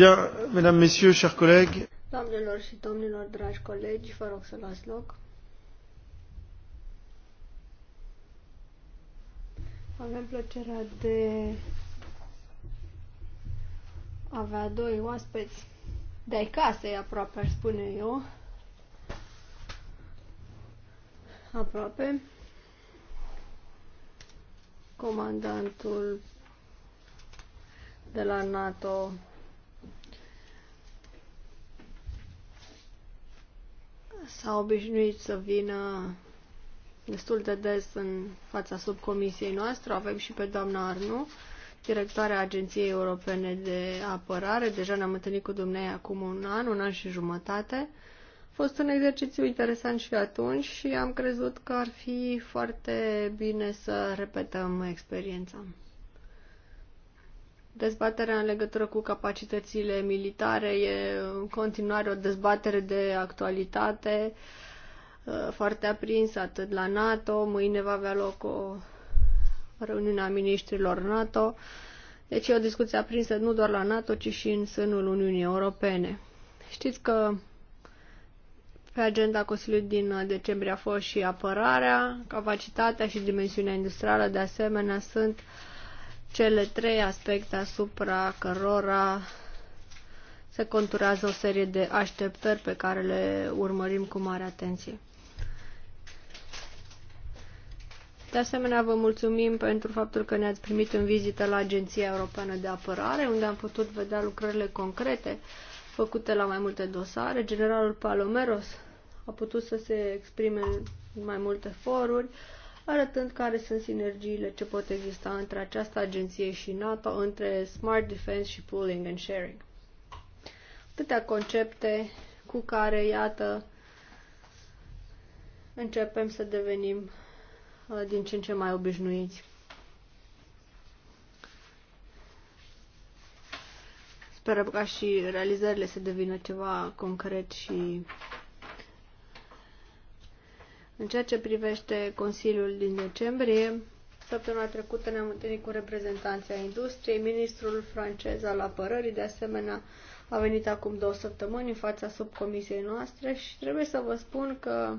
Bien, mesdames, messieurs, chers collègues. Doamnelor și domnilor, dragi colegi, vă rog să luați loc. Avem plăcerea de a avea doi oaspeți de casei aproape, aș spune eu. Aproape. Comandantul de la NATO s-a obișnuit să vină destul de des în fața subcomisiei noastre. Avem și pe doamna Arnu, directoarea Agenției Europene de Apărare. Deja ne-am întâlnit cu dumneavoastră acum un an, un an și jumătate. A fost un exercițiu interesant și atunci și am crezut că ar fi foarte bine să repetăm experiența. Dezbaterea în legătură cu capacitățile militare e în continuare o dezbatere de actualitate uh, foarte aprinsă atât la NATO, mâine va avea loc o reuniune a ministrilor NATO, deci e o discuție aprinsă nu doar la NATO, ci și în sânul Uniunii Europene. Știți că pe agenda Consiliului din decembrie a fost și apărarea, capacitatea și dimensiunea industrială, de asemenea, sunt uh, cele trei aspecte asupra cărora se conturează o serie de așteptări pe care le urmărim cu mare atenție. De asemenea, vă mulțumim pentru faptul că ne-ați primit în vizită la Agenția Europeană de Apărare, unde am putut vedea lucrările concrete făcute la mai multe dosare. Generalul Palomeros a putut să se exprime în mai multe foruri arătând care sunt sinergiile ce pot exista între această agenție și NATO, între Smart Defense și Pooling and Sharing. Atâtea concepte cu care, iată, începem să devenim uh, din ce în ce mai obișnuiți. Sperăm ca și realizările să devină ceva concret și în ceea ce privește Consiliul din decembrie, săptămâna trecută ne-am întâlnit cu reprezentanții industriei. Ministrul francez al apărării, de asemenea, a venit acum două săptămâni în fața subcomisiei noastre și trebuie să vă spun că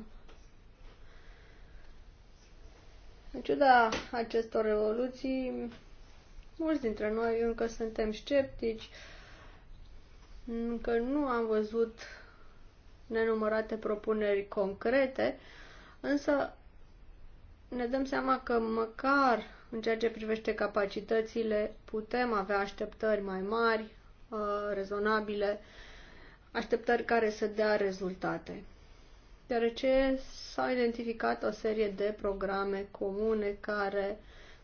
în ciuda acestor revoluții, mulți dintre noi încă suntem sceptici, încă nu am văzut nenumărate propuneri concrete, uh, Însă ne dăm seama că măcar în ceea ce privește capacitățile putem avea așteptări mai mari, uh, rezonabile, așteptări care să dea rezultate. Deoarece s-au identificat o serie de programe comune care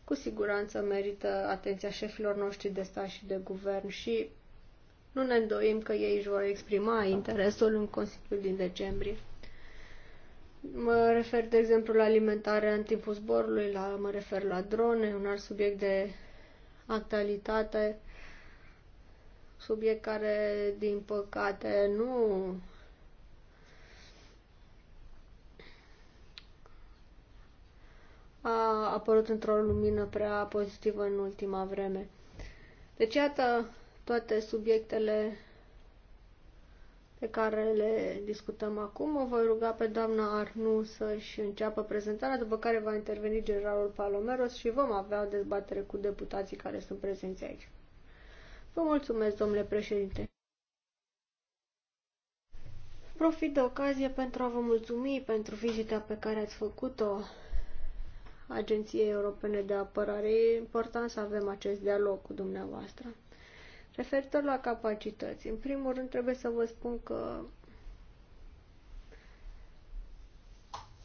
cu siguranță merită atenția șefilor noștri de stat și de guvern și nu ne îndoim că ei își vor exprima interesul în Consiliul din decembrie. Mă refer, de exemplu, la alimentarea în timpul zborului, la, mă refer la drone, un alt subiect de actualitate, subiect care, din păcate, nu a apărut într-o lumină prea pozitivă în ultima vreme. Deci, iată toate subiectele pe care le discutăm acum. O voi ruga pe doamna Arnu să-și înceapă prezentarea, după care va interveni generalul Palomeros și vom avea o dezbatere cu deputații care sunt prezenți aici. Vă mulțumesc, domnule președinte. Profit de ocazie pentru a vă mulțumi pentru vizita pe care ați făcut-o Agenției Europene de Apărare. E important să avem acest dialog cu dumneavoastră. Referitor la capacități, în primul rând trebuie să vă spun că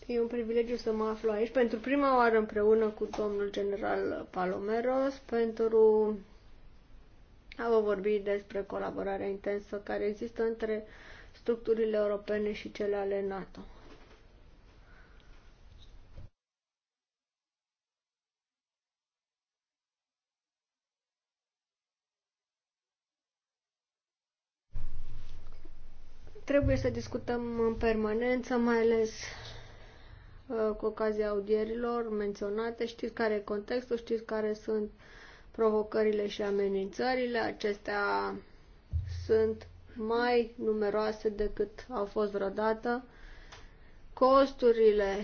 E un privilegiu să mă aflu aici pentru prima oară împreună cu domnul general Palomeros pentru a vă vorbi despre colaborarea intensă care există între structurile europene și cele ale NATO. trebuie să discutăm în permanență, mai ales uh, cu ocazia audierilor menționate. Știți care e contextul, știți care sunt provocările și amenințările. Acestea sunt mai numeroase decât au fost vreodată. Costurile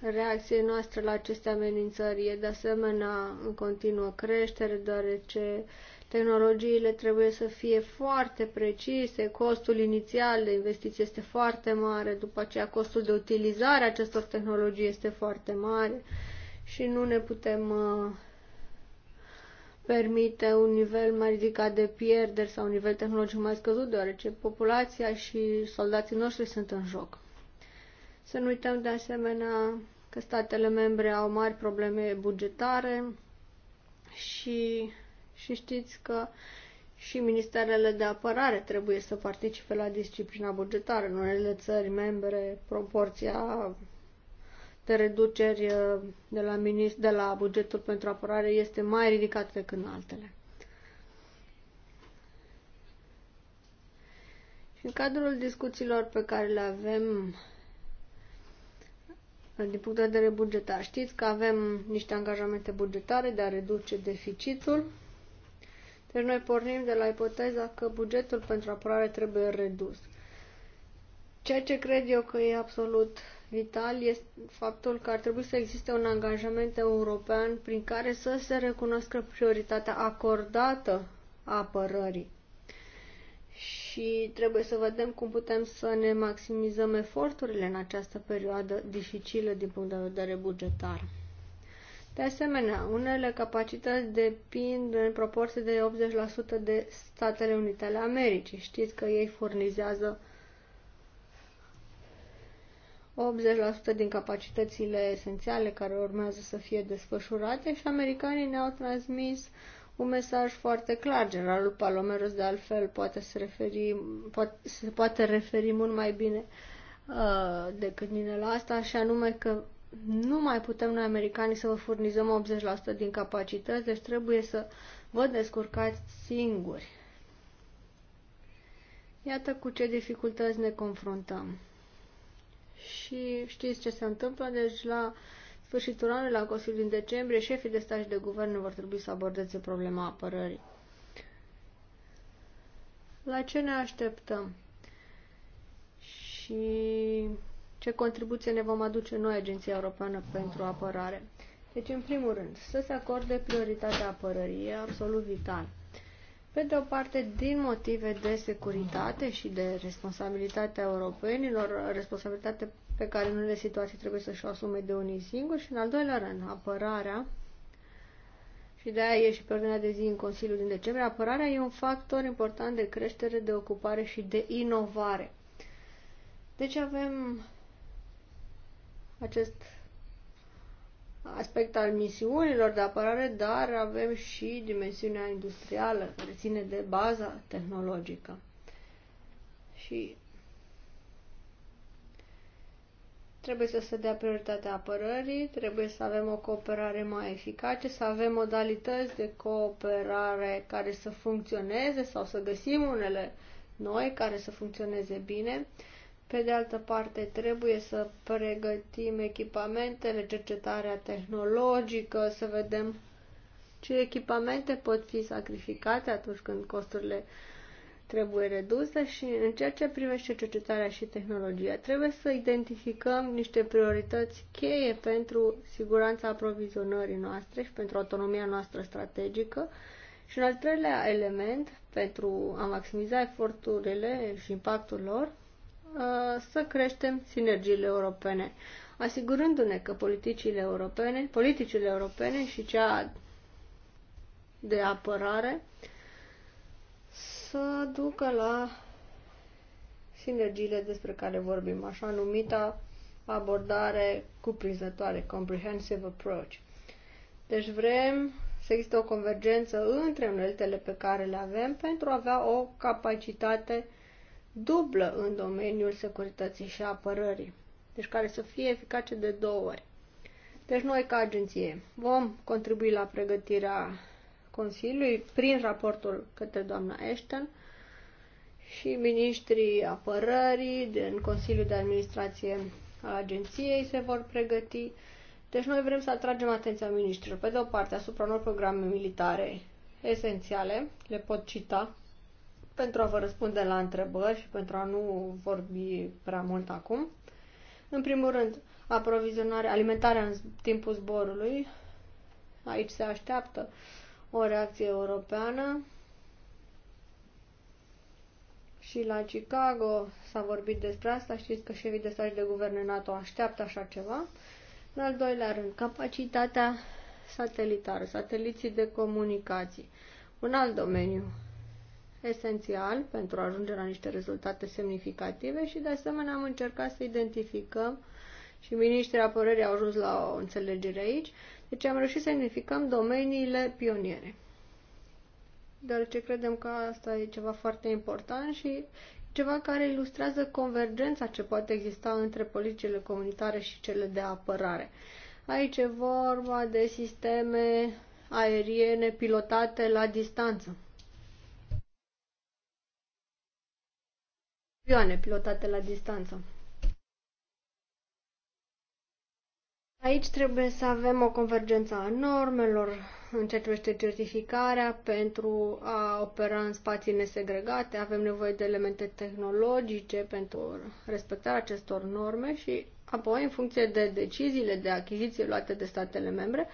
reacției noastre la aceste amenințări e de asemenea în continuă creștere, deoarece uh, Tehnologiile trebuie să fie foarte precise, costul inițial de investiție este foarte mare, după aceea costul de utilizare a acestor tehnologii este foarte mare și nu ne putem uh, permite un nivel mai ridicat de pierderi sau un nivel tehnologic mai scăzut, deoarece populația și soldații noștri sunt în joc. Să nu uităm de asemenea că statele membre au mari probleme bugetare și și știți că și ministerele de apărare trebuie să participe la disciplina bugetară. În unele țări membre, proporția de reduceri uh, de la, minist- de la bugetul pentru apărare este mai ridicată decât în altele. Și în cadrul discuțiilor pe care le avem uh, din punct de vedere bugetar, știți că avem niște angajamente bugetare de a reduce deficitul deci noi pornim de la ipoteza că bugetul pentru apărare trebuie redus. Ceea ce cred eu că e absolut vital este faptul că ar trebui să existe un angajament european prin care să se recunoască prioritatea acordată apărării. Și trebuie să vedem cum putem să ne maximizăm eforturile în această perioadă dificilă din punct de vedere bugetar. De asemenea, unele capacități depind în proporție de 80% de Statele Unite ale Americii. Știți că ei furnizează 80% din capacitățile esențiale care urmează să fie desfășurate și americanii ne-au transmis un mesaj foarte clar. Generalul Palomeros, de altfel, poate se, referi, poate, se poate referi mult mai bine uh, decât mine la asta, și anume că nu mai putem noi americanii să vă furnizăm 80% din capacități, deci trebuie să vă descurcați singuri. Iată cu ce dificultăți ne confruntăm. Și știți ce se întâmplă? Deci la sfârșitul anului, la Consiliul din decembrie, șefii de stat și de guvern vor trebui să abordeze problema apărării. La ce ne așteptăm? Și ce contribuție ne vom aduce noi, Agenția Europeană pentru Apărare. Deci, în primul rând, să se acorde prioritatea apărării, e absolut vital. Pe de o parte, din motive de securitate și de responsabilitatea europenilor, responsabilitate pe care în unele situații trebuie să-și o asume de unii singuri și, în al doilea rând, apărarea, și de aia e și pe ordinea de zi în Consiliul din decembrie, apărarea e un factor important de creștere, de ocupare și de inovare. Deci avem acest aspect al misiunilor de apărare, dar avem și dimensiunea industrială, care ține de baza tehnologică. Și trebuie să se dea prioritatea apărării, trebuie să avem o cooperare mai eficace, să avem modalități de cooperare care să funcționeze sau să găsim unele noi care să funcționeze bine. Pe de altă parte, trebuie să pregătim echipamentele, cercetarea tehnologică, să vedem ce echipamente pot fi sacrificate atunci când costurile trebuie reduse și în ceea ce privește cercetarea și tehnologia, trebuie să identificăm niște priorități cheie pentru siguranța aprovizionării noastre și pentru autonomia noastră strategică. Și un al treilea element pentru a maximiza eforturile și impactul lor, Uh, să creștem sinergiile europene, asigurându-ne că politicile europene, politicile europene și cea de apărare să ducă la sinergiile despre care vorbim, așa numita abordare cuprinzătoare, comprehensive approach. Deci vrem să există o convergență între uneltele pe care le avem pentru a avea o capacitate dublă în domeniul securității și apărării, deci care să fie eficace de două ori. Deci noi, ca agenție, vom contribui la pregătirea Consiliului prin raportul către doamna Ashton și ministrii apărării din Consiliul de Administrație al agenției se vor pregăti. Deci noi vrem să atragem atenția ministrilor, pe de o parte, asupra unor programe militare esențiale, le pot cita, pentru a vă răspunde la întrebări și pentru a nu vorbi prea mult acum. În primul rând, aprovizionarea, alimentarea în timpul zborului. Aici se așteaptă o reacție europeană. Și la Chicago s-a vorbit despre asta, știți că șefii de stat de guverne NATO așteaptă așa ceva. În al doilea rând, capacitatea satelitară, sateliții de comunicații. Un alt domeniu esențial pentru a ajunge la niște rezultate semnificative și de asemenea am încercat să identificăm și ministrii apărării au ajuns la o înțelegere aici, deci am reușit să identificăm domeniile pioniere. Deoarece credem că asta e ceva foarte important și ceva care ilustrează convergența ce poate exista între politicile comunitare și cele de apărare. Aici e vorba de sisteme aeriene pilotate la distanță. avioane pilotate la distanță. Aici trebuie să avem o convergență a normelor în ceea ce privește certificarea pentru a opera în spații nesegregate. Avem nevoie de elemente tehnologice pentru respectarea acestor norme și apoi, în funcție de deciziile de achiziție luate de statele membre,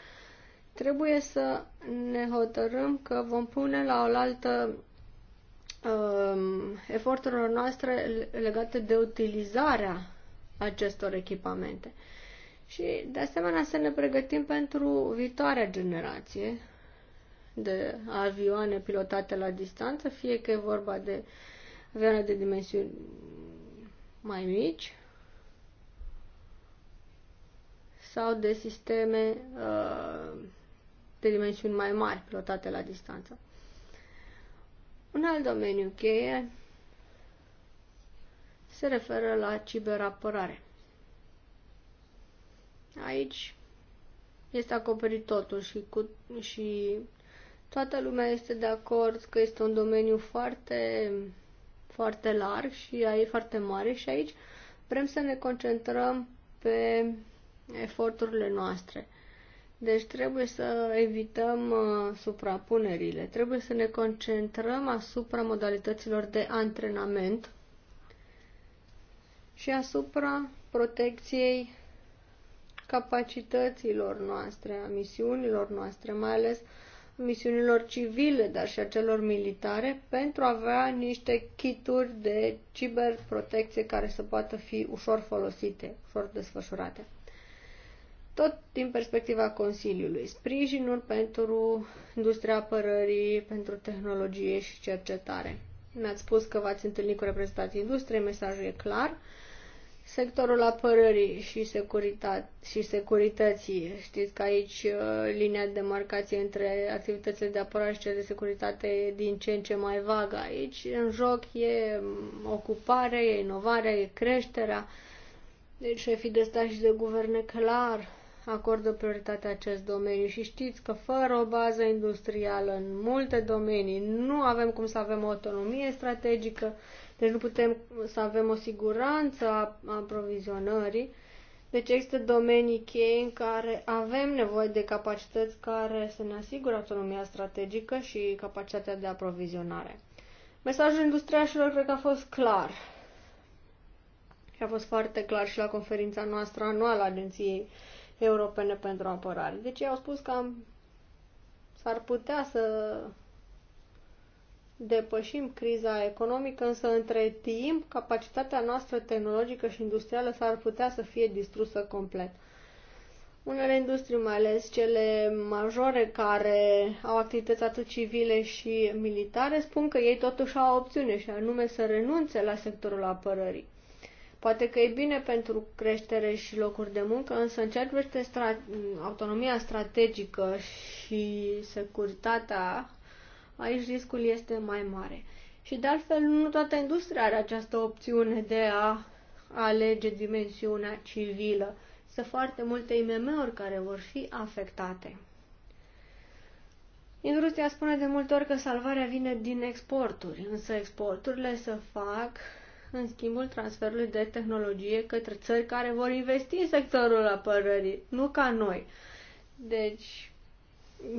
trebuie să ne hotărâm că vom pune la oaltă Um, eforturilor noastre legate de utilizarea acestor echipamente. Și, de asemenea, să ne pregătim pentru viitoarea generație de avioane pilotate la distanță, fie că e vorba de avioane de dimensiuni mai mici sau de sisteme uh, de dimensiuni mai mari pilotate la distanță. Un alt domeniu cheie se referă la ciberapărare. Aici este acoperit totul și, cu, și toată lumea este de acord că este un domeniu foarte, foarte larg și e foarte mare și aici vrem să ne concentrăm pe eforturile noastre. Deci trebuie să evităm uh, suprapunerile, trebuie să ne concentrăm asupra modalităților de antrenament și asupra protecției capacităților noastre, a misiunilor noastre, mai ales misiunilor civile, dar și a celor militare, pentru a avea niște kituri de ciberprotecție care să poată fi ușor folosite, ușor desfășurate tot din perspectiva Consiliului, sprijinul pentru industria apărării, pentru tehnologie și cercetare. Mi-ați spus că v-ați întâlnit cu reprezentanții industriei, mesajul e clar. Sectorul apărării și, și securității. Știți că aici uh, linia de demarcație între activitățile de apărare și cele de securitate e din ce în ce mai vagă. Aici în joc e mm, ocupare, e inovare, e creșterea. Deci șefii de stat și de guverne clar acordă prioritate acest domeniu și știți că fără o bază industrială în multe domenii nu avem cum să avem o autonomie strategică, deci nu putem să avem o siguranță a aprovizionării. Deci există domenii cheie în care avem nevoie de capacități care să ne asigure autonomia strategică și capacitatea de aprovizionare. Mesajul industriașilor cred că a fost clar. Și a fost foarte clar și la conferința noastră anuală a Agenției europene pentru apărare. Deci ei au spus că am, s-ar putea să depășim criza economică, însă între timp capacitatea noastră tehnologică și industrială s-ar putea să fie distrusă complet. Unele industrii, mai ales cele majore care au activități atât civile și militare, spun că ei totuși au o opțiune și anume să renunțe la sectorul apărării. Poate că e bine pentru creștere și locuri de muncă, însă în ceea ce privește stra- autonomia strategică și securitatea, aici riscul este mai mare. Și de altfel, nu toată industria are această opțiune de a alege dimensiunea civilă. Sunt foarte multe IMM-uri care vor fi afectate. Industria spune de multe ori că salvarea vine din exporturi, însă exporturile se fac în schimbul transferului de tehnologie către țări care vor investi în sectorul apărării, nu ca noi. Deci,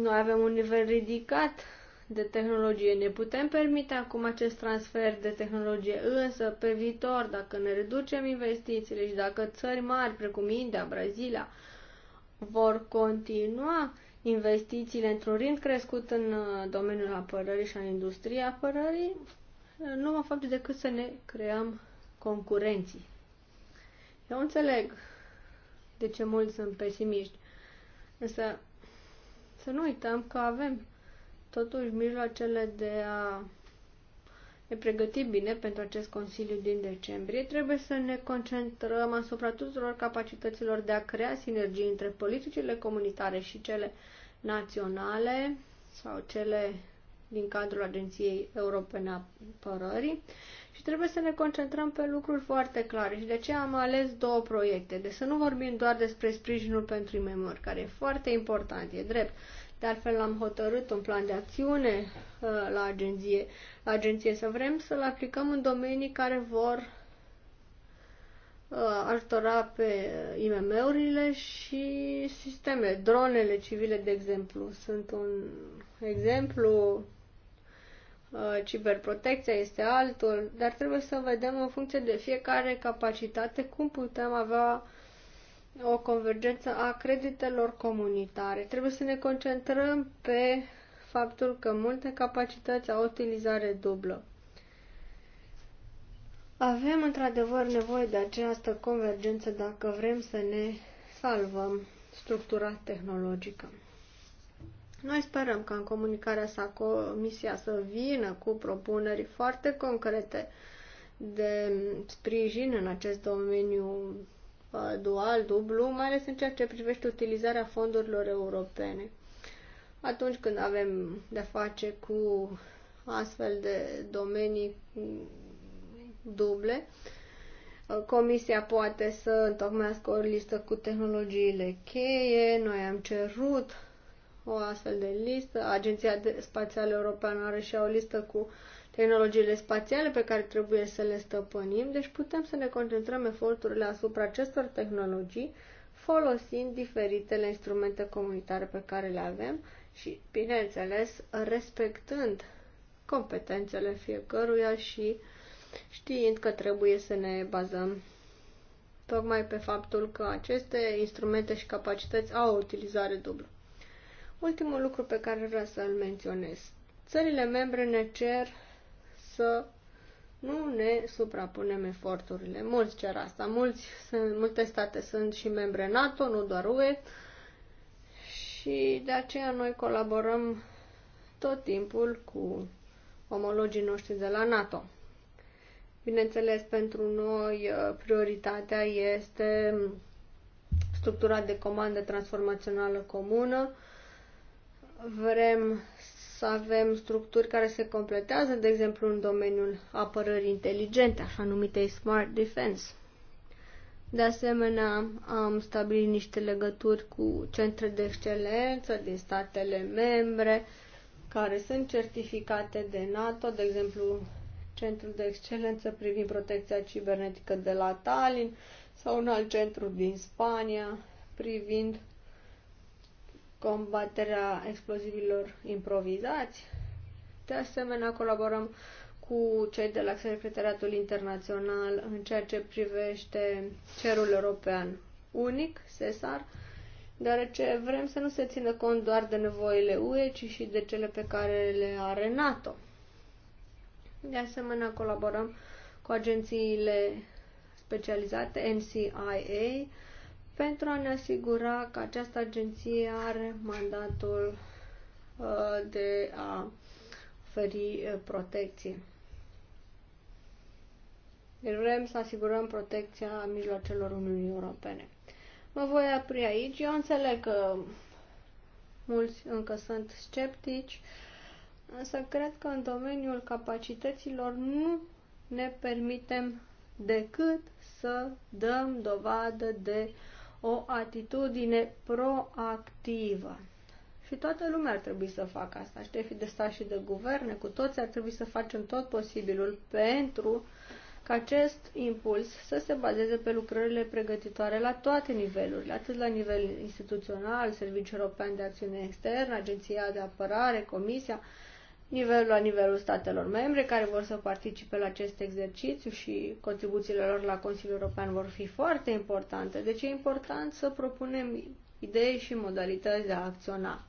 noi avem un nivel ridicat de tehnologie. Ne putem permite acum acest transfer de tehnologie, însă pe viitor, dacă ne reducem investițiile și dacă țări mari precum India, Brazilia vor continua investițiile într-un rind crescut în uh, domeniul apărării și a industriei apărării, nu am făcut decât să ne creăm concurenții. Eu înțeleg de ce mulți sunt pesimiști, însă să nu uităm că avem totuși mijloacele de a ne pregăti bine pentru acest Consiliu din decembrie, trebuie să ne concentrăm asupra tuturor capacităților de a crea sinergii între politicile comunitare și cele naționale sau cele din cadrul Agenției Europene a Părării și trebuie să ne concentrăm pe lucruri foarte clare și de ce am ales două proiecte. De să nu vorbim doar despre sprijinul pentru imm care e foarte important, e drept. De altfel am hotărât un plan de acțiune uh, la agenție, la agenție să vrem să-l aplicăm în domenii care vor uh, ajutora pe IMM-urile și sisteme. Dronele civile, de exemplu, sunt un exemplu Uh, ciberprotecția este altul, dar trebuie să vedem în funcție de fiecare capacitate cum putem avea o convergență a creditelor comunitare. Trebuie să ne concentrăm pe faptul că multe capacități au utilizare dublă. Avem într-adevăr nevoie de această convergență dacă vrem să ne salvăm structura tehnologică. Noi sperăm ca în comunicarea sa comisia să vină cu propuneri foarte concrete de sprijin în acest domeniu uh, dual, dublu, mai ales în ceea ce privește utilizarea fondurilor europene. Atunci când avem de face cu astfel de domenii duble, uh, Comisia poate să întocmească o listă cu tehnologiile cheie, noi am cerut o astfel de listă. Agenția Spațială Europeană are și o listă cu tehnologiile spațiale pe care trebuie să le stăpânim, deci putem să ne concentrăm eforturile asupra acestor tehnologii folosind diferitele instrumente comunitare pe care le avem și, bineînțeles, respectând competențele fiecăruia și știind că trebuie să ne bazăm tocmai pe faptul că aceste instrumente și capacități au o utilizare dublă. Ultimul lucru pe care vreau să-l menționez. Țările membre ne cer să nu ne suprapunem eforturile. Mulți cer asta. Mulți, sunt, multe state sunt și membre NATO, nu doar UE. Și de aceea noi colaborăm tot timpul cu omologii noștri de la NATO. Bineînțeles, pentru noi uh, prioritatea este structura de comandă transformațională comună, vrem să avem structuri care se completează, de exemplu, în domeniul apărării inteligente, așa numite Smart Defense. De asemenea, am stabilit niște legături cu centre de excelență din statele membre, care sunt certificate de NATO, de exemplu, Centrul de Excelență privind protecția cibernetică de la Tallinn sau un alt centru din Spania privind combaterea explozivilor improvizați. De asemenea, colaborăm cu cei de la Secretariatul Internațional în ceea ce privește cerul european unic, SESAR, deoarece vrem să nu se țină cont doar de nevoile UE, ci și de cele pe care le are NATO. De asemenea, colaborăm cu agențiile specializate, NCIA, pentru a ne asigura că această agenție are mandatul uh, de a oferi uh, protecție. Deci vrem să asigurăm protecția mijloacelor Uniunii Europene. Mă voi apri aici. Eu înțeleg că mulți încă sunt sceptici, însă cred că în domeniul capacităților nu ne permitem decât să dăm dovadă de uh, o atitudine proactivă. Și toată lumea ar trebui să facă asta. Șefii de stat și de guverne, cu toți ar trebui să facem tot posibilul pentru ca acest impuls să se bazeze pe lucrările pregătitoare la toate nivelurile, atât la nivel instituțional, Serviciul European de Acțiune Externă, Agenția de Apărare, Comisia, nivel la nivelul statelor membre care vor să participe la acest exercițiu și contribuțiile lor la Consiliul European vor fi foarte importante. Deci e important să propunem idei și modalități de a acționa.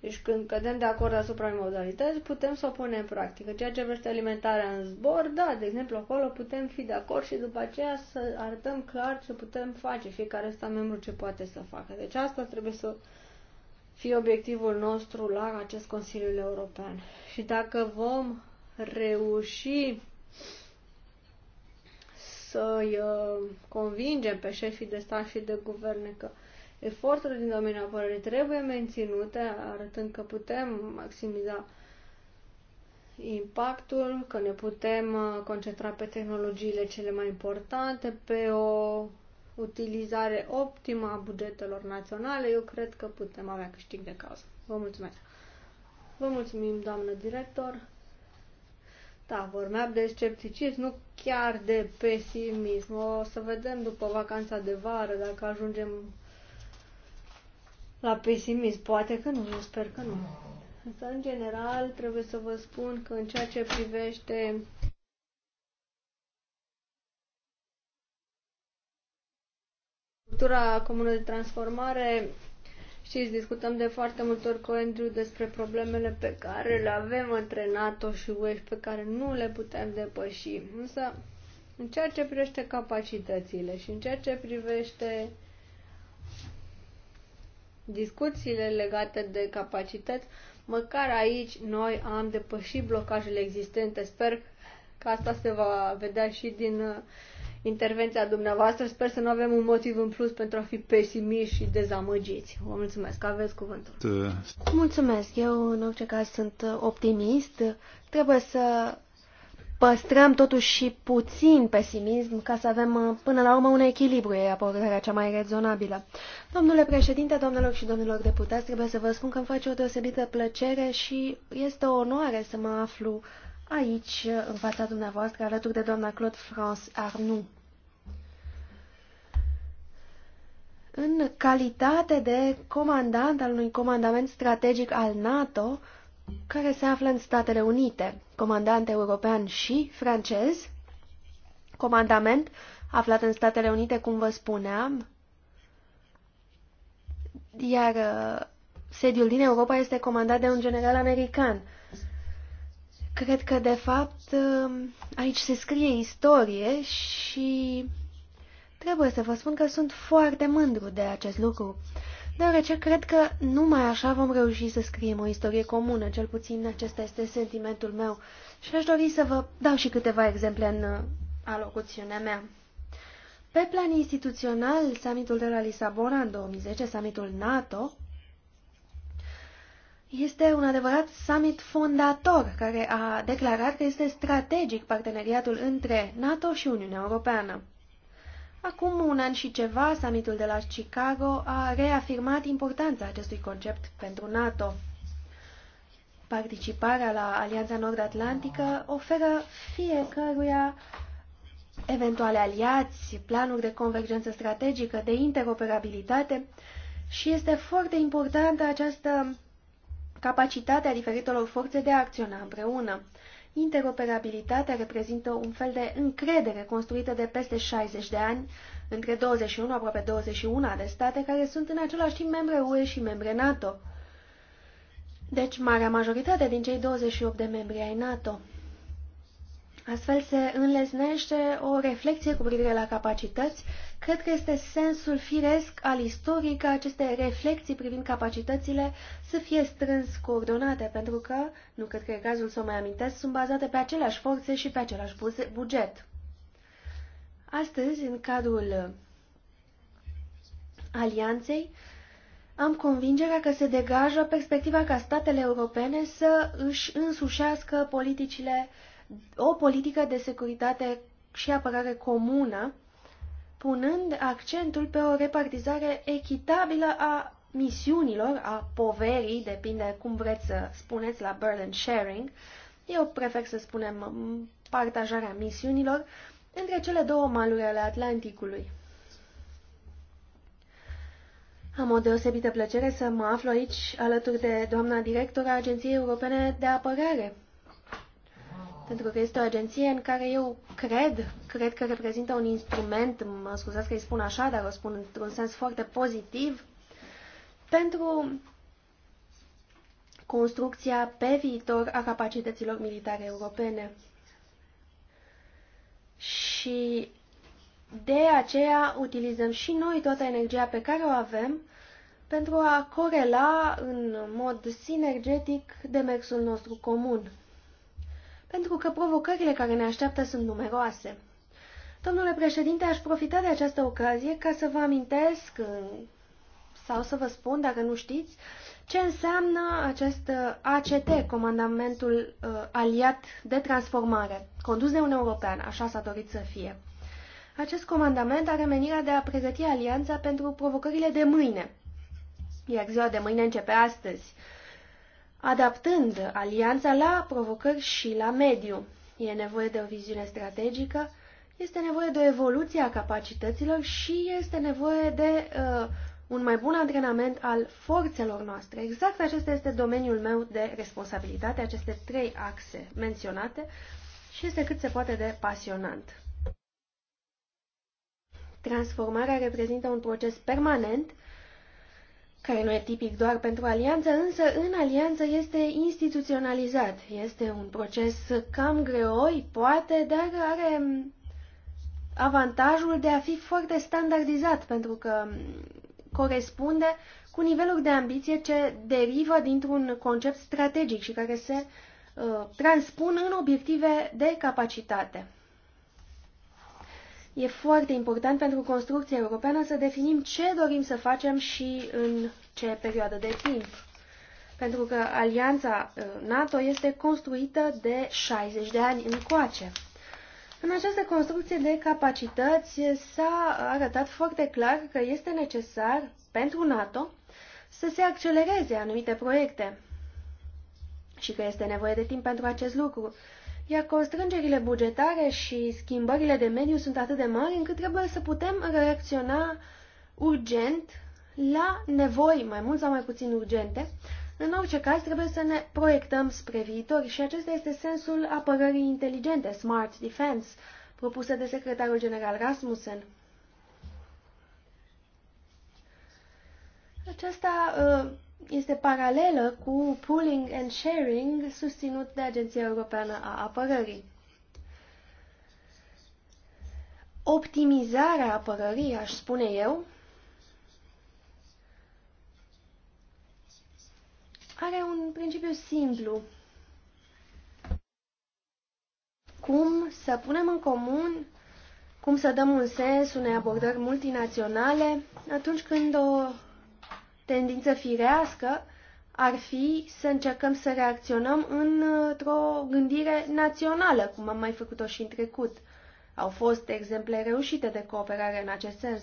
Deci când cădem de acord asupra unei modalități, putem să o punem în practică. Ceea ce vrește alimentarea în zbor, da, de exemplu, acolo putem fi de acord și după aceea să arătăm clar ce putem face, fiecare stat membru ce poate să facă. Deci asta trebuie să fi obiectivul nostru la acest Consiliu European. Și dacă vom reuși să-i uh, convingem pe șefii de stat și de guverne că eforturile din domeniul apărării trebuie menținute, arătând că putem maximiza impactul, că ne putem uh, concentra pe tehnologiile cele mai importante, pe o utilizare optimă a bugetelor naționale, eu cred că putem avea câștig de cauză. Vă mulțumesc! Vă mulțumim, doamnă director! Da, vorbeam de scepticism, nu chiar de pesimism. O să vedem după vacanța de vară dacă ajungem la pesimism. Poate că nu, eu sper că nu. Însă, în general, trebuie să vă spun că în ceea ce privește Structura comună de transformare, știți, discutăm de foarte multe ori cu Andrew despre problemele pe care le avem între NATO și UE și pe care nu le putem depăși. Însă, în ceea ce privește capacitățile și în ceea ce privește discuțiile legate de capacități, măcar aici noi am depășit blocajele existente. Sper că asta se va vedea și din intervenția dumneavoastră. Sper să nu avem un motiv în plus pentru a fi pesimiști și dezamăgiți. Vă mulțumesc, aveți cuvântul. Mulțumesc, eu în orice caz sunt optimist. Trebuie să păstrăm totuși și puțin pesimism ca să avem până la urmă un echilibru, e abordarea cea mai rezonabilă. Domnule președinte, domnilor și domnilor deputați, trebuie să vă spun că îmi face o deosebită plăcere și este o onoare să mă aflu aici, în fața dumneavoastră, alături de doamna Claude France Arnoux. În calitate de comandant al unui comandament strategic al NATO, care se află în Statele Unite, comandant european și francez, comandament aflat în Statele Unite, cum vă spuneam, iar uh, sediul din Europa este comandat de un general american. Cred că, de fapt, um, aici se scrie istorie și trebuie să vă spun că sunt foarte mândru de acest lucru, deoarece cred că numai așa vom reuși să scriem o istorie comună, cel puțin acesta este sentimentul meu și aș dori să vă dau și câteva exemple în uh, alocuțiunea mea. Pe plan instituțional, summitul de la Lisabona în 2010, summitul NATO, este un adevărat summit fondator care a declarat că este strategic parteneriatul între NATO și Uniunea Europeană. Acum un an și ceva, summitul de la Chicago a reafirmat importanța acestui concept pentru NATO. Participarea la Alianța Nord-Atlantică oferă fiecăruia eventuale aliați, planuri de convergență strategică, de interoperabilitate și este foarte importantă această capacitatea diferitelor forțe de a acționa împreună. Interoperabilitatea reprezintă un fel de încredere construită de peste 60 de ani între 21, aproape 21 de state care sunt în același timp membre UE și membre NATO. Deci, marea majoritate din cei 28 de membri ai NATO. Astfel se înlesnește o reflexie cu privire la capacități. Cred că este sensul firesc al istoriei ca aceste reflexii privind capacitățile să fie strâns coordonate, pentru că, nu cred că e cazul să o mai amintesc, sunt bazate pe aceleași forțe și pe același buget. Astăzi, în cadrul alianței, am convingerea că se degajă perspectiva ca statele europene să își însușească politicile o politică de securitate și apărare comună, punând accentul pe o repartizare echitabilă a misiunilor, a poverii, depinde cum vreți să spuneți la burden sharing, eu prefer să spunem partajarea misiunilor, între cele două maluri ale Atlanticului. Am o deosebită plăcere să mă aflu aici alături de doamna directora Agenției Europene de Apărare, pentru că este o agenție în care eu cred, cred că reprezintă un instrument, mă scuzați că îi spun așa, dar o spun într-un sens foarte pozitiv, pentru construcția pe viitor a capacităților militare europene. Și de aceea utilizăm și noi toată energia pe care o avem pentru a corela în mod sinergetic demersul nostru comun pentru că provocările care ne așteaptă sunt numeroase. Domnule președinte, aș profita de această ocazie ca să vă amintesc uh, sau să vă spun, dacă nu știți, ce înseamnă acest uh, ACT, Comandamentul uh, Aliat de Transformare, condus de un european, așa s-a dorit să fie. Acest comandament are menirea de a pregăti alianța pentru provocările de mâine, iar ziua de mâine începe astăzi adaptând alianța la provocări și la mediu. E nevoie de o viziune strategică, este nevoie de o evoluție a capacităților și este nevoie de uh, un mai bun antrenament al forțelor noastre. Exact acesta este domeniul meu de responsabilitate, aceste trei axe menționate și este cât se poate de pasionant. Transformarea reprezintă un proces permanent care nu e tipic doar pentru alianță, însă în alianță este instituționalizat. Este un proces cam greoi, poate, dar are avantajul de a fi foarte standardizat, pentru că corespunde cu nivelul de ambiție ce derivă dintr-un concept strategic și care se uh, transpun în obiective de capacitate. E foarte important pentru construcția europeană să definim ce dorim să facem și în ce perioadă de timp. Pentru că alianța uh, NATO este construită de 60 de ani încoace. În această construcție de capacități s-a arătat foarte clar că este necesar pentru NATO să se accelereze anumite proiecte și că este nevoie de timp pentru acest lucru iar constrângerile bugetare și schimbările de mediu sunt atât de mari încât trebuie să putem reacționa urgent la nevoi, mai mult sau mai puțin urgente. În orice caz, trebuie să ne proiectăm spre viitor și acesta este sensul apărării inteligente, Smart Defense, propusă de secretarul general Rasmussen. Aceasta uh, este paralelă cu pooling and sharing susținut de Agenția Europeană a Apărării. Optimizarea apărării, aș spune eu, are un principiu simplu. Cum să punem în comun, cum să dăm un sens unei abordări multinaționale atunci când o tendință firească ar fi să încercăm să reacționăm într-o gândire națională, cum am mai făcut-o și în trecut. Au fost exemple reușite de cooperare în acest sens.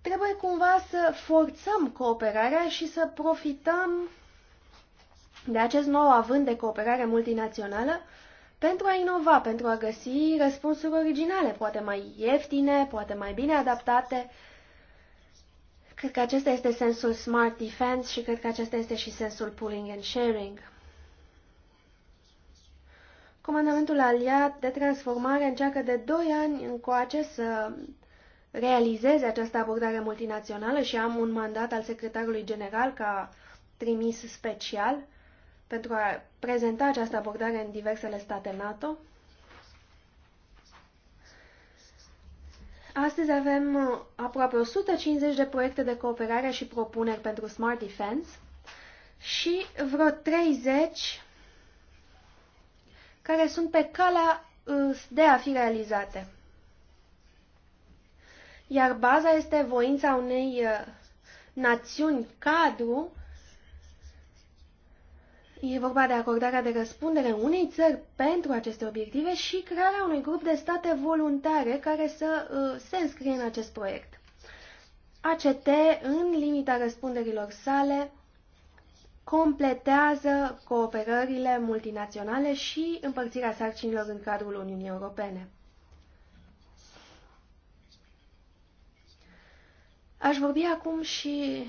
Trebuie cumva să forțăm cooperarea și să profităm de acest nou avânt de cooperare multinațională pentru a inova, pentru a găsi răspunsuri originale, poate mai ieftine, poate mai bine adaptate Cred că acesta este sensul Smart Defense și cred că acesta este și sensul Pooling and Sharing. Comandamentul aliat de transformare încearcă de 2 ani încoace să realizeze această abordare multinațională și am un mandat al secretarului general ca trimis special pentru a prezenta această abordare în diversele state NATO. Astăzi avem uh, aproape 150 de proiecte de cooperare și propuneri pentru Smart Defense și vreo 30 care sunt pe calea uh, de a fi realizate. Iar baza este voința unei uh, națiuni cadru E vorba de acordarea de răspundere unei țări pentru aceste obiective și crearea unui grup de state voluntare care să uh, se înscrie în acest proiect. ACT, în limita răspunderilor sale, completează cooperările multinaționale și împărțirea sarcinilor în cadrul Uniunii Europene. Aș vorbi acum și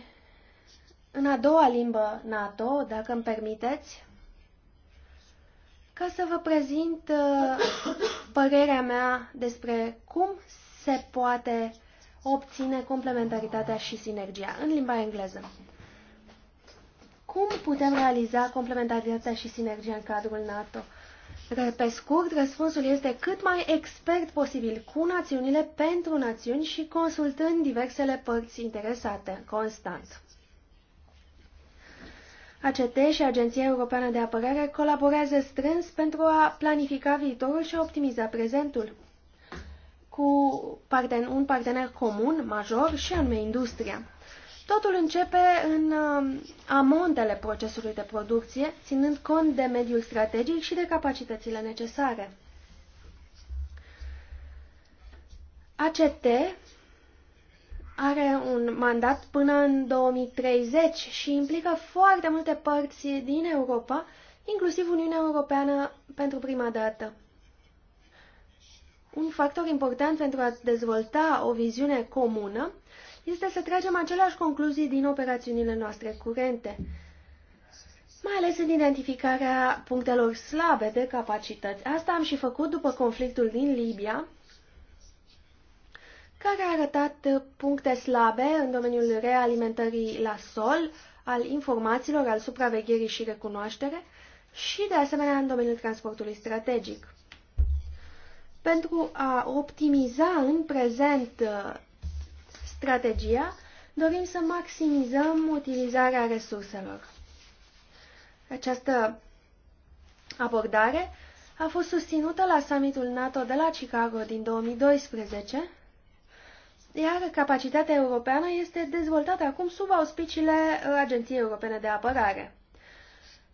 în a doua limbă NATO, dacă îmi permiteți, ca să vă prezint uh, părerea mea despre cum se poate obține complementaritatea și sinergia în limba engleză. Cum putem realiza complementaritatea și sinergia în cadrul NATO? Pe scurt, răspunsul este cât mai expert posibil cu națiunile pentru națiuni și consultând diversele părți interesate, constant. ACT și Agenția Europeană de Apărare colaborează strâns pentru a planifica viitorul și a optimiza prezentul cu parten un partener comun, major, și anume industria. Totul începe în um, amontele procesului de producție, ținând cont de mediul strategic și de capacitățile necesare. ACT are un mandat până în 2030 și implică foarte multe părți din Europa, inclusiv Uniunea Europeană pentru prima dată. Un factor important pentru a dezvolta o viziune comună este să tragem aceleași concluzii din operațiunile noastre curente, mai ales în identificarea punctelor slabe de capacități. Asta am și făcut după conflictul din Libia, care a arătat uh, puncte slabe în domeniul realimentării la sol, al informațiilor, al supravegherii și recunoaștere și, de asemenea, în domeniul transportului strategic. Pentru a optimiza în prezent uh, strategia, dorim să maximizăm utilizarea resurselor. Această abordare a fost susținută la summitul NATO de la Chicago din 2012 iar capacitatea europeană este dezvoltată acum sub auspiciile uh, Agenției Europene de Apărare.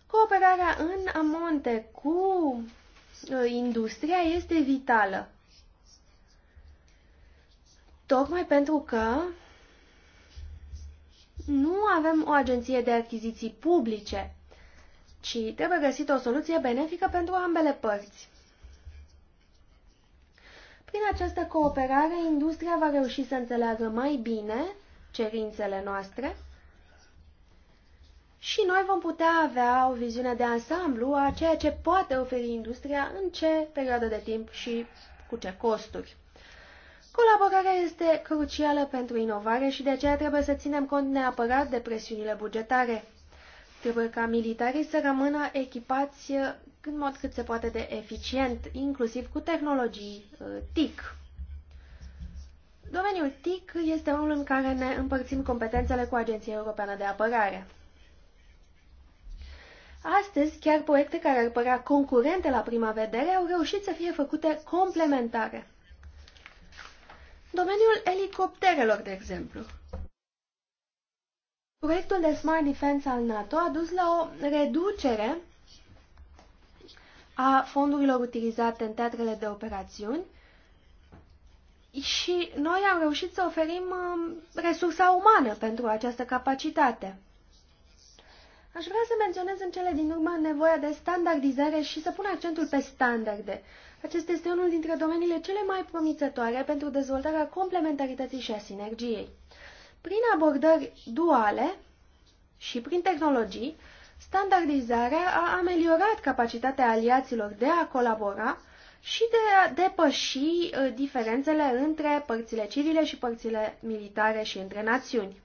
Cooperarea în amonte cu uh, industria este vitală. Tocmai pentru că nu avem o agenție de achiziții publice, ci trebuie găsită o soluție benefică pentru ambele părți. Prin această cooperare, industria va reuși să înțeleagă mai bine cerințele noastre și noi vom putea avea o viziune de ansamblu a ceea ce poate oferi industria în ce perioadă de timp și cu ce costuri. Colaborarea este crucială pentru inovare și de aceea trebuie să ținem cont neapărat de presiunile bugetare. Trebuie ca militarii să rămână echipați în mod cât se poate de eficient, inclusiv cu tehnologii uh, TIC. Domeniul TIC este unul în care ne împărțim competențele cu Agenția Europeană de Apărare. Astăzi, chiar proiecte care ar părea concurente la prima vedere au reușit să fie făcute complementare. Domeniul elicopterelor, de exemplu. Proiectul de Smart Defense al NATO a dus la o reducere a fondurilor utilizate în teatrele de operațiuni și noi am reușit să oferim um, resursa umană pentru această capacitate. Aș vrea să menționez în cele din urmă nevoia de standardizare și să pun accentul pe standarde. Acesta este unul dintre domeniile cele mai promițătoare pentru dezvoltarea complementarității și a sinergiei. Prin abordări duale și prin tehnologii, Standardizarea a ameliorat capacitatea aliaților de a colabora și de a depăși uh, diferențele între părțile civile și părțile militare și între națiuni.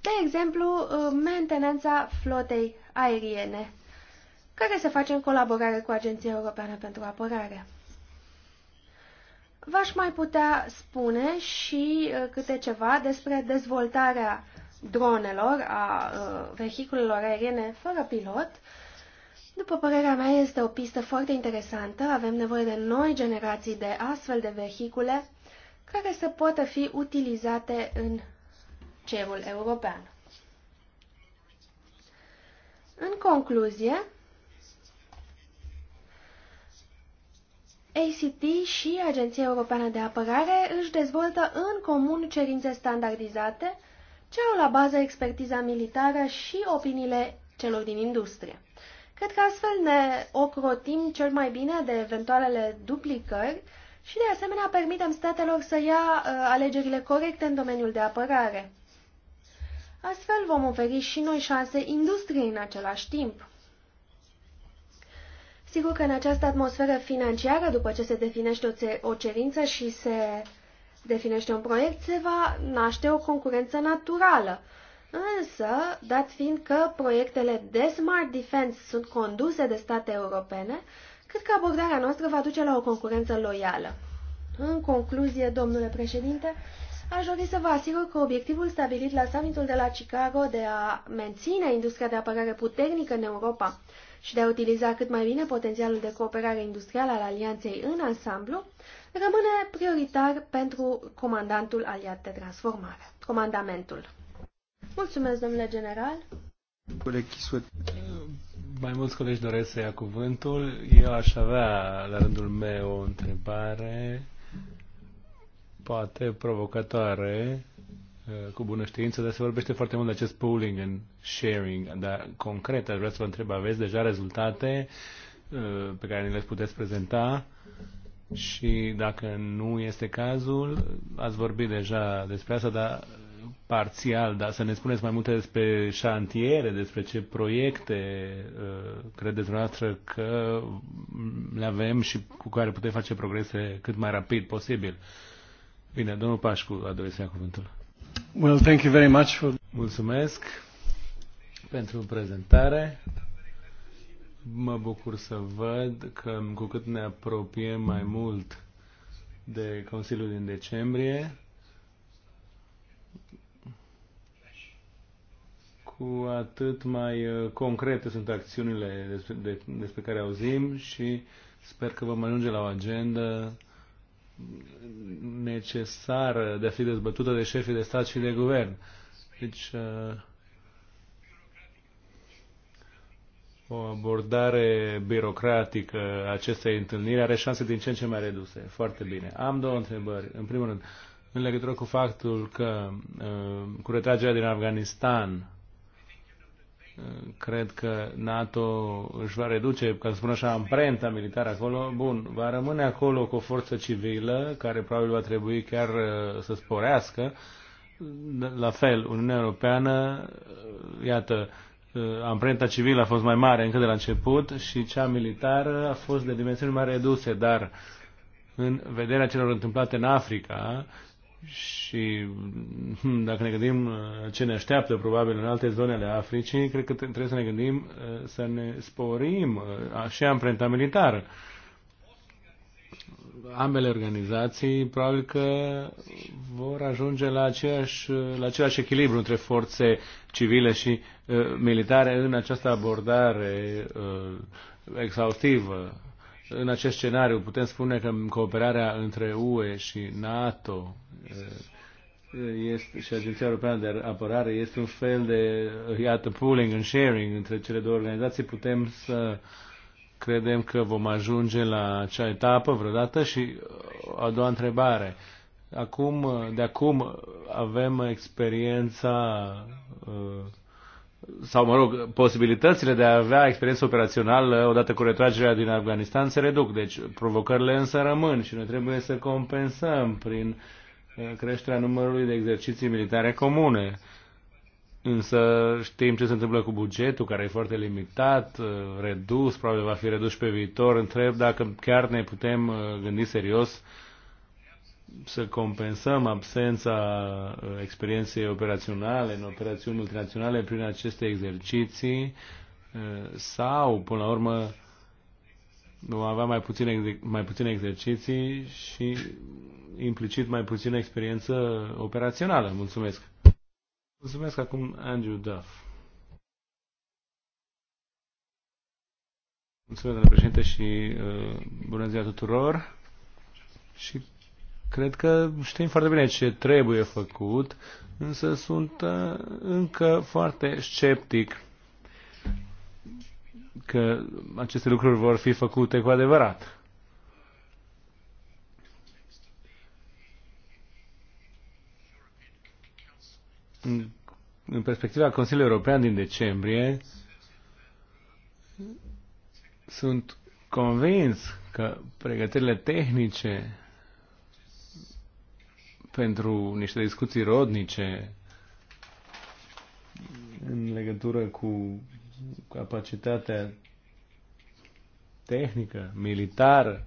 De exemplu, uh, mentenența flotei aeriene, care se face în colaborare cu Agenția Europeană pentru Apărare. V-aș mai putea spune și uh, câte ceva despre dezvoltarea dronelor, a uh, vehiculelor aeriene fără pilot. După părerea mea, este o pistă foarte interesantă. Avem nevoie de noi generații de astfel de vehicule care să poată fi utilizate în cerul european. În concluzie, ACT și Agenția Europeană de Apărare își dezvoltă în comun cerințe standardizate ce au la bază expertiza militară și opiniile celor din industrie. Cred că astfel ne ocrotim cel mai bine de eventualele duplicări și de asemenea permitem statelor să ia uh, alegerile corecte în domeniul de apărare. Astfel vom oferi și noi șanse industriei în același timp. Sigur că în această atmosferă financiară, după ce se definește o cerință și se definește un proiect, se va naște o concurență naturală. Însă, dat fiind că proiectele de Smart Defense sunt conduse de state europene, cred că abordarea noastră va duce la o concurență loială. În concluzie, domnule președinte, aș dori să vă asigur că obiectivul stabilit la summitul de la Chicago de a menține industria de apărare puternică în Europa și de a utiliza cât mai bine potențialul de cooperare industrială al alianței în ansamblu, rămâne prioritar pentru comandantul aliat de transformare, comandamentul. Mulțumesc, domnule general. Mai mulți colegi doresc să ia cuvântul. Eu aș avea, la rândul meu, o întrebare, poate provocatoare, Uh, cu bună știință, dar se vorbește foarte mult de acest pooling and sharing. Dar concret, aș vrea să vă întreb, aveți deja rezultate uh, pe care ni le puteți prezenta? Și dacă nu este cazul, ați vorbit deja despre asta, dar parțial, dar să ne spuneți mai multe despre șantiere, despre ce proiecte uh, credeți noastră că le avem și cu care putem face progrese cât mai rapid posibil. Bine, domnul Pașcu a dorit să ia cuvântul. Well, thank you very much for... Mulțumesc pentru prezentare. Mă bucur să văd că cu cât ne apropiem mai mult de Consiliul din decembrie, cu atât mai uh, concrete sunt acțiunile despre, de, despre care auzim și sper că vom ajunge la o agendă necesară de a fi dezbătută de șefii de stat și de guvern. Deci, uh, o abordare birocratică a acestei întâlniri are șanse din ce în ce mai reduse. Foarte bine. Am două întrebări. În primul rând, în legătură cu faptul că uh, cu retragerea din Afganistan cred că NATO își va reduce, ca să spun așa, amprenta militară acolo. Bun, va rămâne acolo cu o forță civilă, care probabil va trebui chiar uh, să sporească. La fel, Uniunea Europeană, uh, iată, uh, amprenta civilă a fost mai mare încă de la început și cea militară a fost de dimensiuni mai reduse, dar în vederea celor întâmplate în Africa și hmm, dacă ne gândim uh, ce ne așteaptă probabil în alte zone ale Africii, cred că trebuie să ne gândim uh, să ne sporim uh, și amprenta militară. Ambele organizații probabil că vor ajunge la, aceeași, la același echilibru între forțe civile și uh, militare în această abordare uh, exhaustivă. În acest scenariu putem spune că cooperarea între UE și NATO Uh, este, și Agenția Europeană de Apărare este un fel de, iată, pooling and sharing între cele două organizații. Putem să credem că vom ajunge la acea etapă vreodată și uh, a doua întrebare. Acum, uh, de acum avem experiența sau, mă rog, posibilitățile de a avea experiență operațională odată cu retragerea din Afganistan se reduc, deci provocările însă rămân și noi trebuie să compensăm prin uh, creșterea numărului de exerciții militare comune. Însă știm ce se întâmplă cu bugetul, care e foarte limitat, redus, probabil va fi redus pe viitor. Întreb dacă chiar ne putem gândi serios să compensăm absența experienței operaționale în operațiuni multinaționale prin aceste exerciții sau, până la urmă, vom avea mai puține, mai puține exerciții și implicit mai puțină experiență operațională. Mulțumesc! Mulțumesc acum Andrew Duff. Mulțumesc, domnule președinte, și uh, bună ziua tuturor. Și cred că știm foarte bine ce trebuie făcut, însă sunt uh, încă foarte sceptic că aceste lucruri vor fi făcute cu adevărat. În, în perspectiva Consiliului European din decembrie, sunt convins că pregătirile tehnice pentru niște discuții rodnice în legătură cu capacitatea tehnică, militară,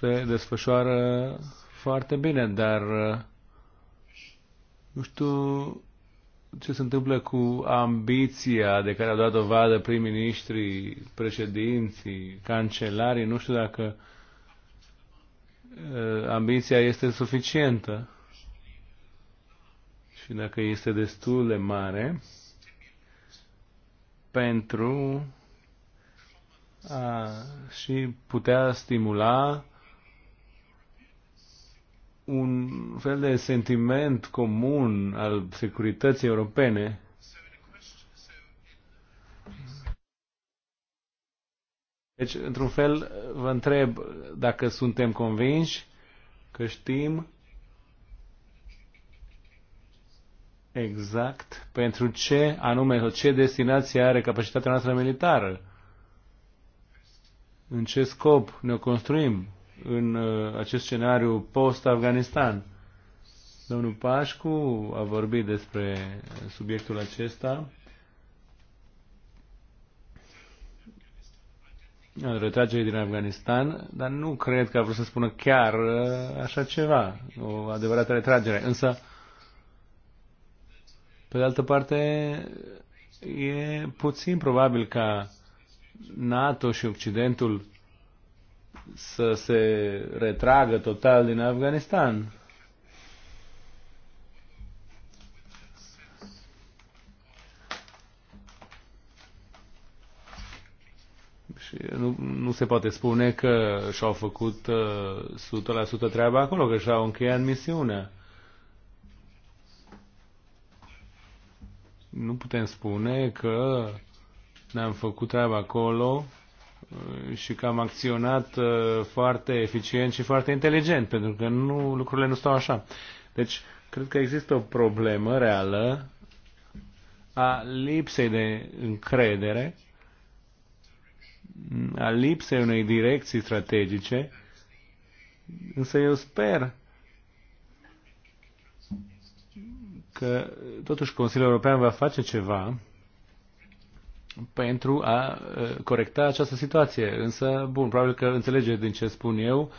se desfășoară foarte bine, dar nu știu ce se întâmplă cu ambiția de care au dat dovadă prim-ministrii, președinții, cancelarii, nu știu dacă eh, ambiția este suficientă și dacă este destul de mare pentru a și putea stimula un fel de sentiment comun al securității europene Deci, într-un fel, vă întreb dacă suntem convinși că știm exact pentru ce anume sau ce destinație are capacitatea noastră militară. În ce scop ne construim în uh, acest scenariu post-Afganistan. Domnul Pașcu a vorbit despre subiectul acesta. În retragere din Afganistan, dar nu cred că a vrut să spună chiar uh, așa ceva, o adevărată retragere. Însă pe de altă parte, e puțin probabil ca NATO și Occidentul să se retragă total din Afganistan. Și nu, nu se poate spune că și-au făcut uh, 100% treaba acolo, că și-au încheiat misiunea. nu putem spune că ne-am făcut treaba acolo uh, și că am acționat uh, foarte eficient și foarte inteligent, pentru că nu, lucrurile nu stau așa. Deci, cred că există o problemă reală a lipsei de încredere, a lipsei unei direcții strategice, însă eu sper că totuși Consiliul European va face ceva pentru a uh, corecta această situație. Însă, bun, probabil că înțelege din ce spun eu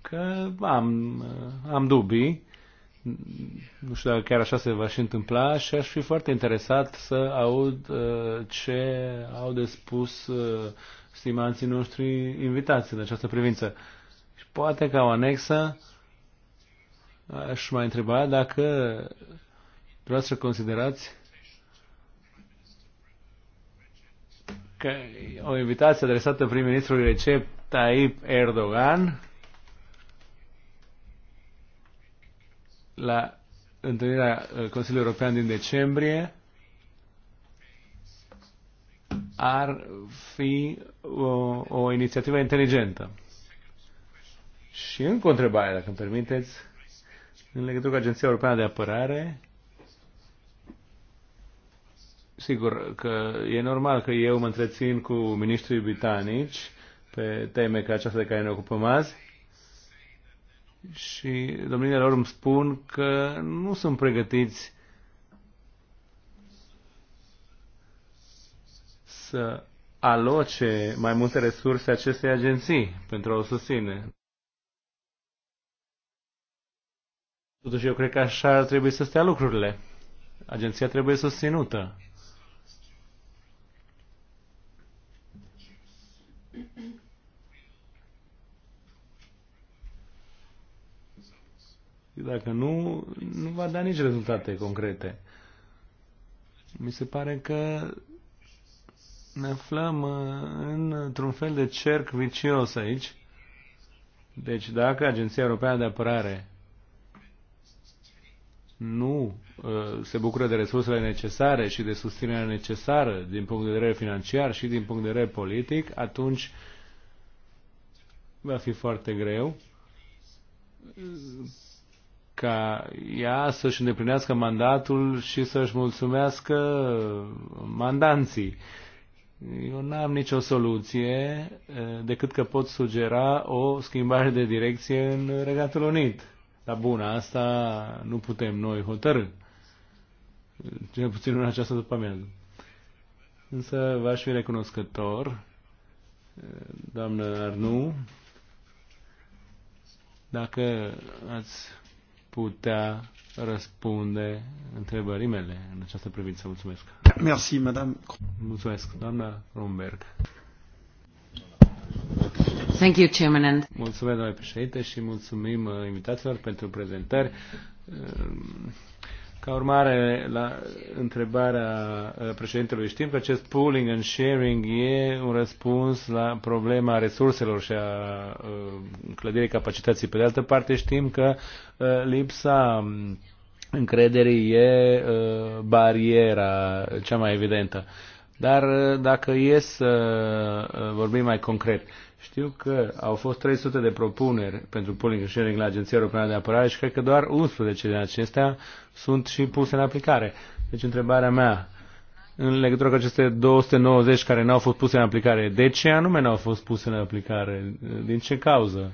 că am, uh, am dubii. Nu știu dacă chiar așa se va și întâmpla și aș fi foarte interesat să aud uh, ce au de spus stimanții noștri invitați în această privință. Și poate ca o anexă aș mai întreba dacă să considerați că o invitație adresată prim-ministrului Recep Tayyip Erdogan la întâlnirea uh, Consiliului European din decembrie ar fi o, uh, o inițiativă inteligentă. Și încă o întrebare, dacă îmi permiteți, în legătură cu Agenția Europeană de Apărare, Sigur că e normal că eu mă întrețin cu ministrii britanici pe teme ca aceasta de care ne ocupăm azi și domnilor lor îmi spun că nu sunt pregătiți să aloce mai multe resurse acestei agenții pentru a o susține. Totuși eu cred că așa ar trebui să stea lucrurile. Agenția trebuie susținută Dacă nu, nu va da nici rezultate concrete. Mi se pare că ne aflăm uh, într-un fel de cerc vicios aici. Deci dacă Agenția Europeană de Apărare nu uh, se bucură de resursele necesare și de susținerea necesară din punct de vedere financiar și din punct de vedere politic, atunci va fi foarte greu ca ea să-și îndeplinească mandatul și să-și mulțumească mandanții. Eu n-am nicio soluție decât că pot sugera o schimbare de direcție în Regatul Unit. Dar bun, asta nu putem noi hotărâ. Cel puțin în această după amiază. Însă v-aș fi recunoscător, doamnă Arnu, dacă ați putea răspunde întrebării mele în această privință. Mulțumesc. Merci, madame. Mulțumesc, doamna Romberg. Thank you, Chairman. And... Mulțumesc, doamne președinte, și mulțumim uh, invitațiilor pentru prezentări. Uh, ca urmare, la întrebarea uh, președintelui, știm că acest pooling and sharing e un răspuns la problema resurselor și a uh, clădirii capacității. Pe de altă parte, știm că uh, lipsa um, încrederii e bariera cea mai evidentă. Dar dacă e să vorbim mai concret, știu că au fost 300 de propuneri pentru pooling and sharing la Agenția Europeană de Apărare și cred că doar 11 din acestea sunt și puse în aplicare. Deci întrebarea mea, în legătură cu aceste 290 care n-au fost puse în aplicare, de ce anume n-au fost puse în aplicare? Din ce cauză?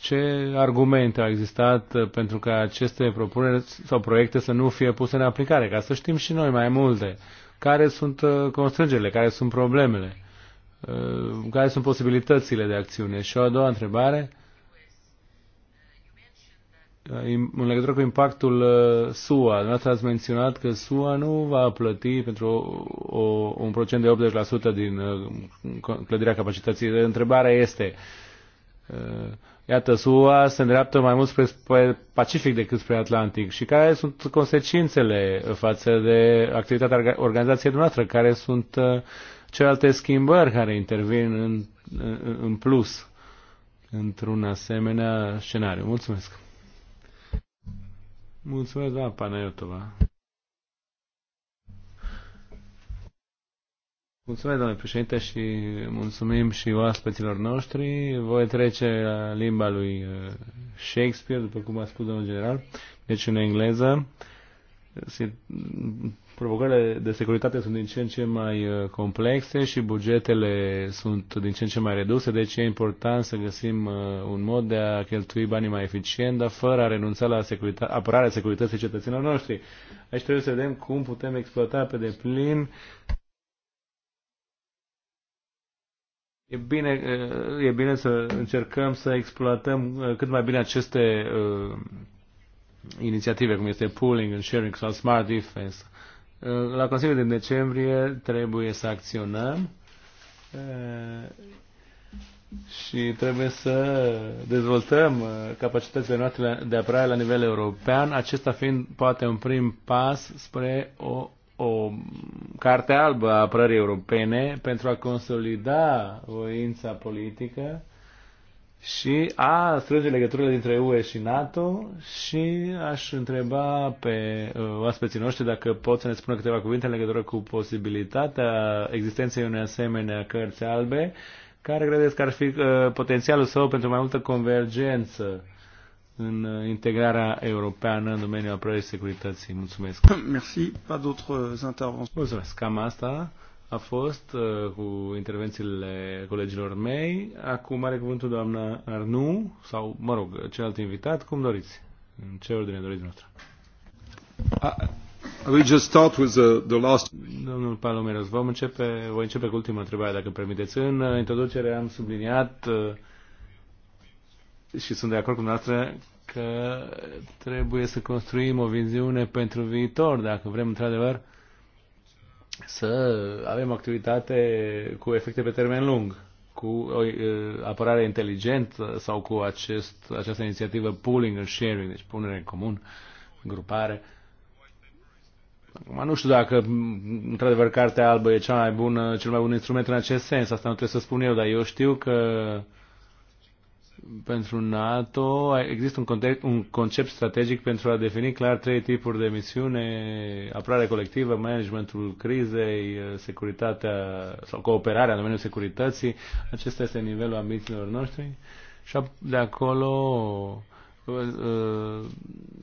Ce argumente au existat pentru ca aceste propuneri sau proiecte să nu fie puse în aplicare? Ca să știm și noi mai multe. Care sunt uh, constrângerile? Care sunt problemele? Uh, care sunt posibilitățile de acțiune? Și o a doua întrebare, uh, în legătură cu impactul uh, SUA, dumneavoastră ați menționat că SUA nu va plăti pentru o, o, un procent de 80% din clădirea capacității. Întrebarea este, iată, SUA se îndreaptă mai mult spre Pacific decât spre Atlantic și care sunt consecințele față de activitatea organizației dumneavoastră, care sunt celelalte schimbări care intervin în, în plus într-un asemenea scenariu. Mulțumesc! Mulțumesc, da, Panayotova. Mulțumesc, domnule președinte, și mulțumim și oaspeților noștri. Voi trece la limba lui uh, Shakespeare, după cum a spus domnul general, deci în engleză provocările de securitate sunt din ce în ce mai uh, complexe și bugetele sunt din ce în ce mai reduse, deci e important să găsim uh, un mod de a cheltui banii mai eficient, dar fără a renunța la securita- apărarea securității cetățenilor noștri. Aici trebuie să vedem cum putem exploata pe deplin E bine, uh, e bine să încercăm să exploatăm cât mai bine aceste inițiative, cum este pooling and sharing sau smart defense. Uh, la Consiliul din decembrie trebuie să acționăm uh, și trebuie să dezvoltăm uh, capacitățile noastre de apărare la nivel european, acesta fiind poate un prim pas spre o, o carte albă a apărării europene pentru a consolida voința politică și a strânge legăturile dintre UE și NATO și aș întreba pe uh, oaspeții noștri dacă pot să ne spună câteva cuvinte în legătură cu posibilitatea existenței unei asemenea cărți albe, care credeți că ar fi uh, potențialul său pentru mai multă convergență în uh, integrarea europeană în domeniul apărării securității. Mulțumesc. Merci. Pas d'autres interventions. Mulțumesc. Cam asta a fost uh, cu intervențiile colegilor mei. Acum are cuvântul doamna Arnu, sau, mă rog, celălalt invitat, cum doriți. În ce ordine doriți noastră? Uh, we just start with the, the last... Domnul Palomeros, vom începe, voi începe cu ultima întrebare, dacă permiteți. În uh, introducere am subliniat uh, și sunt de acord cu dumneavoastră că trebuie să construim o viziune pentru viitor, dacă vrem într-adevăr să avem activitate cu efecte pe termen lung, cu o apărare inteligentă sau cu acest, această inițiativă pooling and sharing, deci punere în comun, grupare. Acum nu știu dacă, într-adevăr, Cartea Albă e cea mai bună, cel mai bun instrument în acest sens, asta nu trebuie să spun eu, dar eu știu că uh, pentru NATO există un, context, un concept strategic pentru a defini clar trei tipuri de misiune, apărare colectivă, managementul crizei, securitatea sau cooperarea în domeniul securității. Acesta este nivelul ambițiilor noștri și de acolo uh, uh,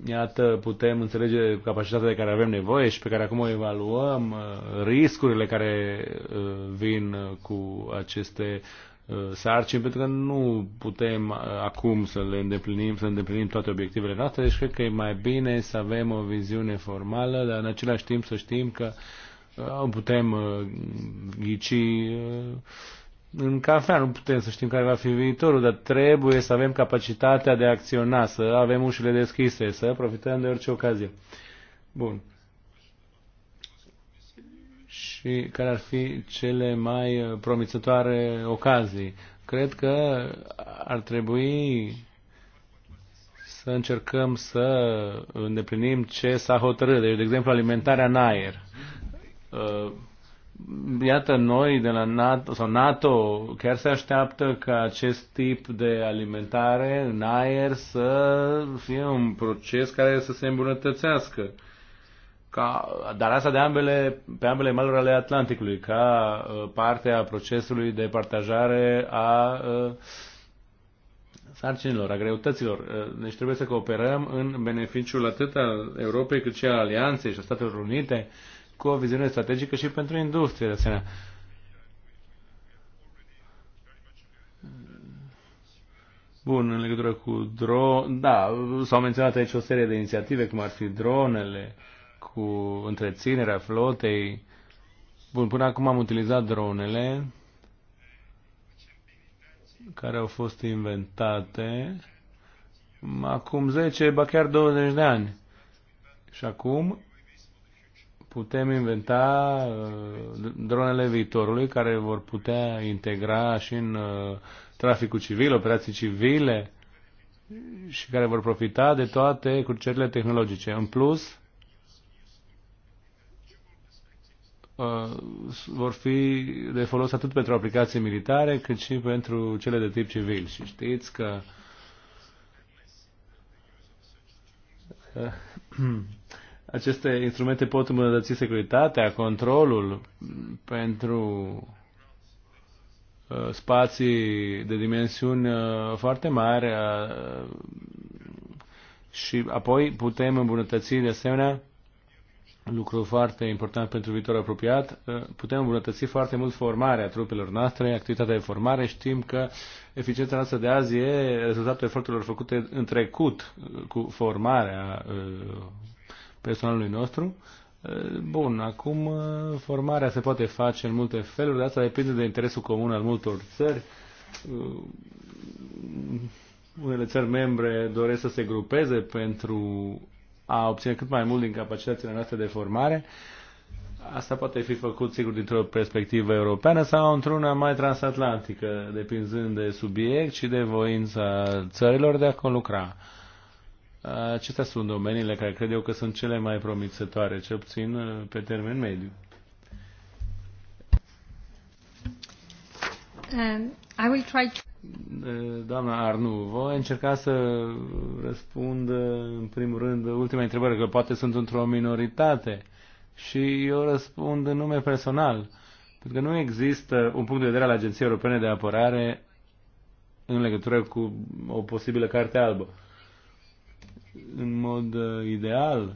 iată, putem înțelege capacitatea de care avem nevoie și pe care acum o evaluăm, uh, riscurile care vin cu aceste Uh, sarcini, pentru că nu putem uh, acum să le îndeplinim, să îndeplinim toate obiectivele noastre, deci cred că e mai bine să avem o viziune formală, dar în același timp să știm că uh, putem ghici în cafea, nu putem să știm care va fi viitorul, dar trebuie să avem capacitatea de a acționa, să avem ușile deschise, să profităm de orice ocazie. Bun și care ar fi cele mai uh, promițătoare ocazii. Cred că ar trebui să încercăm să îndeplinim ce s-a hotărât. Deci, de exemplu, alimentarea în aer. Uh, iată, noi de la NATO, sau NATO chiar se așteaptă ca acest tip de alimentare în aer să fie un proces care să se îmbunătățească ca, dar asta de ambele, pe ambele maluri ale Atlanticului, ca uh, parte a procesului de partajare a uh, sarcinilor, a greutăților. Uh, deci trebuie să cooperăm în beneficiul atât al Europei cât și al Alianței și a Statelor Unite cu o viziune strategică și pentru industrie, de asemenea. Bun, în legătură cu drone, da, s-au menționat aici o serie de inițiative, cum ar fi dronele, uh, cu întreținerea flotei. Bun, până acum am utilizat dronele care au fost inventate acum 10, ba chiar 20 de ani. Și acum putem inventa uh, dronele viitorului care vor putea integra și în uh, traficul civil, operații civile și care vor profita de toate curcerile tehnologice. În plus, Uh, vor fi de folos atât pentru aplicații militare cât și pentru cele de tip civil. Și știți că uh, aceste instrumente pot îmbunătăți securitatea, controlul pentru uh, spații de dimensiuni foarte mari și apoi putem îmbunătăți de asemenea lucru foarte important pentru viitor apropiat. Uh, putem îmbunătăți foarte mult formarea trupelor noastre, activitatea de formare. Știm că eficiența noastră de azi e rezultatul eforturilor făcute în trecut cu formarea uh, personalului nostru. Uh, bun, acum formarea se poate face în multe feluri, de asta depinde de interesul comun al multor țări. Unele țări membre doresc să se grupeze pentru a obține cât mai mult din capacitățile noastre de formare. Asta poate fi făcut, sigur, dintr-o perspectivă europeană sau într-una mai transatlantică, depinzând de subiect și de voința țărilor de a conlucra. Acestea sunt domeniile care cred eu că sunt cele mai promițătoare, cel puțin pe termen mediu. Um, I will try to... Doamna Arnu, voi încerca să răspund în primul rând ultima întrebare, că poate sunt într-o minoritate și eu răspund în nume personal, pentru că nu există un punct de vedere al Agenției Europene de Apărare în legătură cu o posibilă carte albă. În mod uh, ideal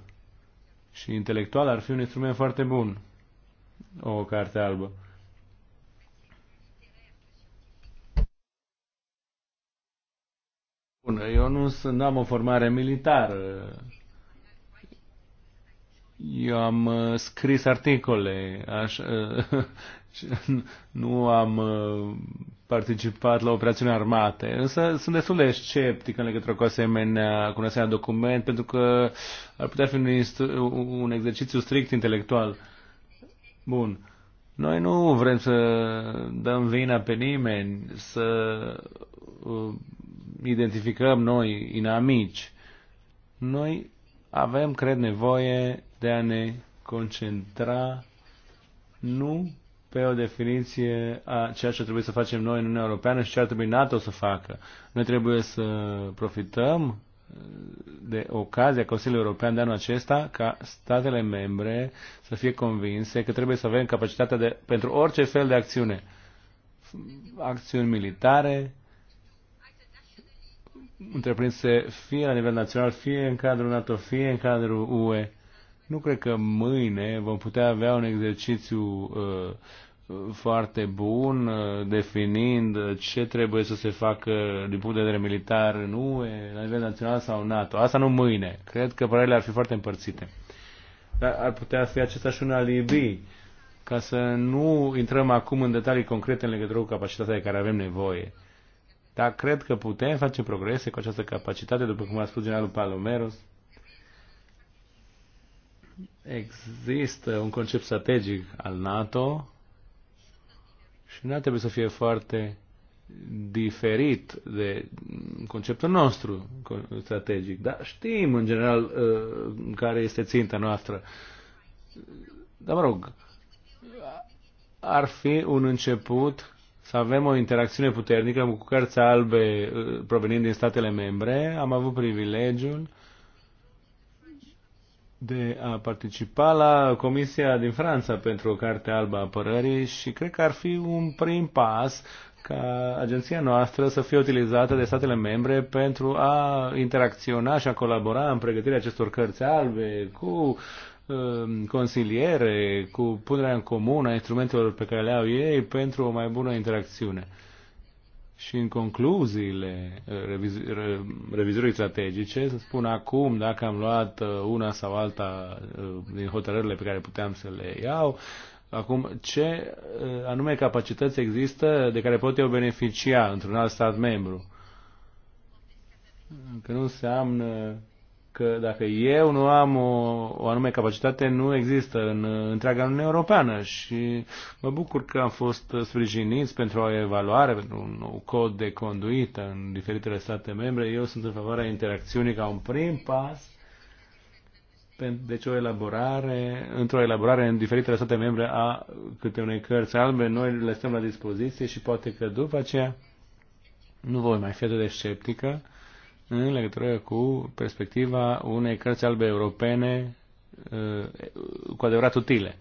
și intelectual ar fi un instrument foarte bun, o carte albă. spună. eu nu sunt, am o formare militară. Eu am uh, scris articole, aș, uh, nu am uh, participat la operațiuni armate, însă sunt destul de sceptic în legătură cu asemenea, cu asemenea document, pentru că ar putea fi un, un exercițiu strict intelectual. Bun. Noi nu vrem să dăm vina pe nimeni, să identificăm noi inamici. Noi avem, cred, nevoie de a ne concentra nu pe o definiție a ceea ce trebuie să facem noi în Uniunea Europeană și ce ar trebui NATO să facă. Noi trebuie să profităm uh, de ocazia Consiliului European de anul acesta ca statele membre să fie convinse că trebuie să avem capacitatea de, pentru orice fel de acțiune. Acțiuni militare, întreprinse fie la nivel național, fie în cadrul NATO, fie în cadrul UE. Nu cred că mâine vom putea avea un exercițiu uh, foarte bun, uh, definind uh, ce trebuie să se facă din punct de vedere militar în UE, la nivel național sau NATO. Asta nu mâine. Cred că părerile ar fi foarte împărțite. Dar ar putea fi acesta și un alibi ca să nu intrăm acum în detalii concrete în legătură cu capacitatea de care avem nevoie. Dar cred că putem face progrese cu această capacitate, după cum a spus generalul Palomeros. Există un concept strategic al NATO și nu trebuie să fie foarte diferit de conceptul nostru strategic, dar știm în general uh, care este ținta noastră. Dar mă rog, ar fi un început să avem o interacțiune puternică cu cărți albe uh, provenind din statele membre. Am avut privilegiul de a participa la Comisia din Franța pentru o carte albă a apărării și cred că ar fi un prim pas ca agenția noastră să fie utilizată de statele membre pentru a interacționa și a colabora în pregătirea acestor cărți albe cu Um, consiliere, cu punerea în comun a instrumentelor pe care le au ei pentru o mai bună interacțiune. Și în concluziile uh, revizorii strategice, să spun acum dacă am luat uh, una sau alta uh, din hotărârile pe care puteam să le iau, acum ce anume capacități există de care pot eu beneficia într-un alt stat membru. Că nu înseamnă că dacă eu nu am o, o anume capacitate, nu există în întreaga Uniune Europeană și mă bucur că am fost sprijiniți pentru o evaluare, pentru un nou cod de conduită în diferitele state membre. Eu sunt în favoarea interacțiunii ca un prim pas deci o elaborare, într-o elaborare în diferitele state membre a câte unei cărți albe, noi le stăm la dispoziție și poate că după aceea nu voi mai fi atât de sceptică în legătură cu perspectiva unei cărți albe europene uh, cu adevărat utile.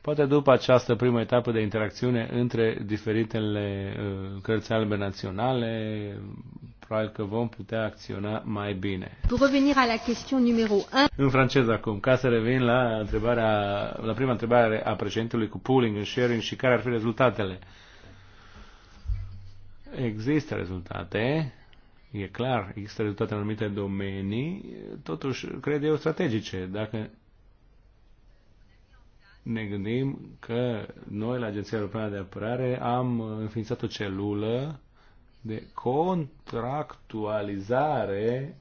Poate după această primă etapă de interacțiune între diferitele uh, cărți albe naționale, probabil că vom putea acționa mai bine. În francez acum, ca să revin la, întrebarea, la prima întrebare a președintelui cu pooling and sharing și care ar fi rezultatele. Există rezultate E clar, există rezultate în anumite domenii, totuși, cred eu, strategice. Dacă ne gândim că noi la Agenția Europeană de Apărare am înființat o celulă de contractualizare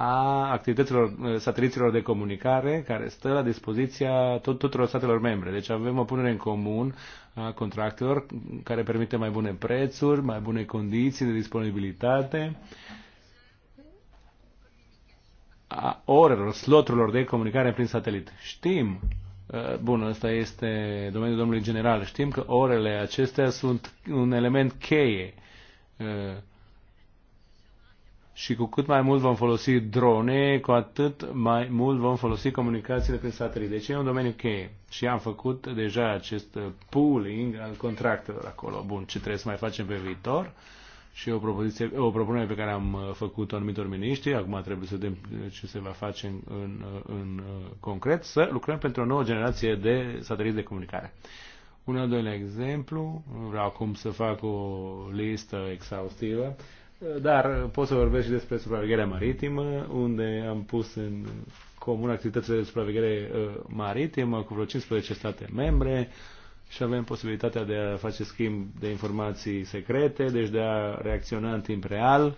a activităților uh, sateliților de comunicare care stă la dispoziția tot, tuturor statelor membre. Deci avem o punere în comun a contractelor care permite mai bune prețuri, mai bune condiții de disponibilitate a orelor, sloturilor de comunicare prin satelit. Știm, uh, bun, ăsta este domeniul domnului general, știm că orele acestea sunt un element cheie uh, și cu cât mai mult vom folosi drone, cu atât mai mult vom folosi comunicațiile prin satelit. Deci e un domeniu cheie. Și am făcut deja acest pooling al contractelor acolo. Bun, ce trebuie să mai facem pe viitor? Și o, propoziție, o propunere pe care am uh, făcut-o anumitor miniștri, acum trebuie să vedem uh, ce se va face în, în, uh, în concret, să lucrăm pentru o nouă generație de sateliți de comunicare. Un al doilea exemplu, vreau acum să fac o listă exhaustivă, dar pot să vorbesc și despre supravegherea maritimă, unde am pus în comun activitățile de supraveghere uh, maritimă cu vreo 15 state membre și avem posibilitatea de a face schimb de informații secrete, deci de a reacționa în timp real.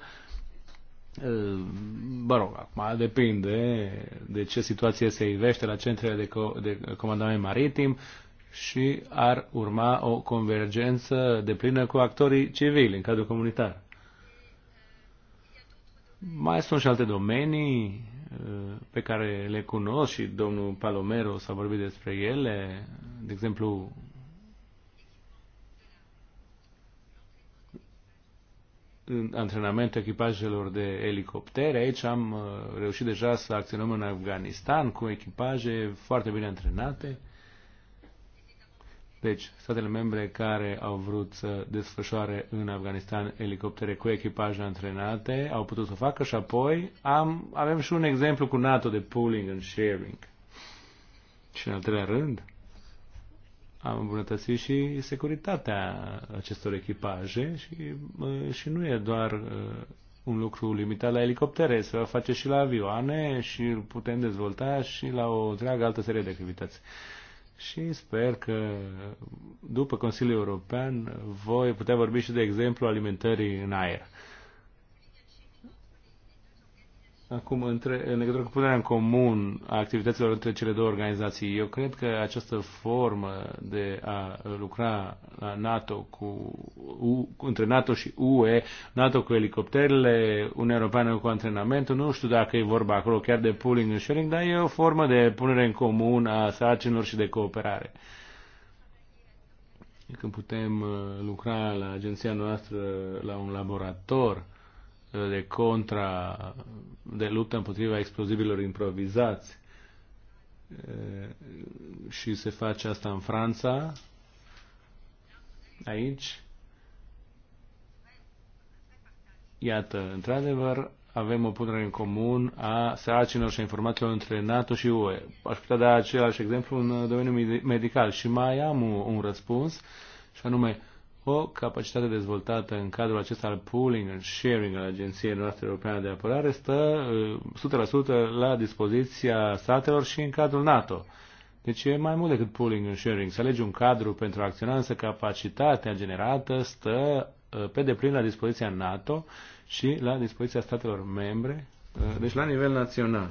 Bă uh, rog, acum depinde de ce situație se ivește la centrele de, co- de comandament maritim și ar urma o convergență de plină cu actorii civili în cadrul comunitar. Mai sunt și alte domenii uh, pe care le cunosc și domnul Palomero s-a vorbit despre ele, de exemplu antrenamentul echipajelor de elicoptere. Aici am uh, reușit deja să acționăm în Afganistan cu echipaje foarte bine antrenate. Deci, statele membre care au vrut să desfășoare în Afganistan elicoptere cu echipaje antrenate au putut să o facă și apoi am, avem și un exemplu cu NATO de pooling and sharing. Și în al treilea rând, am îmbunătățit și securitatea acestor echipaje și, uh, și nu e doar uh, un lucru limitat la elicoptere, se va face și la avioane și îl putem dezvolta și la o întreagă altă serie de activități și sper că după Consiliul European voi putea vorbi și de exemplu alimentării în aer. Acum, între, în legătură cu punerea în comun a activităților între cele două organizații, eu cred că această formă de a lucra la NATO cu, U, între NATO și UE, NATO cu elicopterele, Uniunea Europeană cu antrenamentul, nu știu dacă e vorba acolo chiar de pooling and sharing, dar e o formă de punere în comun a sarcinilor și de cooperare. Când putem uh, lucra la agenția noastră la un laborator, uh, de contra, de luptă împotriva explozibilor improvizați. Și se face asta în Franța. Aici. Iată, într-adevăr, avem o punere în comun a sarcinilor și informațiilor între NATO și UE. Aș putea da același exemplu în domeniul medical. Și mai am un răspuns, și anume, o capacitate dezvoltată în cadrul acesta al pooling and sharing al Agenției noastre Europeană de apărare stă uh, 100% la dispoziția statelor și în cadrul NATO. Deci e mai mult decât pooling and sharing. Să alegi un cadru pentru a acționa, însă capacitatea generată stă uh, pe deplin la dispoziția NATO și la dispoziția statelor membre, uh, deci la nivel național.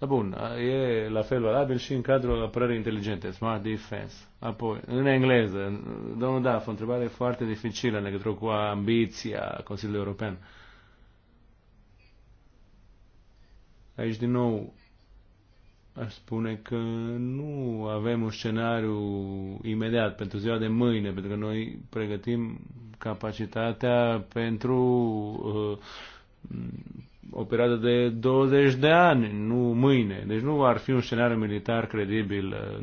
Da bun, e la fel valabil și în cadrul apărării inteligente, smart defense. Apoi, în engleză, domnul Daf, o întrebare foarte dificilă în legătură cu ambiția Consiliului European. Aici, din nou, aș spune că nu avem un scenariu imediat pentru ziua de mâine, pentru că noi pregătim capacitatea pentru uh, o perioadă de 20 de ani, nu mâine. Deci nu ar fi un scenariu militar credibil,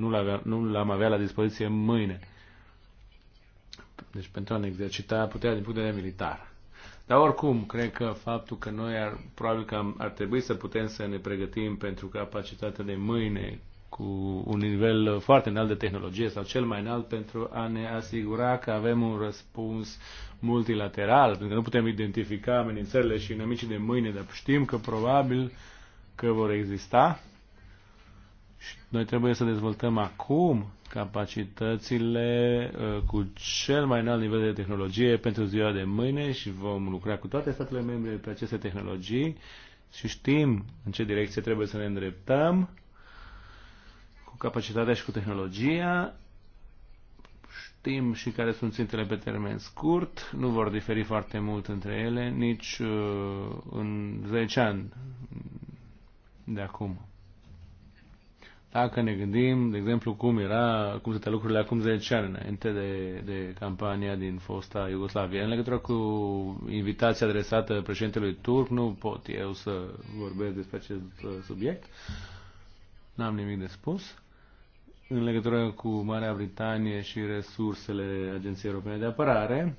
nu l-am avea la dispoziție mâine. Deci pentru a ne exercita puterea din punct de vedere militar. Dar oricum, cred că faptul că noi ar, probabil că am, ar trebui să putem să ne pregătim pentru capacitatea de mâine cu un nivel foarte înalt de tehnologie sau cel mai înalt pentru a ne asigura că avem un răspuns multilateral, pentru că nu putem identifica amenințările și inamicii de mâine, dar știm că probabil că vor exista și noi trebuie să dezvoltăm acum capacitățile uh, cu cel mai înalt nivel de tehnologie pentru ziua de mâine și vom lucra cu toate statele membre pe aceste tehnologii și știm în ce direcție trebuie să ne îndreptăm cu capacitatea și cu tehnologia. Știm și care sunt țintele pe termen scurt, nu vor diferi foarte mult între ele, nici uh, în 10 ani de acum. Dacă ne gândim, de exemplu, cum era, cum se lucrurile acum 10 ani înainte de, de campania din fosta Iugoslavia, în legătură cu invitația adresată președintelui turc, nu pot eu să vorbesc despre acest uh, subiect. N-am nimic de spus în legătură cu Marea Britanie și resursele Agenției Europene de Apărare.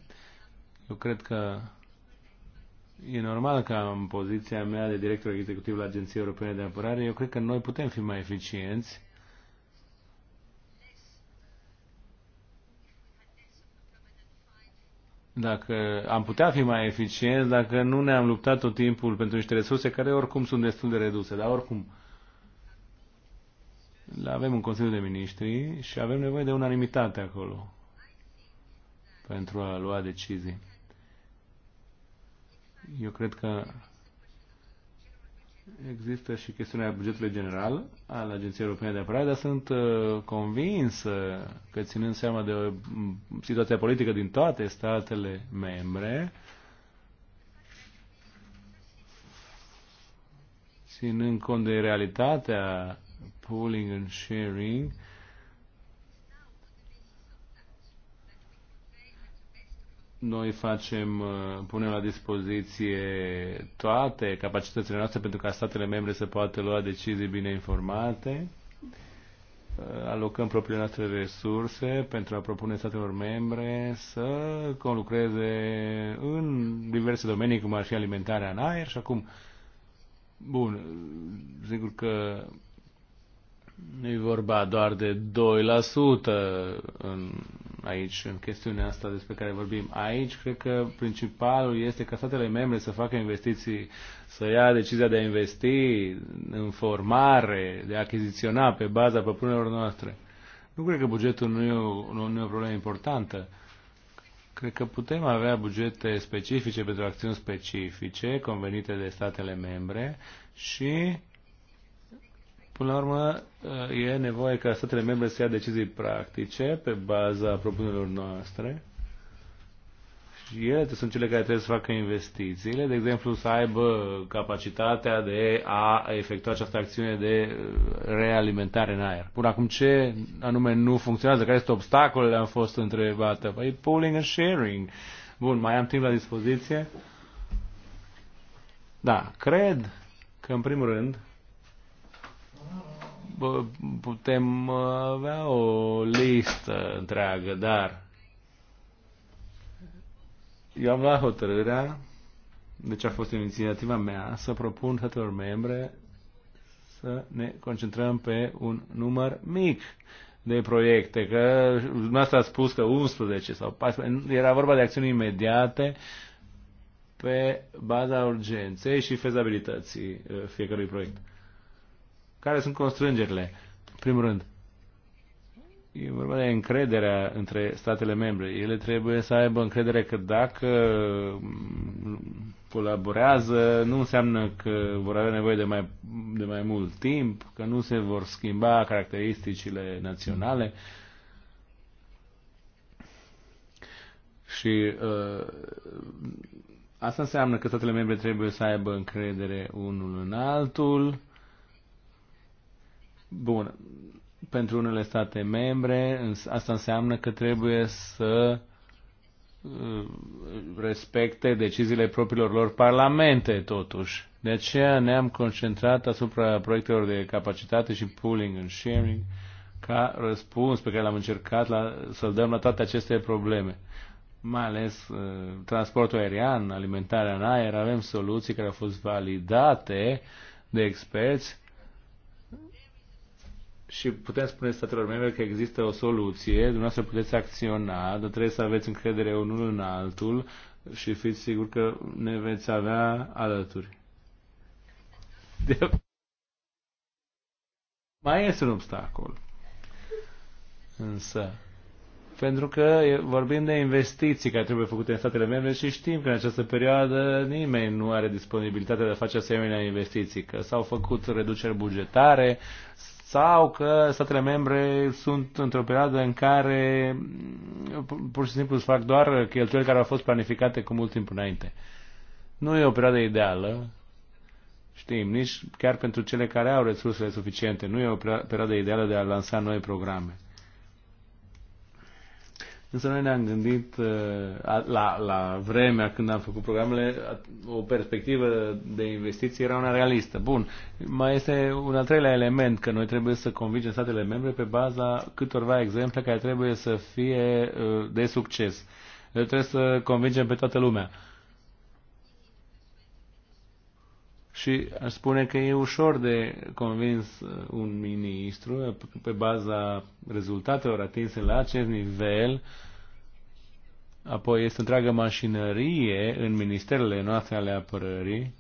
Eu cred că e normal ca în poziția mea de director executiv la Agenția Europene de Apărare, eu cred că noi putem fi mai eficienți dacă am putea fi mai eficienți dacă nu ne-am luptat tot timpul pentru niște resurse care oricum sunt destul de reduse, dar oricum avem un Consiliu de Ministri și avem nevoie de unanimitate acolo pentru a lua decizii. Eu cred că există și chestiunea bugetului general al Agenției Europene de Apărare, dar sunt uh, convins că ținând seama de uh, situația politică din toate statele membre, ținând cont de realitatea pooling and sharing, noi facem, uh, punem la dispoziție toate capacitățile noastre pentru ca statele membre să poată lua decizii bine informate. Uh, alocăm propriile noastre resurse pentru a propune statelor membre să conlucreze în diverse domenii, cum ar fi alimentarea în aer și acum, bun, sigur că nu e vorba doar de 2% în, aici, în chestiunea asta despre care vorbim aici. Cred că principalul este ca statele membre să facă investiții, să ia decizia de a investi în formare, de a achiziționa pe baza propunerilor noastre. Nu cred că bugetul nu e, o, nu e o problemă importantă. Cred că putem avea bugete specifice pentru acțiuni specifice convenite de statele membre și Până la urmă, e nevoie ca statele membre să ia decizii practice pe baza propunerilor noastre și ele sunt cele care trebuie să facă investițiile, de exemplu să aibă capacitatea de a efectua această acțiune de uh, realimentare în aer. Până acum ce anume nu funcționează, care sunt obstacolele, am fost întrebată. Păi pooling and sharing. Bun, mai am timp la dispoziție. Da, cred că în primul rând putem uh, avea o listă întreagă, dar eu am luat hotărârea, deci a fost inițiativa mea, să propun tuturor membre să ne concentrăm pe un număr mic de proiecte, că dumneavoastră a spus că 11 sau 14, era vorba de acțiuni imediate pe baza urgenței și fezabilității uh, fiecărui proiect. Care sunt constrângerile? În primul rând, e vorba de încrederea între statele membre. Ele trebuie să aibă încredere că dacă colaborează, nu înseamnă că vor avea nevoie de mai, de mai mult timp, că nu se vor schimba caracteristicile naționale. Și uh, asta înseamnă că statele membre trebuie să aibă încredere unul în altul Bun. Pentru unele state membre, asta înseamnă că trebuie să uh, respecte deciziile propriilor lor parlamente, totuși. De aceea ne-am concentrat asupra proiectelor de capacitate și pooling and sharing ca răspuns pe care l-am încercat la, să-l dăm la toate aceste probleme. Mai ales uh, transportul aerian, alimentarea în aer, avem soluții care au fost validate de experți și putem spune statelor membre că există o soluție, dumneavoastră puteți acționa, dar trebuie să aveți încredere unul în altul și fiți sigur că ne veți avea alături. De... Mai este un obstacol. Însă, pentru că vorbim de investiții care trebuie făcute în statele membre și știm că în această perioadă nimeni nu are disponibilitatea de a face asemenea investiții, că s-au făcut reduceri bugetare, sau că statele membre sunt într-o perioadă în care pur și simplu îți fac doar cheltuieli care au fost planificate cu mult timp înainte. Nu e o perioadă ideală, știm, nici chiar pentru cele care au resursele suficiente. Nu e o perioadă ideală de a lansa noi programe. Însă noi ne-am gândit uh, la, la vremea când am făcut programele, o perspectivă de investiții era una realistă. Bun, mai este un al treilea element, că noi trebuie să convingem statele membre pe baza câtorva exemple care trebuie să fie uh, de succes. Trebuie să convingem pe toată lumea. Și aș spune că e ușor de convins uh, un ministru pe baza rezultatelor atinse la acest nivel, apoi este întreagă mașinărie în ministerele noastre ale apărării,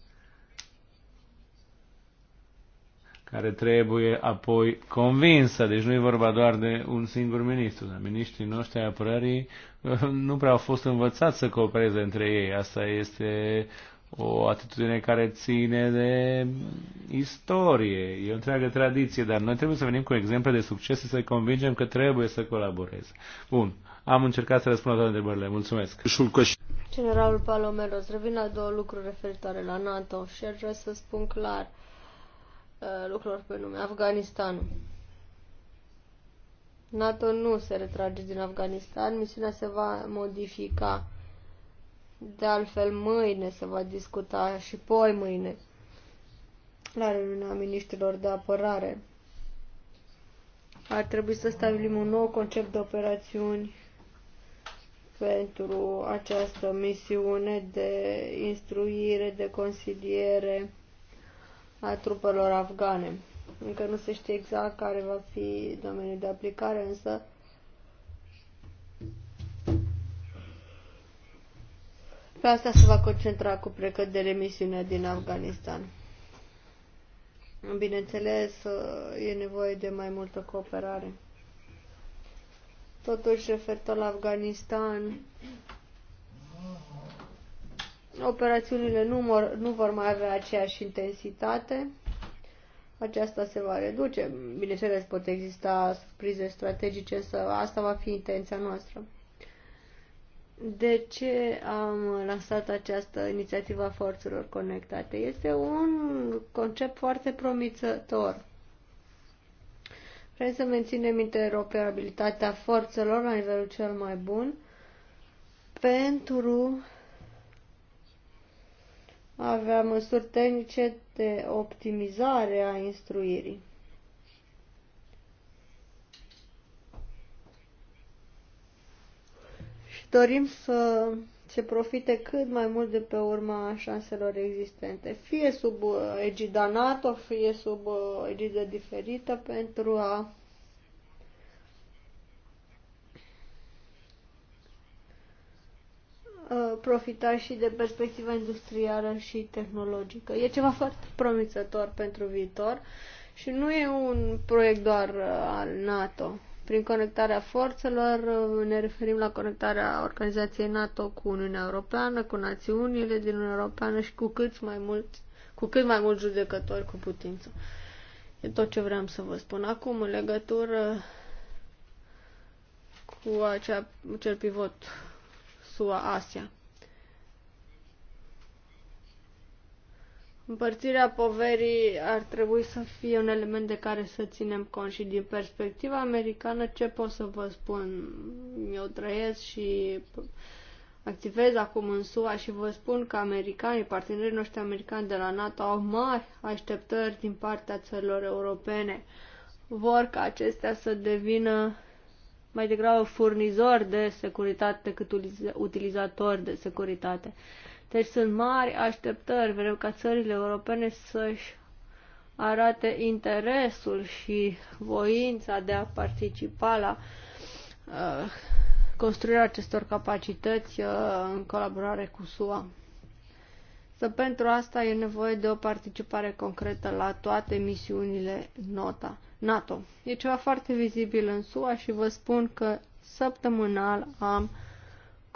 care trebuie apoi convinsă. Deci nu e vorba doar de un singur ministru, dar miniștrii noștri apărării uh, nu prea au fost învățați să coopereze între ei. Asta este o atitudine care ține de istorie, e o întreagă tradiție, dar noi trebuie să venim cu exemple de succes și să-i convingem că trebuie să colaboreze. Bun, am încercat să răspund la toate întrebările. Mulțumesc. Generalul Palomero, îți revin la două lucruri referitoare la NATO și aș vrea să spun clar uh, lucruri pe nume. Afganistanul. NATO nu se retrage din Afganistan, misiunea se va modifica de altfel, mâine se va discuta și poi mâine la reuniunea ministrilor de apărare. Ar trebui să stabilim un nou concept de operațiuni pentru această misiune de instruire, de consiliere a trupelor afgane. Încă nu se știe exact care va fi domeniul de aplicare, însă Pe asta se va concentra cu precădere misiunea din Afganistan. Bineînțeles, e nevoie de mai multă cooperare. Totuși, referitor la Afganistan, operațiunile nu, mor, nu vor mai avea aceeași intensitate. Aceasta se va reduce. Bineînțeles, pot exista surprize strategice, însă asta va fi intenția noastră de ce am lansat această inițiativă a forțelor conectate. Este un concept foarte promițător. Vrem să menținem interoperabilitatea forțelor la nivelul cel mai bun pentru a avea măsuri tehnice de optimizare a instruirii. dorim să se profite cât mai mult de pe urma șanselor existente, fie sub uh, egida NATO, fie sub uh, egida diferită pentru a uh, profita și de perspectiva industrială și tehnologică. E ceva foarte promițător pentru viitor și nu e un proiect doar al NATO. Prin conectarea forțelor ne referim la conectarea organizației NATO cu Uniunea Europeană, cu națiunile din Uniunea Europeană și cu cât mai mult, cu cât mai mulți judecători cu putință. E tot ce vreau să vă spun. Acum, în legătură cu acea, acel pivot SUA-Asia. Împărțirea poverii ar trebui să fie un element de care să ținem cont și din perspectiva americană ce pot să vă spun? Eu trăiesc și activez acum în SUA și vă spun că americanii, partenerii noștri americani de la NATO au mari așteptări din partea țărilor europene. Vor ca acestea să devină mai degrabă furnizori de securitate decât utilizatori de securitate. Deci sunt mari așteptări, vreau ca țările europene să-și arate interesul și voința de a participa la uh, construirea acestor capacități uh, în colaborare cu SUA. Să pentru asta e nevoie de o participare concretă la toate misiunile NOTA, NATO. E ceva foarte vizibil în SUA și vă spun că săptămânal am uh,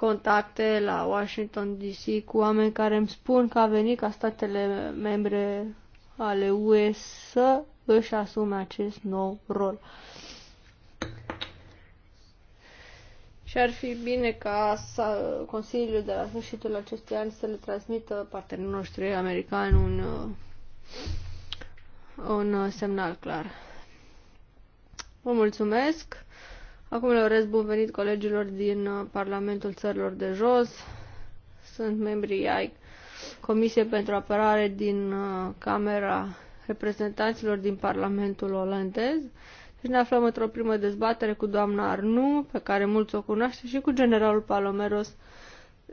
contacte la Washington DC cu oameni care îmi spun că a venit ca statele membre ale UE să își asume acest nou rol. Și ar fi bine ca să, Consiliul de la sfârșitul acestui an să le transmită partenerilor noștri americani un, un semnal clar. Vă mulțumesc! Acum le urez bun venit colegilor din uh, Parlamentul Țărilor de Jos. Sunt membrii ai Comisiei pentru Apărare din uh, Camera Reprezentanților din Parlamentul Olandez. Deci ne aflăm într-o primă dezbatere cu doamna Arnu, pe care mulți o cunoaște, și cu generalul Palomeros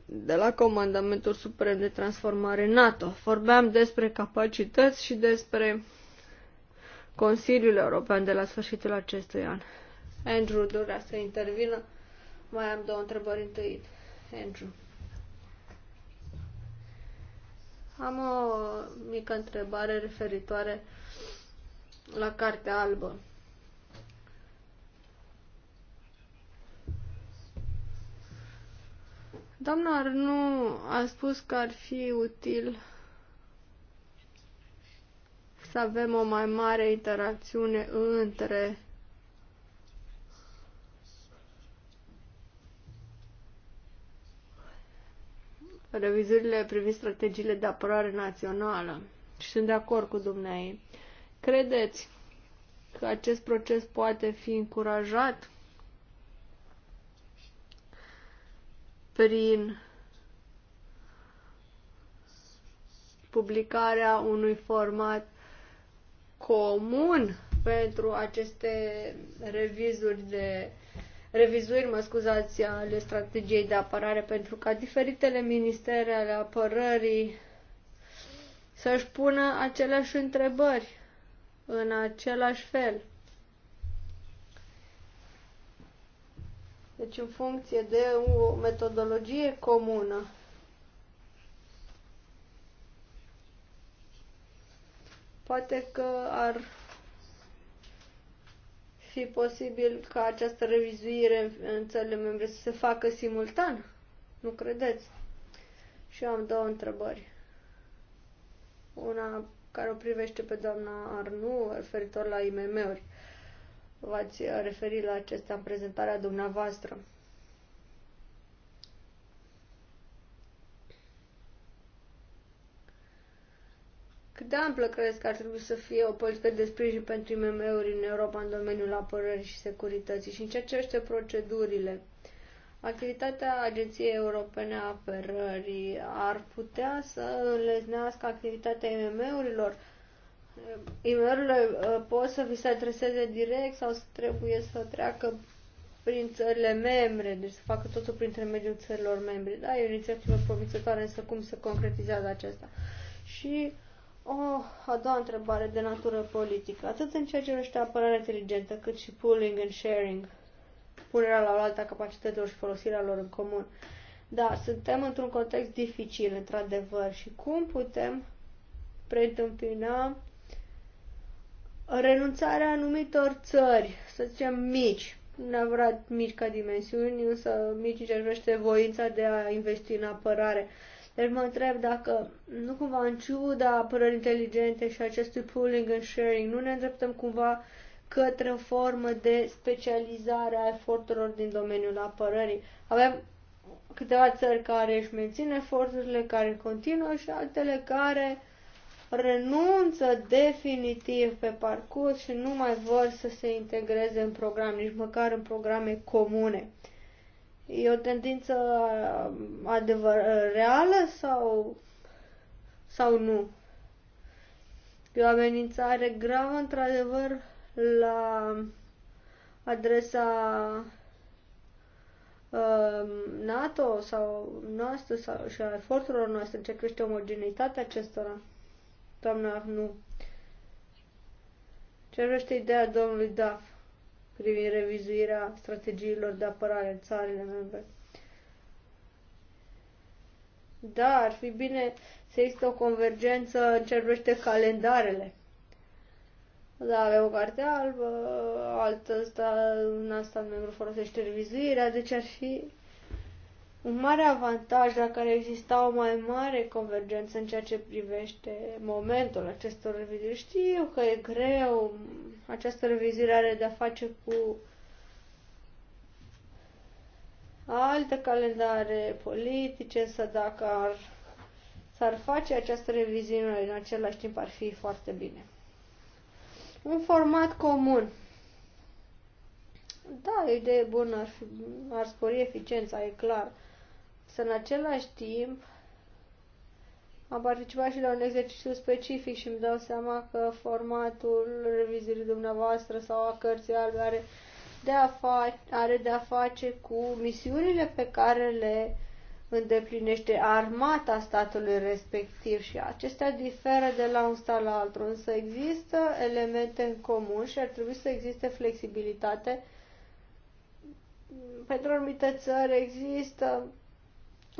de la Comandamentul Suprem de Transformare NATO. Vorbeam despre capacități și despre Consiliul European de la sfârșitul acestui an. Andrew dorea să intervină. Mai am două întrebări întâi. Andrew. Am o mică întrebare referitoare la Cartea Albă. Doamna nu a spus că ar fi util să avem o mai mare interacțiune între revizuirile privind strategiile de apărare națională și sunt de acord cu dumneai. Credeți că acest proces poate fi încurajat prin publicarea unui format comun pentru aceste revizuri de revizuiri, mă scuzați, ale strategiei de apărare pentru ca diferitele ministere ale apărării să-și pună aceleași întrebări în același fel. Deci în funcție de o metodologie comună. Poate că ar fi posibil ca această revizuire în țările membre să se facă simultan? Nu credeți? Și eu am două întrebări. Una care o privește pe doamna Arnu, referitor la IMM-uri. V-ați referit la acestea în prezentarea dumneavoastră. Cât de amplă crezi că ar trebui să fie o politică de sprijin pentru IMM-uri în Europa în domeniul apărării și securității și în ceea ce este procedurile? Activitatea Agenției Europene a Apărării ar putea să înleznească activitatea IMM-urilor? IMM-urile uh, pot să vi se adreseze direct sau să trebuie să treacă prin țările membre, deci să facă totul prin intermediul țărilor membre. Da, e o inițiativă promițătoare, însă cum se concretizează aceasta? Și o oh, a doua întrebare de natură politică, atât în ceea ce privește apărarea inteligentă, cât și pooling and sharing, punerea la oaltă a capacităților și folosirea lor în comun. Da, suntem într-un context dificil, într-adevăr, și cum putem preîntâmpina renunțarea anumitor țări, să zicem mici, neapărat mici ca dimensiuni, însă mici ce voința de a investi în apărare. Uh, deci mă întreb dacă nu cumva în ciuda apărării inteligente și acestui pooling and sharing, nu ne îndreptăm cumva către o formă de specializare a eforturilor din domeniul apărării. Avem câteva țări care își mențin eforturile, care continuă și altele care renunță definitiv pe parcurs și nu mai vor să se integreze în program, nici măcar în programe comune. E o tendință um, adevăr- reală sau, sau nu? E o amenințare gravă, într-adevăr, la adresa uh, NATO sau noastră sau și a eforturilor noastre în ce crește omogeneitatea acestora. Doamna, nu. Ce crește ideea domnului Duff? privind revizuirea strategiilor de apărare în țările membre. Da, ar fi bine să există o convergență în ce privește calendarele. Da, avem o carte albă, altă, asta, în asta membru folosește revizuirea, deci ar fi un mare avantaj dacă ar exista o mai mare convergență în ceea ce privește momentul acestor revizuiri. Știu că e greu, această revizuire are de-a face cu alte calendare politice, să dacă ar, s-ar face această revizuire în același timp ar fi foarte bine. Un format comun. Da, idee bună, ar, fi, ar spori eficiența, e clar. Însă, în același timp, am participat și la un exercițiu specific și îmi dau seama că formatul revizirii dumneavoastră sau a cărții albe are de a face, are de a face cu misiunile pe care le îndeplinește armata statului respectiv și acestea diferă de la un stat la altul, însă există elemente în comun și ar trebui să existe flexibilitate. Pentru anumite țări există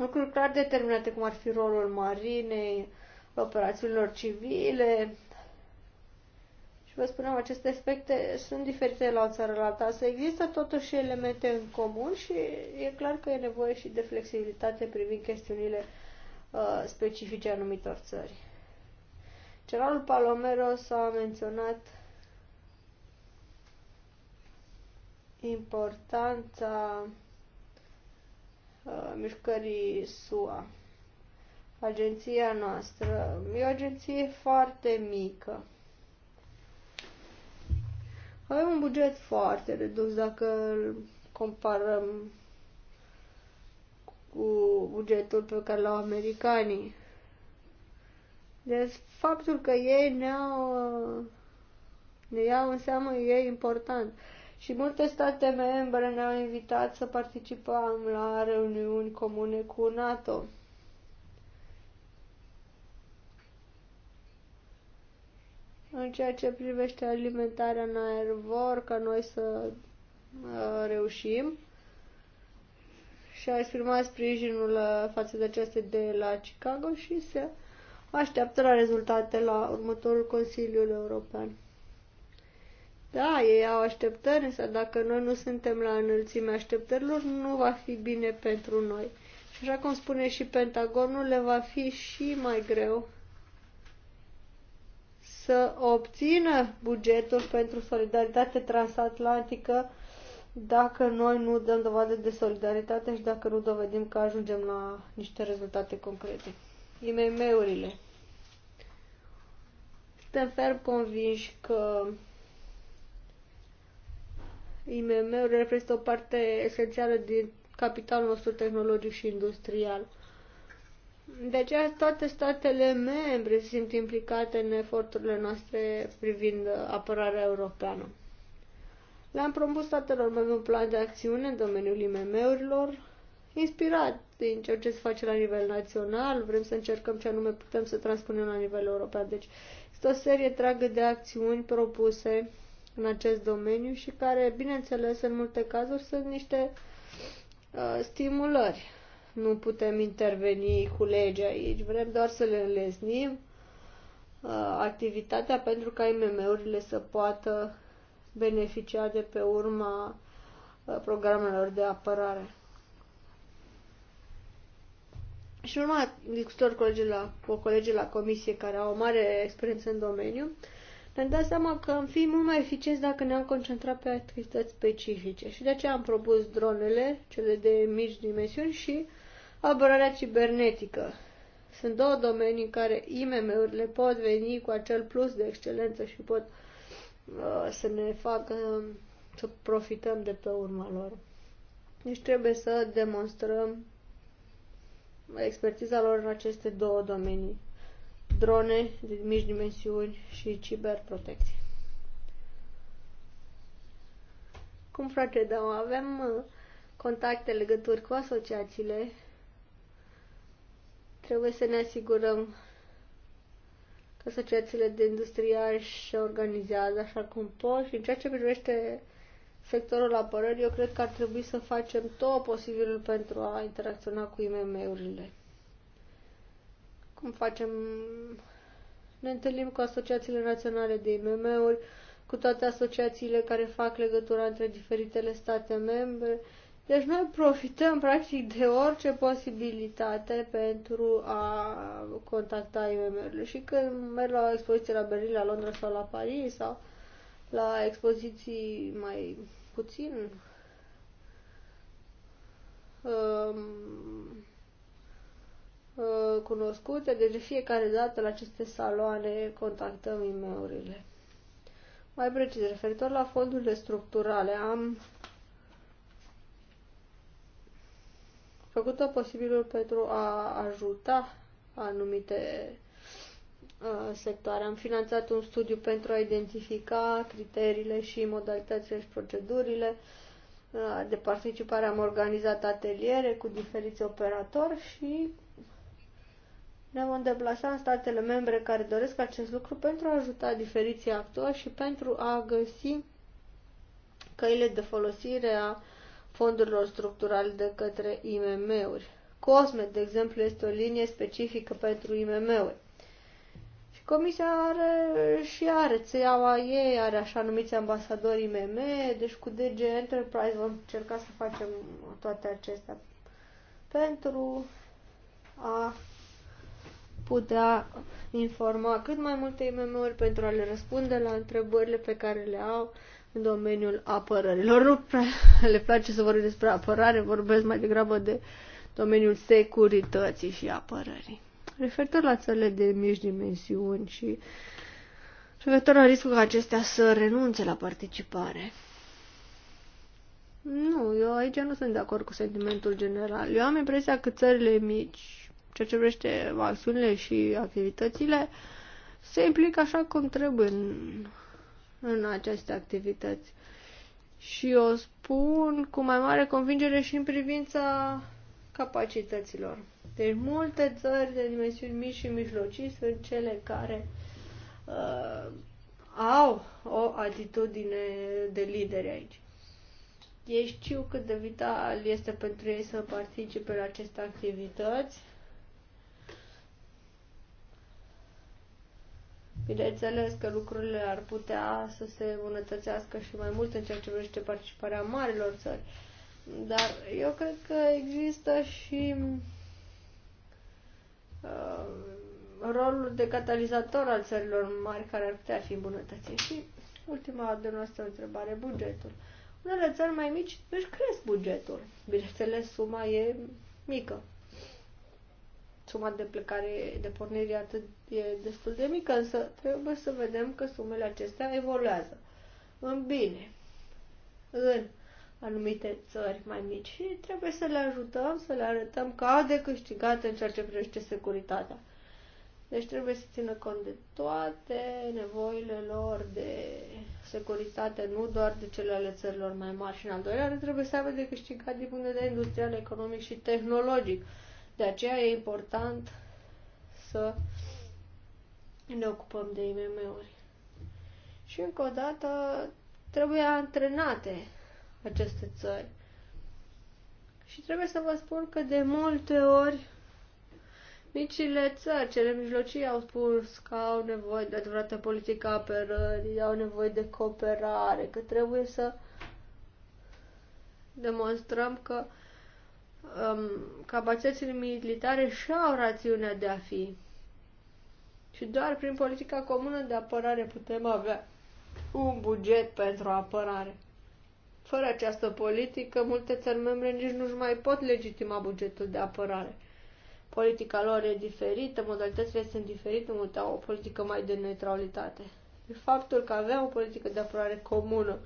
lucruri clar determinate, cum ar fi rolul marinei, operațiunilor civile. Și vă spunem, aceste aspecte sunt diferite la o țară la alta, Să există totuși elemente în comun și e clar că e nevoie și de flexibilitate privind chestiunile uh, specifice anumitor țări. Generalul Palomero s-a menționat importanța Uh, mișcării SUA. Agenția noastră e o agenție foarte mică. Avem un buget foarte redus dacă îl comparăm cu bugetul pe care l-au americanii. Deci faptul că ei ne-au ne iau în seamă e important. Uh, și multe state membre ne-au invitat să participăm la reuniuni comune cu NATO. În ceea ce privește alimentarea în aer, vor ca noi să uh, reușim și a exprimat sprijinul uh, față de această idee la Chicago și se așteaptă la rezultate la următorul Consiliu European. Da, ei au așteptări, însă dacă noi nu suntem la înălțimea așteptărilor, nu va fi bine pentru noi. Și așa cum spune și Pentagonul, le va fi și mai greu să obțină bugetul pentru solidaritate transatlantică dacă noi nu dăm dovadă de solidaritate și dacă nu dovedim că ajungem la niște rezultate concrete. IMM-urile. Suntem ferm convinși că imm uri reprezintă o parte esențială din capitalul nostru tehnologic și industrial. De aceea toate statele membre se simt implicate în eforturile noastre privind apărarea europeană. Le-am propus statelor membre un plan de acțiune în domeniul IMM-urilor, inspirat din ceea ce se face la nivel național, vrem să încercăm ce anume putem să transpunem la nivel european. Deci este o serie întreagă de acțiuni propuse în acest domeniu și care, bineînțeles, în multe cazuri sunt niște uh, stimulări. Nu putem interveni cu legea aici, vrem doar să le înlesnim uh, activitatea pentru ca IMM-urile să poată beneficia de pe urma uh, programelor de apărare. Și urma discutor colegi la, cu colegii la comisie care au o mare experiență în domeniu, uh, ne-am dat seama că am fi mult mai eficienți dacă ne-am concentrat pe activități specifice. Și de aceea am propus dronele, cele de mici dimensiuni și apărarea cibernetică. Sunt două domenii în care IMM-urile pot veni cu acel plus de excelență și pot uh, să ne facă um, să profităm de pe urma lor. Deci trebuie să demonstrăm expertiza lor în aceste două domenii drone de mici dimensiuni și ciberprotecție. Cum frate Dău, da, avem uh, contacte, legături cu asociațiile. Trebuie să ne asigurăm că asociațiile de industriari se organizează așa cum pot și în ceea ce privește sectorul apărării, eu cred că ar trebui să facem tot posibilul pentru a interacționa cu IMM-urile. Cum facem? Ne întâlnim cu asociațiile naționale de IMM-uri, cu toate asociațiile care fac legătura între diferitele state membre. Deci noi profităm practic de orice posibilitate pentru a contacta IMM-urile. Și când merg la o expoziție la Berlin, la Londra sau la Paris sau la expoziții mai puțin um, Uh, cunoscute, deci de fiecare dată la aceste saloane contactăm imeurile. Mai precis, referitor la fondurile structurale, am făcut tot posibilul pentru a ajuta anumite uh, sectoare. Am finanțat un studiu pentru a identifica criteriile și modalitățile și procedurile uh, de participare. Am organizat ateliere cu diferiți operatori și ne vom deplasa în statele membre care doresc acest lucru pentru a ajuta diferiții actori și pentru a găsi căile de folosire a fondurilor structurale de către IMM-uri. COSME, de exemplu, este o linie specifică pentru IMM-uri. Și Comisia are și are țeaua ei, are așa numiți ambasadori IMM, deci cu DG Enterprise vom încerca să facem toate acestea pentru a putea informa cât mai multe IMM-uri pentru a le răspunde la întrebările pe care le au în domeniul apărărilor. Nu prea le place să vorbesc despre apărare, vorbesc mai degrabă de domeniul securității și apărării. Referitor la țările de mici dimensiuni și referitor la riscul ca acestea să renunțe la participare. Nu, eu aici nu sunt de acord cu sentimentul general. Eu am impresia că țările mici ceea ce vrește acțiunile și activitățile, se implică așa cum trebuie în, în aceste activități. Și o spun cu mai mare convingere și în privința capacităților. Deci multe țări de dimensiuni mici și mijlocii sunt cele care uh, au o atitudine de lideri aici. Ei știu cât de vital este pentru ei să participe la aceste activități Bineînțeles că lucrurile ar putea să se îmbunătățească și mai mult în ceea ce privește participarea marilor țări. Dar eu cred că există și uh, rolul de catalizator al țărilor mari care ar putea fi îmbunătățit. Și ultima de noastră întrebare, bugetul. Unele țări mai mici își cresc bugetul. Bineînțeles, suma e mică suma de plecare, de pornire atât e destul de mică, însă trebuie să vedem că sumele acestea evoluează în bine în anumite țări mai mici și trebuie să le ajutăm, să le arătăm că au de câștigat în ceea ce privește securitatea. Deci trebuie să țină cont de toate nevoile lor de securitate, nu doar de cele ale țărilor mai mari. Și în al doilea trebuie să aibă de câștigat din punct de vedere industrial, economic și tehnologic. De aceea e important să ne ocupăm de IMM-uri. Și încă o dată trebuie antrenate aceste țări. Și trebuie să vă spun că de multe ori micile țări, cele mijlocii au spus că au nevoie de adevărată politică apărării, au nevoie de cooperare, că trebuie să demonstrăm că um, capacitățile militare și au rațiunea de a fi. Și doar prin politica comună de apărare putem avea un buget pentru apărare. Fără această politică, multe țări membre nici nu-și mai pot legitima bugetul de apărare. Politica lor e diferită, modalitățile sunt diferite, multe au o politică mai de neutralitate. Faptul că avem o politică de apărare comună,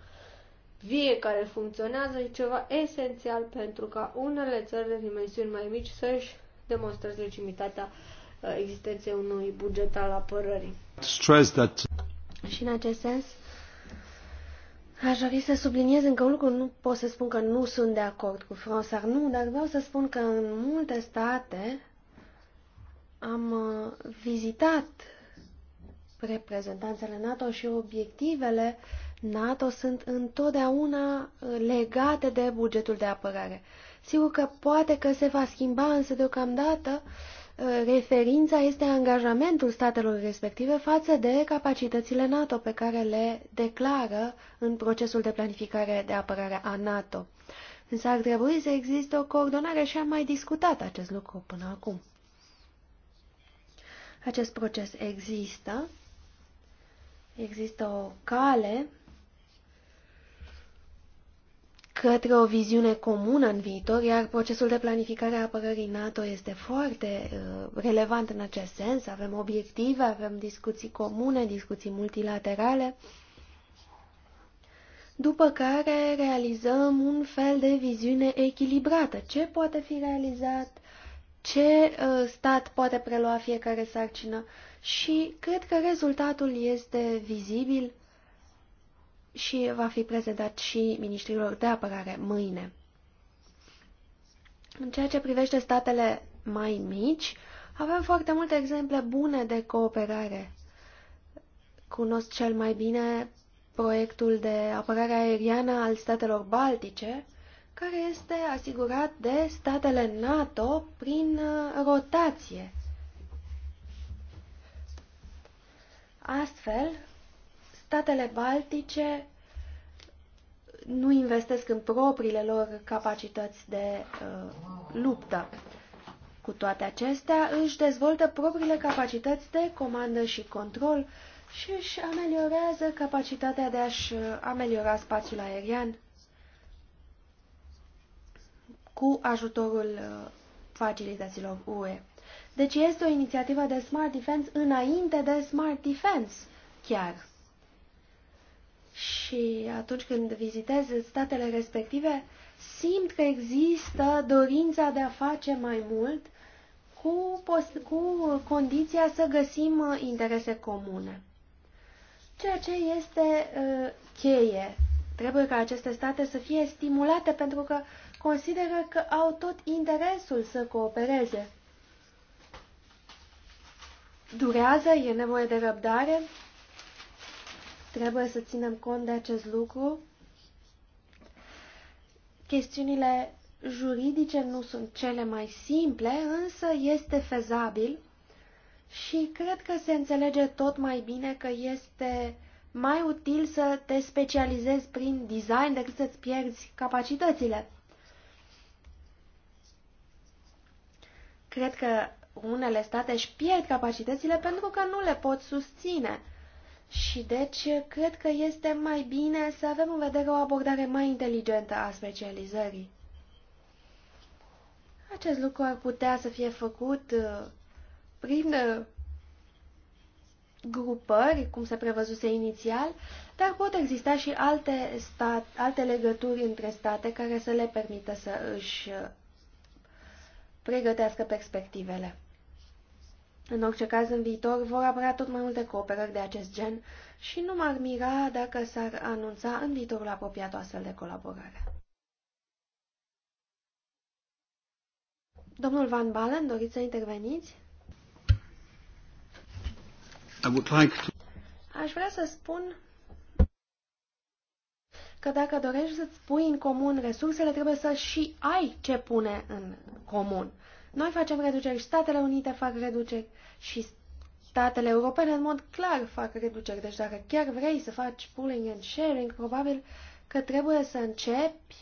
vie care funcționează e ceva esențial pentru ca unele țări de dimensiuni mai mici să-și demonstreze legitimitatea uh, existenței unui buget al apărării. Stress that... Și în acest sens, aș dori să subliniez încă un lucru. Nu pot să spun că nu sunt de acord cu François nu, dar vreau să spun că în multe state am uh, vizitat reprezentanțele NATO și obiectivele uh, NATO sunt întotdeauna uh, legate de bugetul de apărare. Sigur că poate că se va schimba, însă deocamdată uh, referința este angajamentul statelor respective față de capacitățile NATO pe care le declară în procesul de planificare de apărare a NATO. Însă ar trebui să existe o coordonare și am mai discutat acest lucru până acum. Acest proces există, există o cale către o viziune comună în viitor, iar procesul de planificare a apărării NATO este foarte uh, relevant în acest sens. Avem obiective, avem discuții comune, discuții multilaterale, după care realizăm un fel de viziune echilibrată. Ce poate fi realizat, ce uh, stat poate prelua fiecare sarcină și cred că rezultatul este vizibil și va fi prezentat și ministrilor de apărare mâine. În ceea ce privește statele mai mici, avem foarte multe exemple bune de cooperare. Cunosc cel mai bine proiectul de apărare aeriană al statelor baltice, care este asigurat de statele NATO prin uh, rotație. Astfel, Statele Baltice nu investesc în propriile lor capacități de uh, luptă. Cu toate acestea, își dezvoltă propriile capacități de comandă și control și își ameliorează capacitatea de a-și uh, ameliora spațiul aerian cu ajutorul uh, facilităților UE. Deci este o inițiativă de Smart Defense înainte de Smart Defense, chiar și atunci când vizitez statele respective, simt că există dorința de a face mai mult cu, cu condiția să găsim uh, interese comune. Ceea ce este uh, cheie. Trebuie ca aceste state să fie stimulate pentru că consideră că au tot interesul să coopereze. Durează, e nevoie de răbdare, Trebuie să ținem cont de acest lucru. Chestiunile juridice nu sunt cele mai simple, însă este fezabil și cred că se înțelege tot mai bine că este mai util să te specializezi prin design decât să-ți pierzi capacitățile. Cred că unele state își pierd capacitățile pentru că nu le pot susține și deci, cred că este mai bine să avem în vedere o abordare mai inteligentă a specializării. Acest lucru ar putea să fie făcut uh, prin uh, grupări, cum se prevăzuse inițial, dar pot exista și alte, stat, alte legături între state care să le permită să își uh, pregătească perspectivele. În orice caz, în viitor vor apărea tot mai multe cooperări de acest gen și nu m-ar mira dacă s-ar anunța în viitorul apropiat o astfel de colaborare. Domnul Van Balen, doriți să interveniți? I would like to... Aș vrea să spun că dacă dorești să-ți pui în comun resursele, trebuie să și ai ce pune în comun. Noi facem reduceri, Statele Unite fac reduceri și statele europene în mod clar fac reduceri. Deci dacă chiar vrei să faci pooling and sharing, probabil că trebuie să începi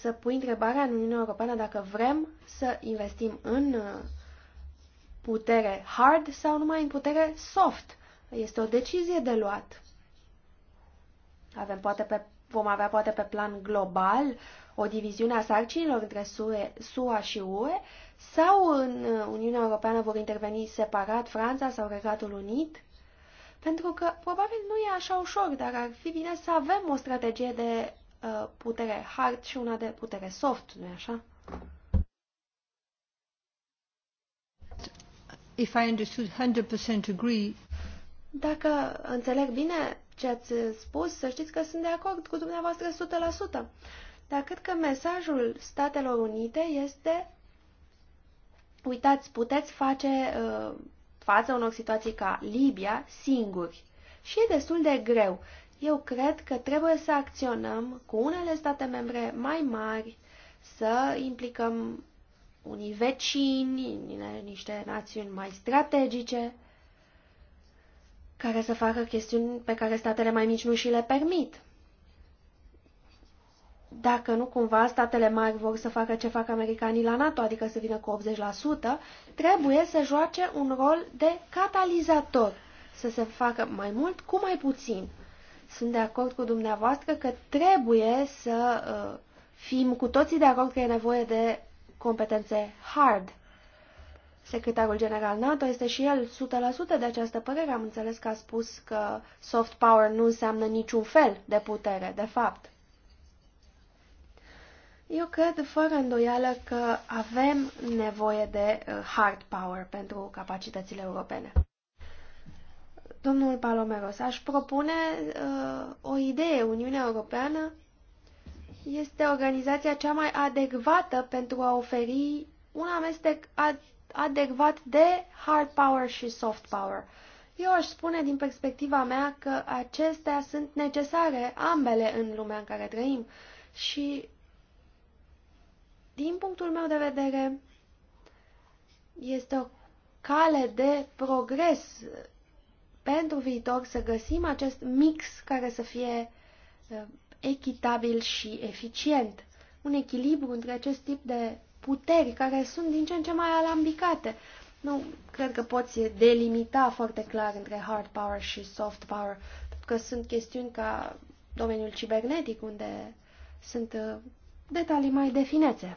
să pui întrebarea în Uniunea Europeană dacă vrem să investim în uh, putere hard sau numai în putere soft. Este o decizie de luat. Avem poate pe, vom avea poate pe plan global o diviziune a sarcinilor între SUA și UE sau în uh, Uniunea Europeană vor interveni separat Franța sau Regatul Unit? Pentru că probabil nu e așa ușor, dar ar fi bine să avem o strategie de uh, putere hard și una de putere soft, nu-i așa? If I understood 100% agree. Dacă înțeleg bine ce ați spus, să știți că sunt de acord cu dumneavoastră 100%. Dar cred că mesajul Statelor Unite este uitați, puteți face uh, față unor situații ca Libia singuri. Și e destul de greu. Eu cred că trebuie să acționăm cu unele state membre mai mari, să implicăm unii vecini, niște națiuni mai strategice, care să facă chestiuni pe care statele mai mici nu și le permit dacă nu cumva statele mari vor să facă ce fac americanii la NATO, adică să vină cu 80%, trebuie să joace un rol de catalizator, să se facă mai mult cu mai puțin. Sunt de acord cu dumneavoastră că trebuie să uh, fim cu toții de acord că e nevoie de competențe hard. Secretarul general NATO este și el 100% de această părere. Am înțeles că a spus că soft power nu înseamnă niciun fel de putere, de fapt. Eu cred fără îndoială că avem nevoie de uh, hard power pentru capacitățile europene. Domnul Palomeros, aș propune uh, o idee. Uniunea Europeană este organizația cea mai adecvată pentru a oferi un amestec ad adecvat de hard power și soft power. Eu aș spune din perspectiva mea că acestea sunt necesare ambele în lumea în care trăim și din punctul meu de vedere, este o cale de progres pentru viitor să găsim acest mix care să fie uh, echitabil și eficient. Un echilibru între acest tip de puteri care sunt din ce în ce mai alambicate. Nu cred că poți delimita foarte clar între hard power și soft power, pentru că sunt chestiuni ca domeniul cibernetic, unde sunt uh, detalii mai definețe.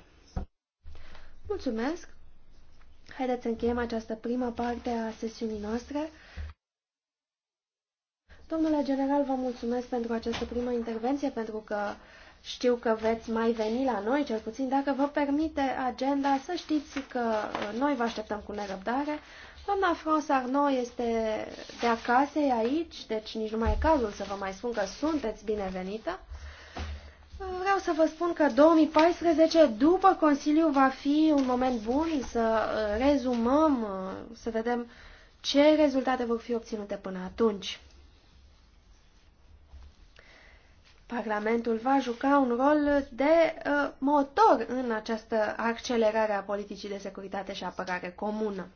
Mulțumesc! Haideți să încheiem această prima parte a sesiunii noastre. Domnule general, vă mulțumesc pentru această primă intervenție, pentru că știu că veți mai veni la noi, cel puțin dacă vă permite agenda, să știți că uh, noi vă așteptăm cu nerăbdare. Doamna France Arnaud este de acasă e aici, deci nici nu mai e cazul să vă mai spun că sunteți binevenită. Vreau să vă spun că 2014, după Consiliu, va fi un moment bun să uh, rezumăm, uh, să vedem ce rezultate vor fi obținute până atunci. Parlamentul va juca un rol de uh, motor în această accelerare a politicii de securitate și apărare comună.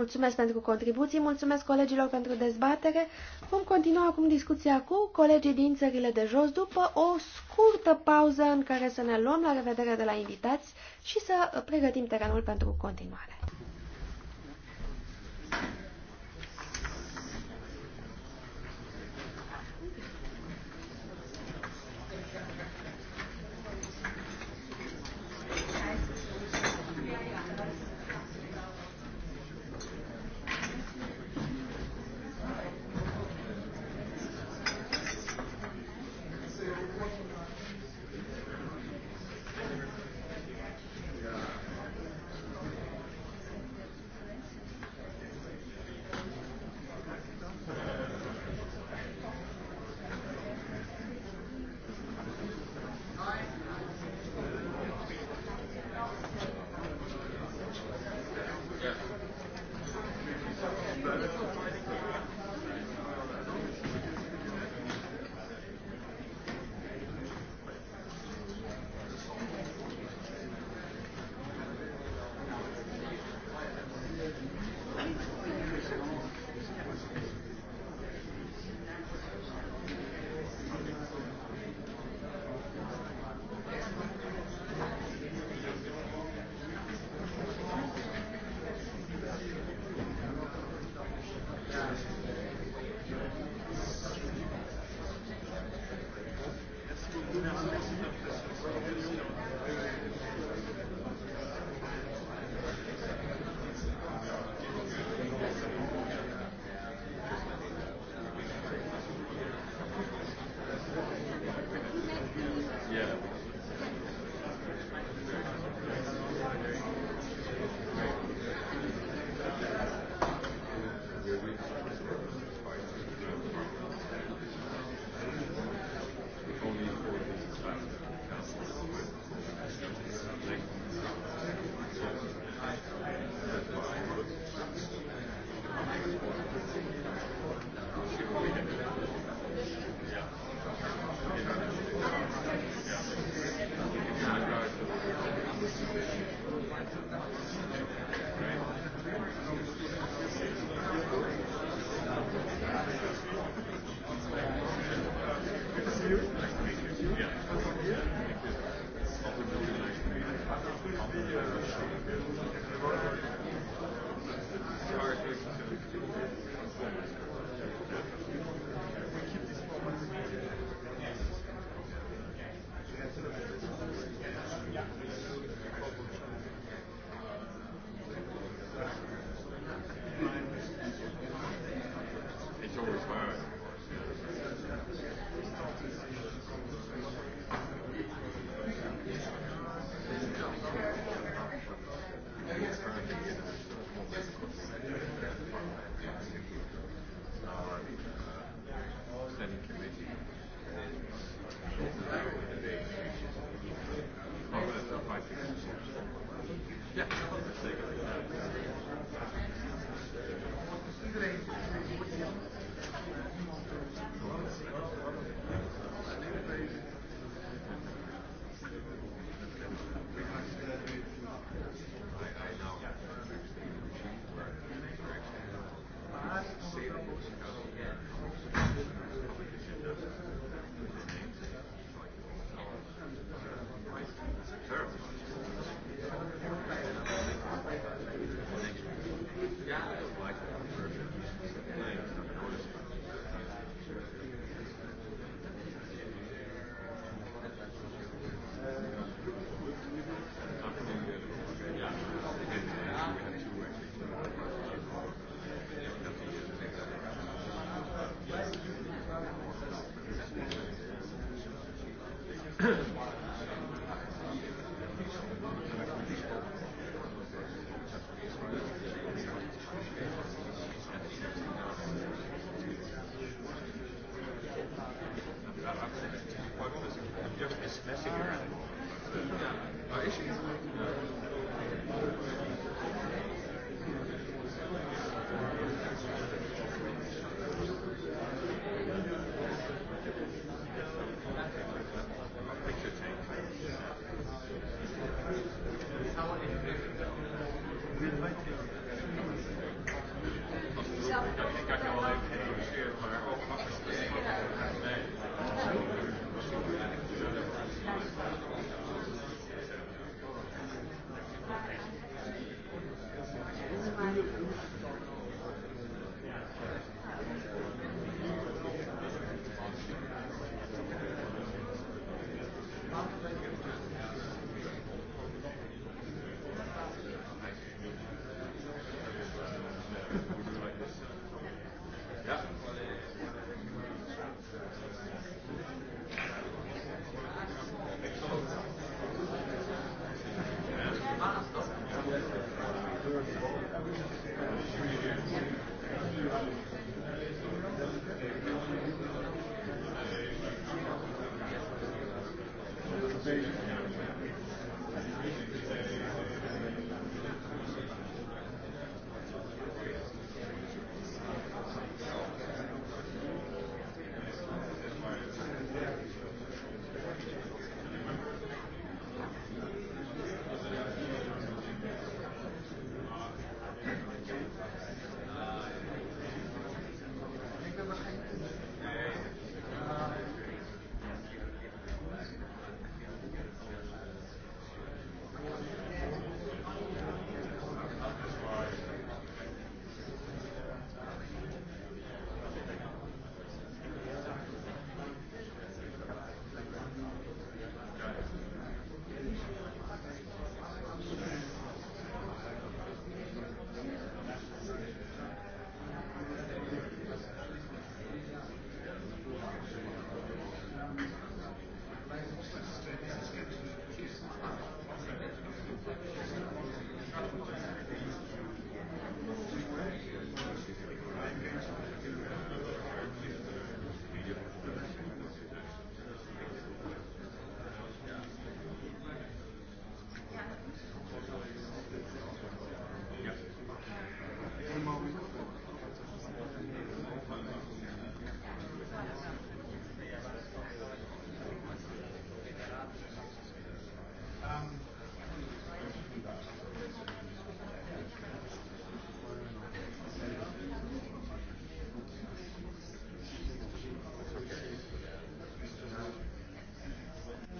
Mulțumesc pentru contribuții, mulțumesc colegilor pentru dezbatere. Vom continua acum discuția cu colegii din țările de jos după o scurtă pauză în care să ne luăm la revedere de la invitați și să pregătim terenul pentru continuare.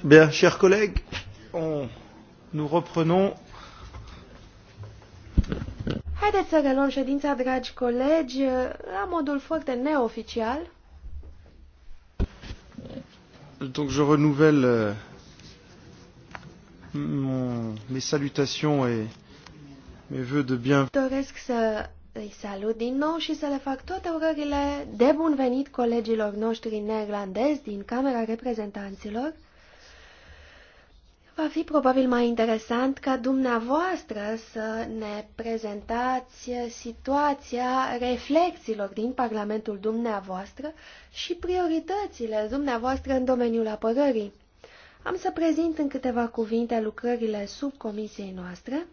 Bien, chers collègues, on... nous reprenons. Haideți să reluăm ședința, dragi colegi, la modul foarte neoficial. Donc je renouvelle euh, mon, mes salutations et mes vœux de bien. Doresc să îi salut din nou și să le fac toate urările de bun venit colegilor noștri neerlandezi din Camera Reprezentanților fi probabil mai interesant ca dumneavoastră să ne prezentați situația reflexiilor din Parlamentul dumneavoastră și prioritățile dumneavoastră în domeniul apărării. Am să prezint în câteva cuvinte lucrările subcomisiei noastre,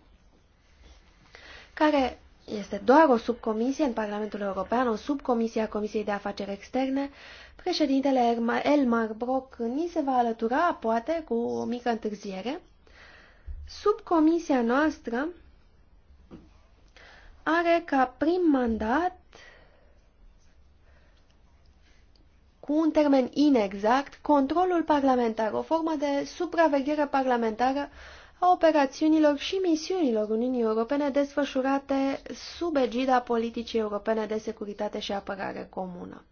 care este doar o subcomisie în Parlamentul European, o subcomisie a Comisiei de Afaceri Externe. Președintele Elmar Brock ni se va alătura, poate, cu o mică întârziere. Subcomisia noastră are ca prim mandat cu un termen inexact, controlul parlamentar, o formă de supraveghere parlamentară uh, a operațiunilor și misiunilor Uniunii Europene desfășurate sub egida politicii europene de securitate și apărare comună.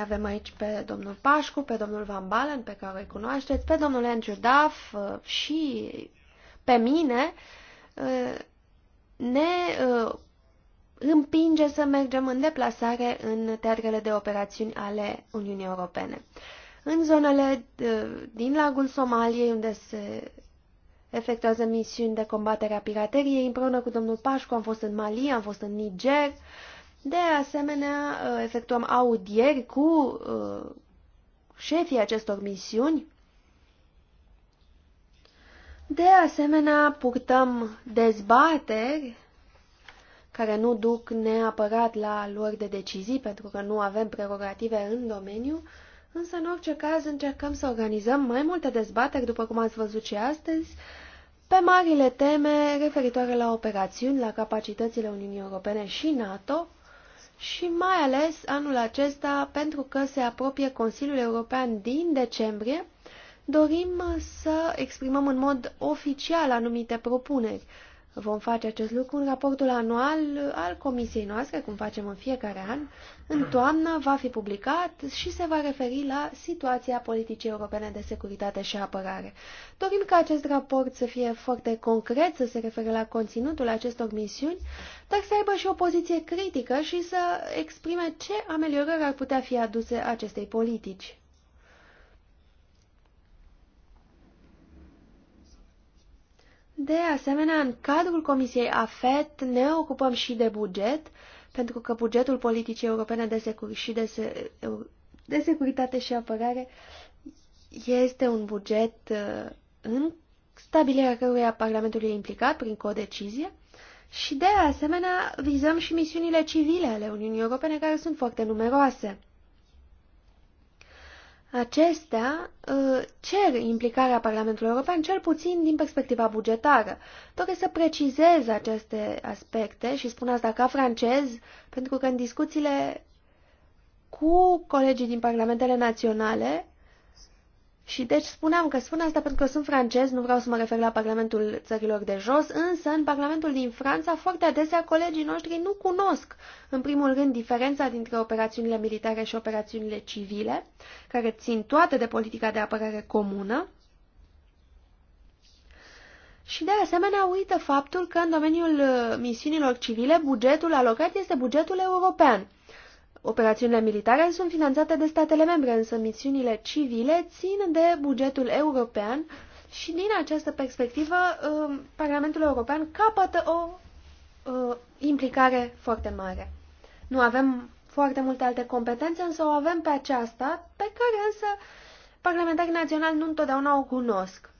Avem aici pe domnul Pașcu, pe domnul Van Balen, pe care îl cunoașteți, pe domnul Andrew Duff uh, și pe mine uh, ne uh, împinge să mergem în deplasare în teatrele de operațiuni ale Uniunii Europene. În zonele din lagul Somaliei, unde se efectuează misiuni de combatere a pirateriei, împreună cu domnul Pașcu am fost în Mali, am fost în Niger. De asemenea, uh, efectuăm audieri cu uh, șefii acestor misiuni. De asemenea, purtăm dezbateri care nu duc neapărat la luări de decizii, pentru că nu avem prerogative în domeniu, uh, Însă, în orice caz, încercăm să organizăm mai multe dezbateri, după cum ați văzut și astăzi, pe marile teme referitoare la operațiuni, la capacitățile Uniunii Europene și NATO și mai ales anul acesta, pentru că se apropie Consiliul European din decembrie, dorim să exprimăm în mod oficial anumite propuneri Vom face acest lucru în raportul anual al comisiei noastre, cum facem în fiecare an. În toamnă va fi publicat și se va referi la situația politicii europene de securitate și apărare. Dorim ca acest raport să fie foarte concret, să se refere la conținutul acestor misiuni, dar să aibă și o poziție critică și să exprime ce ameliorări ar putea fi aduse acestei politici. De asemenea, în cadrul Comisiei AFET ne ocupăm și de buget, pentru că bugetul politicii europene de, secur și de, se de securitate și apărare este un buget uh, în stabilirea căruia Parlamentul e implicat prin codecizie și, de asemenea, vizăm și misiunile civile ale Uniunii Europene, care sunt foarte numeroase. Acestea ă, cer implicarea Parlamentului European, cel puțin din perspectiva bugetară. Doresc să precizez aceste aspecte și spun asta ca francez, pentru că în discuțiile cu colegii din Parlamentele Naționale și deci spuneam că spun asta pentru că sunt francez, nu vreau să mă refer la Parlamentul țărilor de jos, însă în Parlamentul din Franța foarte adesea colegii noștri nu cunosc, în primul rând, diferența dintre operațiunile militare și operațiunile civile, care țin toate de politica de apărare comună, și de asemenea uită faptul că în domeniul uh, misiunilor civile bugetul alocat este bugetul european. Operațiunile militare sunt finanțate de statele membre, însă misiunile civile țin de bugetul european și din această perspectivă um, Parlamentul European capătă o uh, implicare foarte mare. Nu avem foarte multe alte competențe, însă o avem pe aceasta, pe care însă parlamentarii naționali nu întotdeauna o cunosc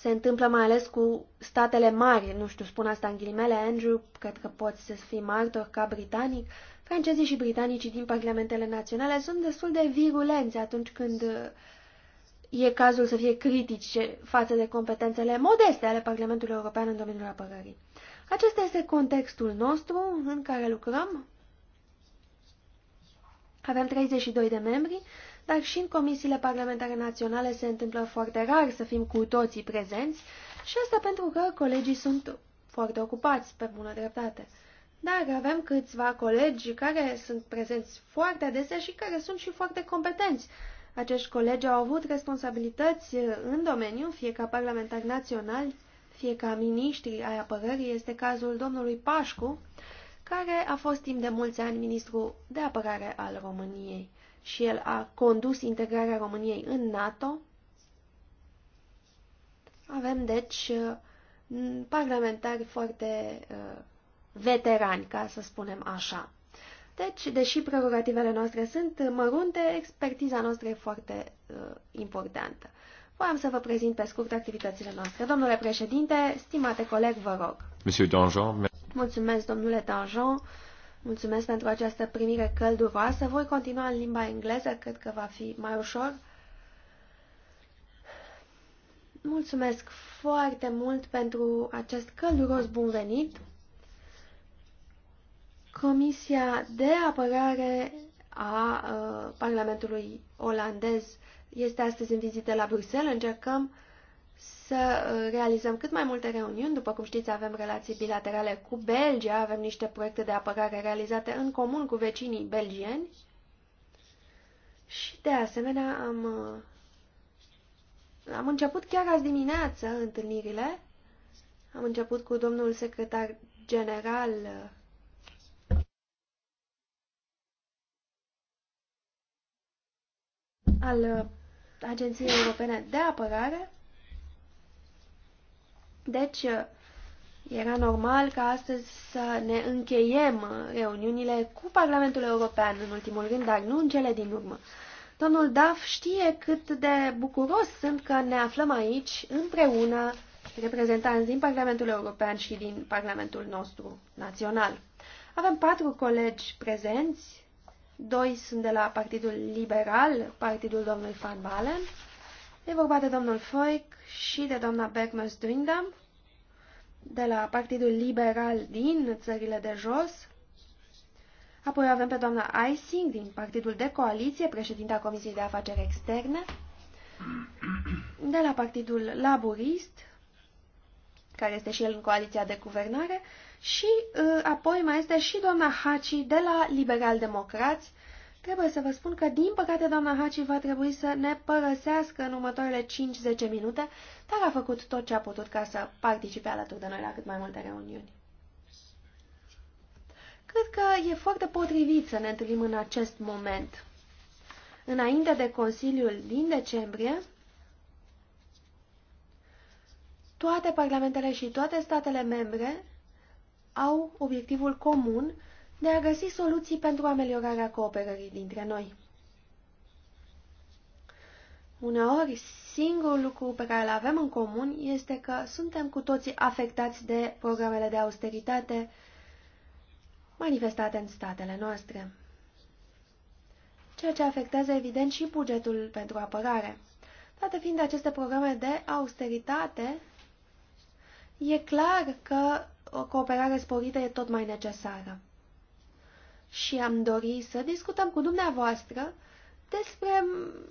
se întâmplă mai ales cu statele mari, nu știu, spun asta în ghilimele, Andrew, cred că poți să fii martor ca britanic, francezii și britanicii din parlamentele naționale sunt destul de virulenți atunci când uh, e cazul să fie critici față de competențele modeste ale Parlamentului European în domeniul apărării. Acesta este contextul nostru în care lucrăm. Avem 32 de membri dar și în comisiile parlamentare naționale se întâmplă foarte rar să fim cu toții prezenți și asta pentru că colegii sunt foarte ocupați, pe bună dreptate. Dar avem câțiva colegi care sunt prezenți foarte adesea și care sunt și foarte competenți. Acești colegi au avut responsabilități în domeniu, fie ca parlamentar național, fie ca miniștri ai apărării, este cazul domnului Pașcu, care a fost timp de mulți ani ministru de apărare al României și el a condus integrarea României în NATO. Avem, deci, uh, parlamentari foarte uh, veterani, ca să spunem așa. Deci, deși prerogativele noastre sunt mărunte, expertiza noastră e foarte uh, importantă. Voiam să vă prezint pe scurt activitățile noastre. Domnule președinte, stimate coleg, vă rog. Monsieur Danjean, Mulțumesc, domnule Danjean. Mulțumesc pentru această primire călduroasă. Voi continua în limba engleză, cred că va fi mai ușor. Mulțumesc foarte mult pentru acest călduros bun venit. Comisia de apărare a uh, Parlamentului olandez este astăzi în vizită la Bruxelles. Încercăm uh, să uh, realizăm cât mai multe reuniuni. După cum știți, avem relații bilaterale cu Belgia, avem niște proiecte de apărare realizate în comun cu vecinii belgieni și, de asemenea, am, uh, am început chiar azi dimineață întâlnirile. Am început cu domnul secretar general uh, al Agenției Europene de Apărare deci, era normal ca astăzi să ne încheiem reuniunile cu Parlamentul European în ultimul rând, dar nu în cele din urmă. Domnul Daf știe cât de bucuros sunt că ne aflăm aici împreună reprezentanți din Parlamentul European și din Parlamentul nostru național. Avem patru colegi prezenți, doi sunt de la Partidul Liberal, Partidul domnului Van Balen, E vorba de domnul Foic și de doamna Bergmes Duindam, de la Partidul Liberal din țările de jos. Apoi avem pe doamna Ising din Partidul de Coaliție, președinta Comisiei de Afaceri Externe, de la Partidul Laburist, care este și el în coaliția de guvernare, și uh, apoi mai este și doamna Haci de la Liberal Democrați, Trebuie să vă spun că, din păcate, doamna Haci va trebui să ne părăsească în următoarele 5-10 minute, dar a făcut tot ce a putut ca să participe alături de noi la cât mai multe reuniuni. Cred că e foarte potrivit să ne întâlnim în acest moment. Înainte de Consiliul din decembrie, toate parlamentele și toate statele membre au obiectivul comun de a găsi soluții pentru ameliorarea cooperării dintre noi. Uneori, singurul lucru pe care îl avem în comun este că suntem cu toții afectați de programele de austeritate manifestate în statele noastre, ceea ce afectează evident și bugetul pentru apărare. Toate fiind aceste programe de austeritate, e clar că o cooperare sporită e tot mai necesară și am dori să discutăm cu dumneavoastră despre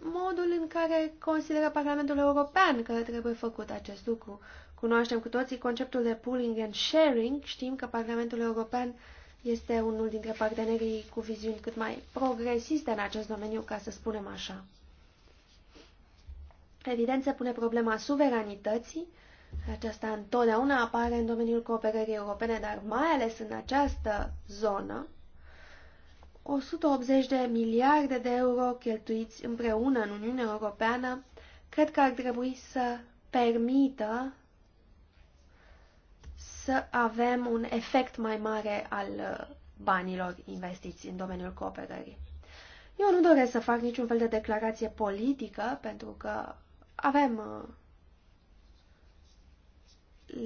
modul în care consideră Parlamentul European că trebuie făcut acest lucru. Cunoaștem cu toții conceptul de pooling and sharing, știm că Parlamentul European este unul dintre partenerii cu viziuni cât mai progresiste în acest domeniu, ca să spunem așa. Evident, se pune problema suveranității. Aceasta întotdeauna apare în domeniul cooperării europene, dar mai ales în această zonă. 180 de miliarde de euro cheltuiți împreună în Uniunea Europeană, cred că ar trebui să permită să avem un efect mai mare al uh, banilor investiți în domeniul cooperării. Eu nu doresc să fac niciun fel de declarație politică, pentru că avem uh,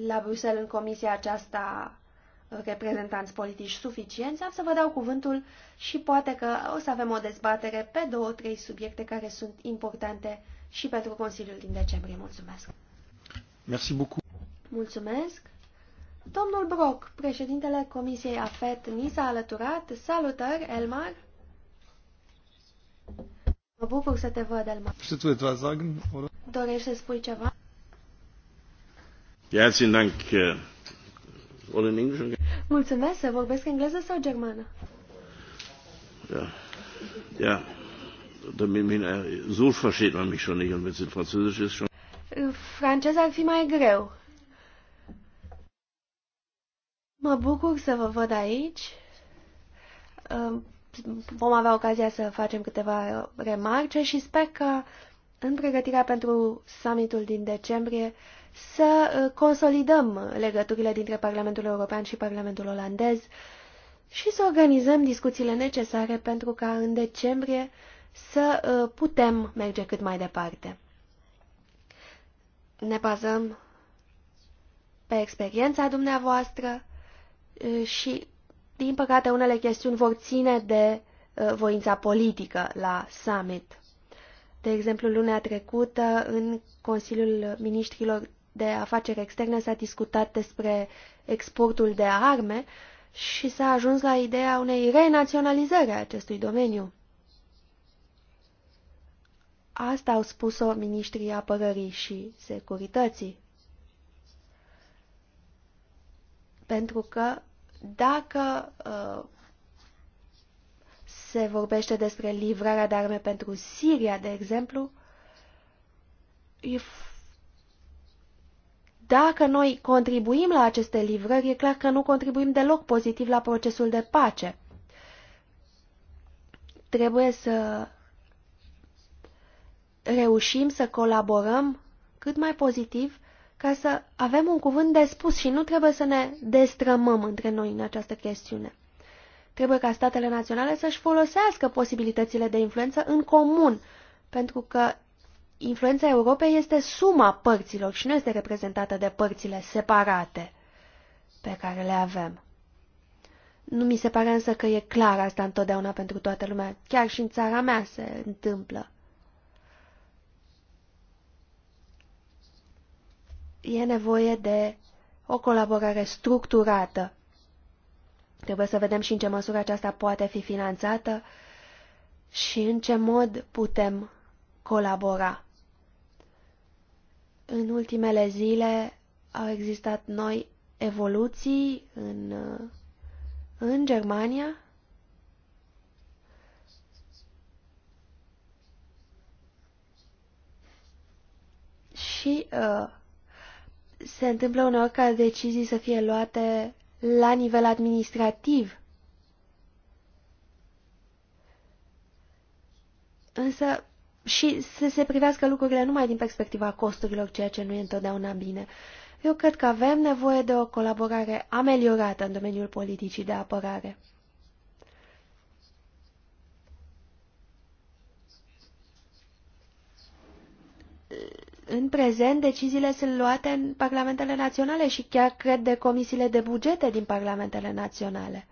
la Bruxelles în comisia aceasta reprezentanți politici suficienți, am să vă dau cuvântul și poate că o să avem o dezbatere pe două, trei subiecte care sunt importante și pentru Consiliul din decembrie. Mulțumesc! Merci beaucoup. Mulțumesc! Domnul Brock, președintele Comisiei AFET, ni s-a alăturat. Salutări, Elmar! Mă bucur să te văd, Elmar. Și tu, Dorești să spui ceva? Herzlichen Dank, äh, All in English? Mulțumesc, să vorbesc engleză sau germană? Ja. Ja. Damit man, so versteht man mich schon nicht und wenn es in Französisch ist schon. Francez ar fi mai greu. Mă bucur să vă văd aici. Vom avea ocazia să facem câteva remarce și sper că în pregătirea pentru summitul din decembrie să uh, consolidăm legăturile dintre Parlamentul European și Parlamentul olandez și să organizăm discuțiile necesare pentru ca în decembrie să uh, putem merge cât mai departe. Ne bazăm pe experiența dumneavoastră uh, și, din păcate, unele chestiuni vor ține de voința politică la summit. De exemplu, lunea trecută, în Consiliul Ministrilor de Afaceri Externe s-a discutat despre exportul de arme și s-a ajuns la ideea unei renaționalizări a acestui domeniu. Asta au spus-o ministrii apărării și securității. Pentru că dacă uh, se vorbește despre livrarea de arme pentru Siria, de exemplu, e dacă noi contribuim la aceste livrări, e clar că nu contribuim deloc pozitiv la procesul de pace. Trebuie să reușim să colaborăm cât mai pozitiv ca să avem un cuvânt de spus și nu trebuie să ne destrămăm între noi în această chestiune. Trebuie ca statele naționale să-și folosească posibilitățile de influență în comun, pentru că influența Europei este suma părților și nu este reprezentată de părțile separate pe care le avem. Nu mi se pare însă că e clar asta întotdeauna pentru toată lumea. Chiar și în țara mea se întâmplă. E nevoie de o colaborare structurată. Trebuie să vedem și în ce măsură aceasta poate fi finanțată și în ce mod putem colabora. În ultimele zile au existat noi evoluții în, în Germania. Și uh, se întâmplă uneori ca decizii să fie luate la nivel administrativ. Însă și să se privească lucrurile numai din perspectiva costurilor, ceea ce nu e întotdeauna bine. Eu cred că avem nevoie de o colaborare ameliorată în domeniul politicii de apărare. În prezent, deciziile sunt luate în parlamentele naționale și chiar cred de comisiile de bugete din parlamentele naționale.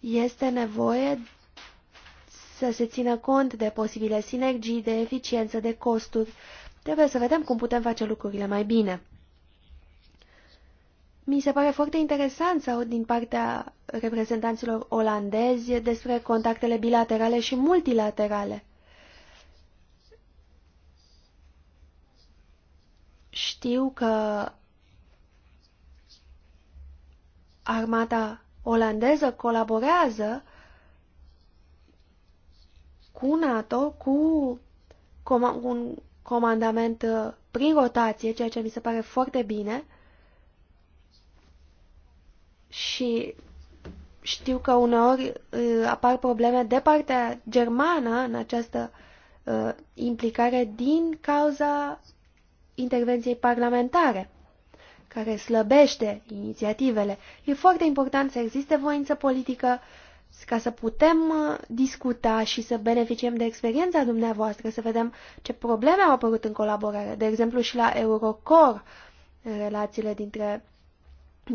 Este nevoie să se țină cont de posibile sinergii, de eficiență, de costuri. Trebuie să vedem cum putem face lucrurile mai bine. Mi se pare foarte interesant să aud din partea reprezentanților olandezi despre contactele bilaterale și multilaterale. Știu că armata olandeză colaborează uh, cu NATO, cu com un comandament uh, prin rotație, ceea ce mi se pare foarte bine. Și știu că uneori uh, apar probleme de partea germană în această uh, implicare din cauza intervenției parlamentare, care slăbește inițiativele. E foarte important să existe voință politică uh, ca să putem uh, discuta și să beneficiem de experiența dumneavoastră, să vedem ce probleme au apărut în colaborare. De exemplu, și la Eurocor, uh, relațiile dintre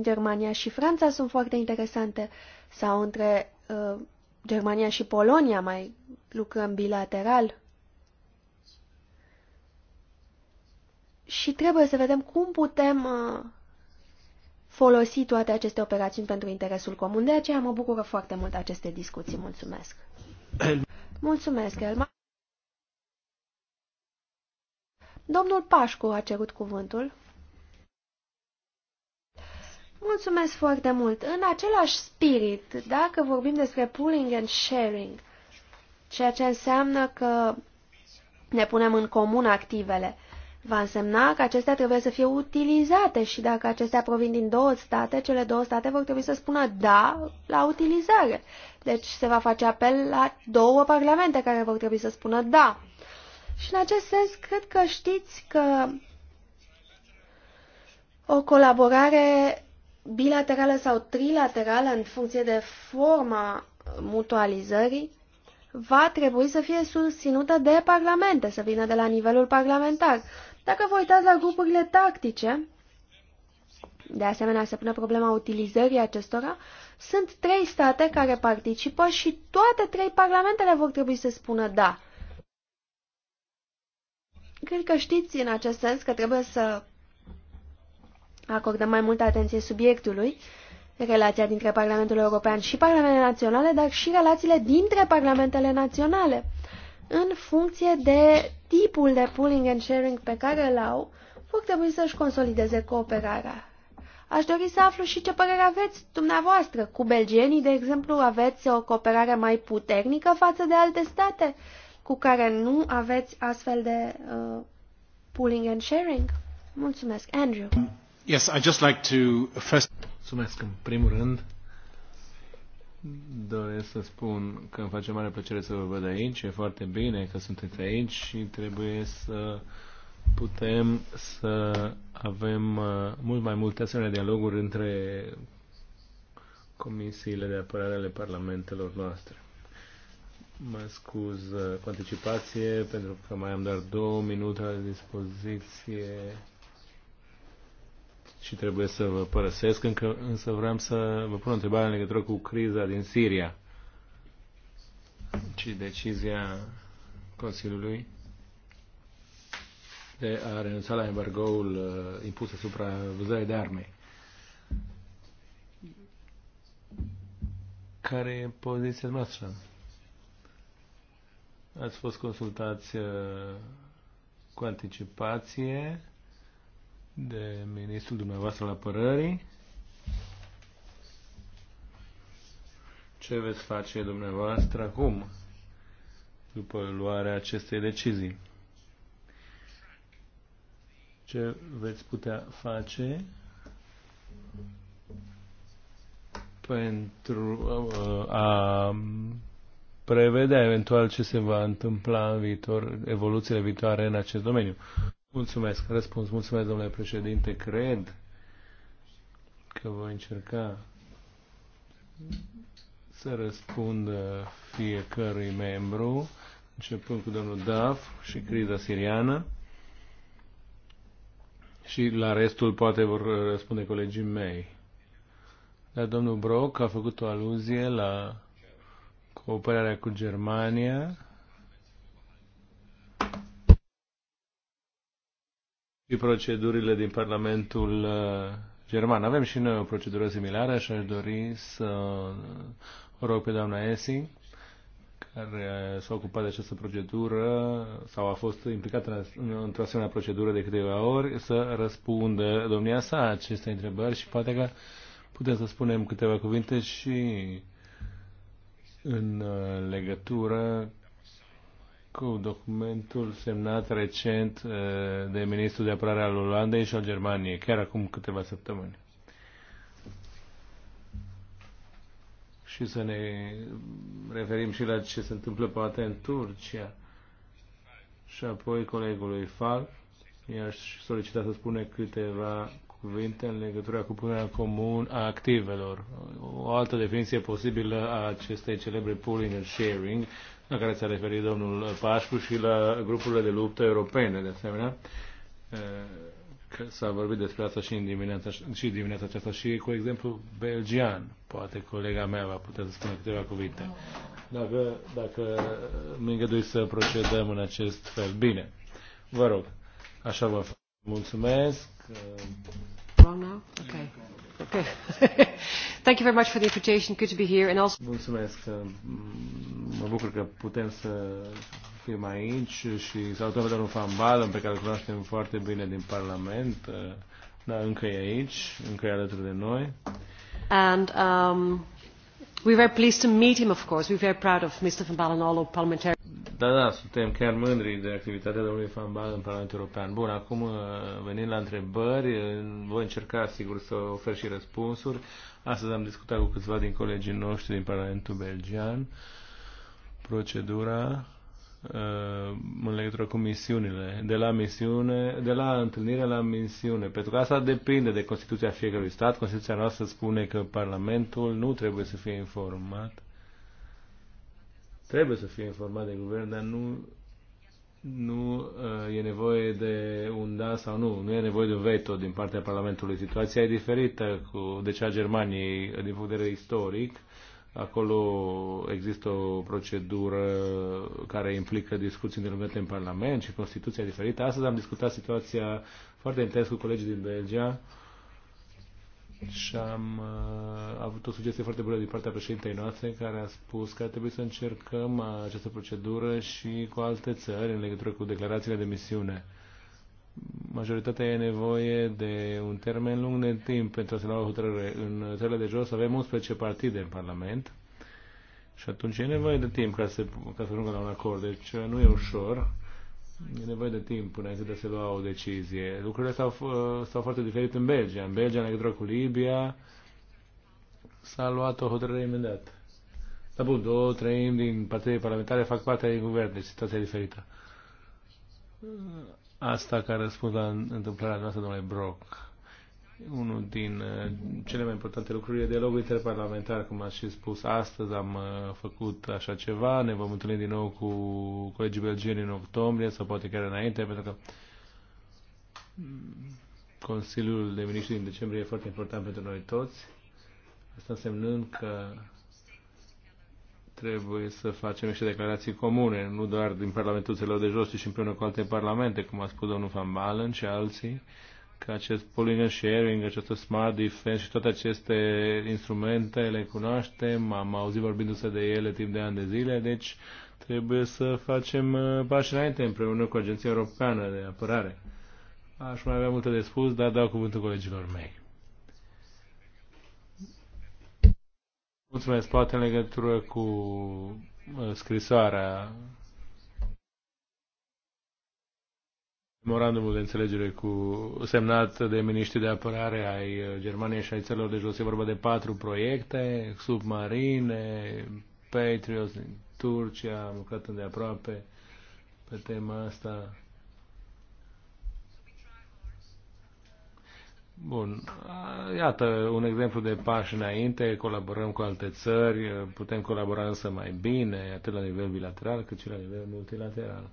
Germania și Franța sunt foarte interesante, sau între uh, Germania și Polonia mai lucrăm bilateral. Și trebuie să vedem cum putem uh, folosi toate aceste operațiuni pentru interesul comun. De aceea mă bucură foarte mult aceste discuții. Mulțumesc! Mulțumesc, Elma! Domnul Pașcu a cerut cuvântul. Mulțumesc foarte mult. În același spirit, dacă vorbim despre pooling and sharing, ceea ce înseamnă că ne punem în comun activele, va însemna că acestea trebuie să fie utilizate și dacă acestea provin din două state, cele două state vor trebui să spună da la utilizare. Deci se va face apel la două parlamente care vor trebui să spună da. Și în acest sens, cred că știți că o colaborare bilaterală sau trilaterală în funcție de forma mutualizării va trebui să fie susținută de parlamente, să vină de la nivelul parlamentar. Dacă vă uitați la grupurile tactice, de asemenea se pune problema utilizării acestora, sunt trei state care participă și toate trei parlamentele vor trebui să spună da. Cred că știți în acest sens că trebuie să acordăm mai multă atenție subiectului, relația dintre Parlamentul European și Parlamentele Naționale, dar și relațiile dintre Parlamentele Naționale în funcție de tipul de pooling and sharing pe care îl au, vor trebui să-și consolideze cooperarea. Aș dori să aflu și ce părere aveți dumneavoastră. Cu belgenii, de exemplu, aveți o cooperare mai puternică față de alte state cu care nu aveți astfel de uh, pooling and sharing? Mulțumesc, Andrew. Yes, I just like to first... Mulțumesc. În primul rând, Doresc să spun că îmi face mare plăcere să vă văd aici. E foarte bine că sunteți aici și trebuie să putem să avem uh, mult mai multe asemenea dialoguri între comisiile de apărare ale parlamentelor noastre. Mă scuz uh, cu anticipație pentru că mai am doar două minute la dispoziție și trebuie să vă părăsesc, încă, însă vreau să vă pun o întrebare în legătură cu criza din Siria și decizia Consiliului de a renunța la embargoul uh, impus asupra vânzării de arme. Care e poziția noastră? Ați fost consultați uh, cu anticipație de ministrul dumneavoastră la părării. Ce veți face dumneavoastră acum, după luarea acestei decizii? Ce veți putea face pentru uh, a prevedea eventual ce se va întâmpla în viitor, evoluțiile viitoare în acest domeniu? Mulțumesc. Răspuns. Mulțumesc, domnule președinte. Cred că voi încerca să răspund fiecărui membru, începând cu domnul Daf și criza siriană. Și la restul poate vor răspunde colegii mei. Dar domnul Brock a făcut o aluzie la cooperarea cu Germania și procedurile din Parlamentul uh, German. Avem și noi o procedură similară și aș dori să uh, o rog pe doamna Esi, care s-a ocupat de această procedură sau a fost implicată într-o asemenea procedură de câteva ori, să răspundă domnia sa aceste întrebări și poate că putem să spunem câteva cuvinte și în uh, legătură cu documentul semnat recent uh, de ministrul de apărare al Olandei și al Germaniei, chiar acum câteva săptămâni. Și să ne referim și la ce se întâmplă poate în Turcia. Și apoi colegului Fal i-aș solicita să spune câteva cuvinte în legătură cu punerea în comun a activelor. O altă definiție posibilă a acestei celebre pooling and sharing, la care s-a referit domnul Pașcu și la grupurile de luptă europene, de asemenea. Că s-a vorbit despre asta și în dimineața, și dimineața aceasta și cu exemplu belgian. Poate colega mea va putea să spună câteva cuvinte. Dacă, dacă mi îngădui să procedăm în acest fel. Bine. Vă rog. Așa vă Mulțumesc. Mulțumesc. Mă bucur că putem să fim aici și salutăm pe domnul Van Balen, pe care îl cunoaștem foarte bine din Parlament. Da, încă e aici, încă e alături de noi. And um, we're pleased to meet him, of course. We We're proud of Mr. Van Balen, all parliamentarians. Da, da, suntem chiar mândri de activitatea domnului Van în Parlamentul European. Bun, acum uh, venind la întrebări, uh, voi încerca sigur să ofer și răspunsuri. Astăzi am discutat cu câțiva din colegii noștri din Parlamentul Belgian procedura uh, în legătură cu misiunile, de la misiune, de la întâlnire la misiune, pentru că asta depinde de Constituția fiecărui stat. Constituția noastră spune că Parlamentul nu trebuie să fie informat trebuie să fie informat de guvern, dar nu, nu uh, e nevoie de un da sau nu, nu e nevoie de un veto din partea Parlamentului. Situația e diferită cu de cea a Germaniei din punct de vedere istoric. Acolo există o procedură care implică discuții îndelungate în Parlament și Constituția diferită. Astăzi am discutat situația foarte intens cu colegii din Belgia și am uh, avut o sugestie foarte bună din partea președintei noastre care a spus că ar trebui să încercăm uh, această procedură și cu alte țări în legătură cu declarațiile de misiune. Majoritatea e nevoie de un termen lung de timp pentru a se lua o hotărâre. În țările de jos avem 11 partide în Parlament și atunci e nevoie de timp ca să, ca să ajungă la un acord. Deci uh, nu e ușor e nevoie de timp înainte de a se lua o decizie. Lucrurile s-au s-au foarte diferit în Belgia. În Belgia, în legătură cu Libia, s-a luat o hotărâre imediat. Dar bun, două treimi din partidele parlamentare fac parte din guvern, deci situația e diferită. Asta ca răspuns la întâmplarea noastră, domnule Brock unul din uh, cele mai importante lucruri e dialogul interparlamentar, cum ați și spus. Astăzi am uh, făcut așa ceva, ne vom întâlni din nou cu colegii belgieni în octombrie sau poate chiar înainte, pentru că Consiliul de Miniștri din decembrie e foarte important pentru noi toți. Asta însemnând că trebuie să facem niște declarații comune, nu doar din Parlamentul Țelor de Jos, ci și împreună cu alte parlamente, cum a spus domnul Van Balen și alții că acest Pollinger Sharing, acest Smart Defense și toate aceste instrumente le cunoaștem, am auzit vorbindu-se de ele timp de ani de zile, deci trebuie să facem uh, pași înainte împreună cu Agenția Europeană de Apărare. Aș mai avea multe de spus, dar dau cuvântul colegilor mei. Mulțumesc, poate în legătură cu uh, scrisoarea Memorandumul de înțelegere cu semnat de miniștrii de apărare ai uh, Germaniei și ai țărilor de jos. E vorba de patru proiecte, submarine, Patriots din Turcia, am lucrat îndeaproape pe tema asta. Bun, iată un exemplu de pași înainte, colaborăm cu alte țări, putem colabora însă mai bine, atât la nivel bilateral cât și la nivel multilateral.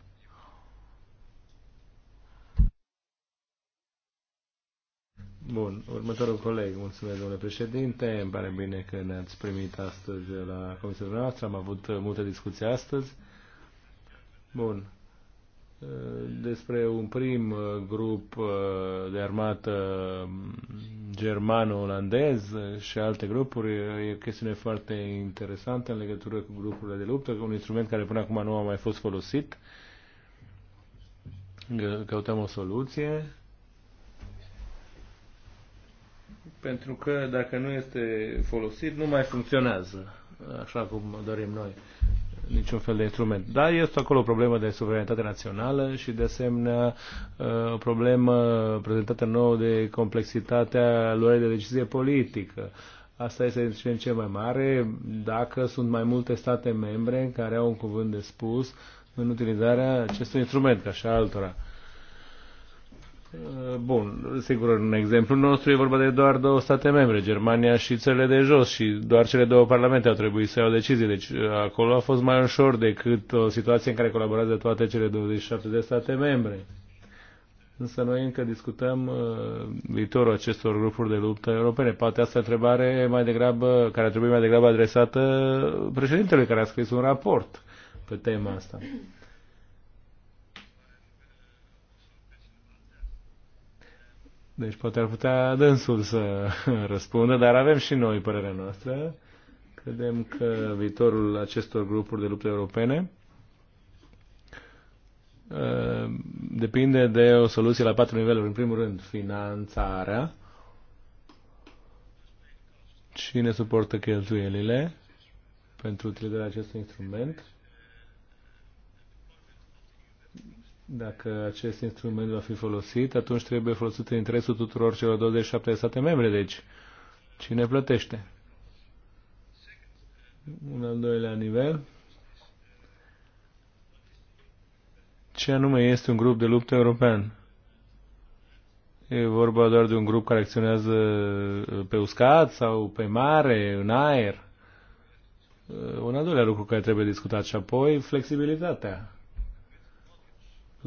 Bun, următorul coleg, mulțumesc, domnule președinte, îmi pare bine că ne-ați primit astăzi la comisia noastră, am avut uh, multe discuții astăzi. Bun, uh, despre un prim uh, grup de armată um, germano-olandez și alte grupuri. E o chestiune foarte interesantă în legătură cu grupurile de luptă, un instrument care până acum nu a mai fost folosit. Căutăm o soluție pentru că dacă nu este folosit, nu mai funcționează așa cum dorim noi niciun fel de instrument. Dar este acolo o problemă de suveranitate națională și de asemenea uh, o problemă prezentată nouă de complexitatea luării de decizie politică. Asta este din ce în ce mai mare dacă sunt mai multe state membre care au un cuvânt de spus în utilizarea acestui instrument, ca și altora. Uh, bun, sigur, în exemplul nostru e vorba de doar două state membre, Germania și țările de jos și doar cele două parlamente au trebuit să iau decizie, deci uh, acolo a fost mai ușor decât o situație în care colaborează toate cele 27 de state membre. Însă noi încă discutăm uh, viitorul acestor grupuri de luptă europene. Poate asta întrebare mai degrabă, care trebuie mai degrabă adresată președintelui care a scris un raport pe tema asta. Deci poate ar putea dânsul să răspundă, dar avem și noi părerea noastră. Credem că viitorul acestor grupuri de lupte europene uh, depinde de o soluție la patru niveluri. În primul rând, finanțarea. Cine suportă cheltuielile pentru utilizarea acestui instrument? Dacă acest instrument va fi folosit, atunci trebuie folosit în interesul tuturor celor 27 de state membre. Deci, cine plătește? Un al doilea nivel. Ce anume este un grup de luptă european? E vorba doar de un grup care acționează uh, pe uscat sau pe mare, în aer? Uh, un al doilea lucru care trebuie discutat și apoi flexibilitatea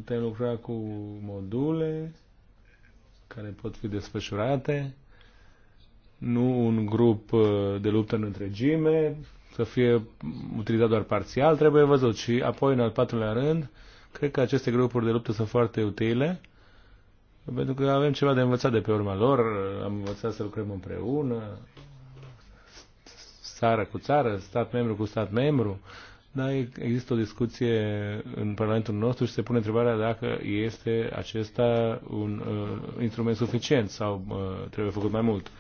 Putem lucra cu module care pot fi desfășurate, nu un grup uh, de luptă în întregime, să fie utilizat doar parțial, trebuie văzut. Și apoi, în al patrulea rând, cred că aceste grupuri de luptă sunt foarte utile, pentru că avem ceva de învățat de pe urma lor, uh, am învățat să lucrăm împreună, țară cu țară, stat membru cu stat membru, da, există o discuție în Parlamentul nostru și se pune întrebarea dacă este acesta un uh, instrument suficient sau uh, trebuie făcut mai mult.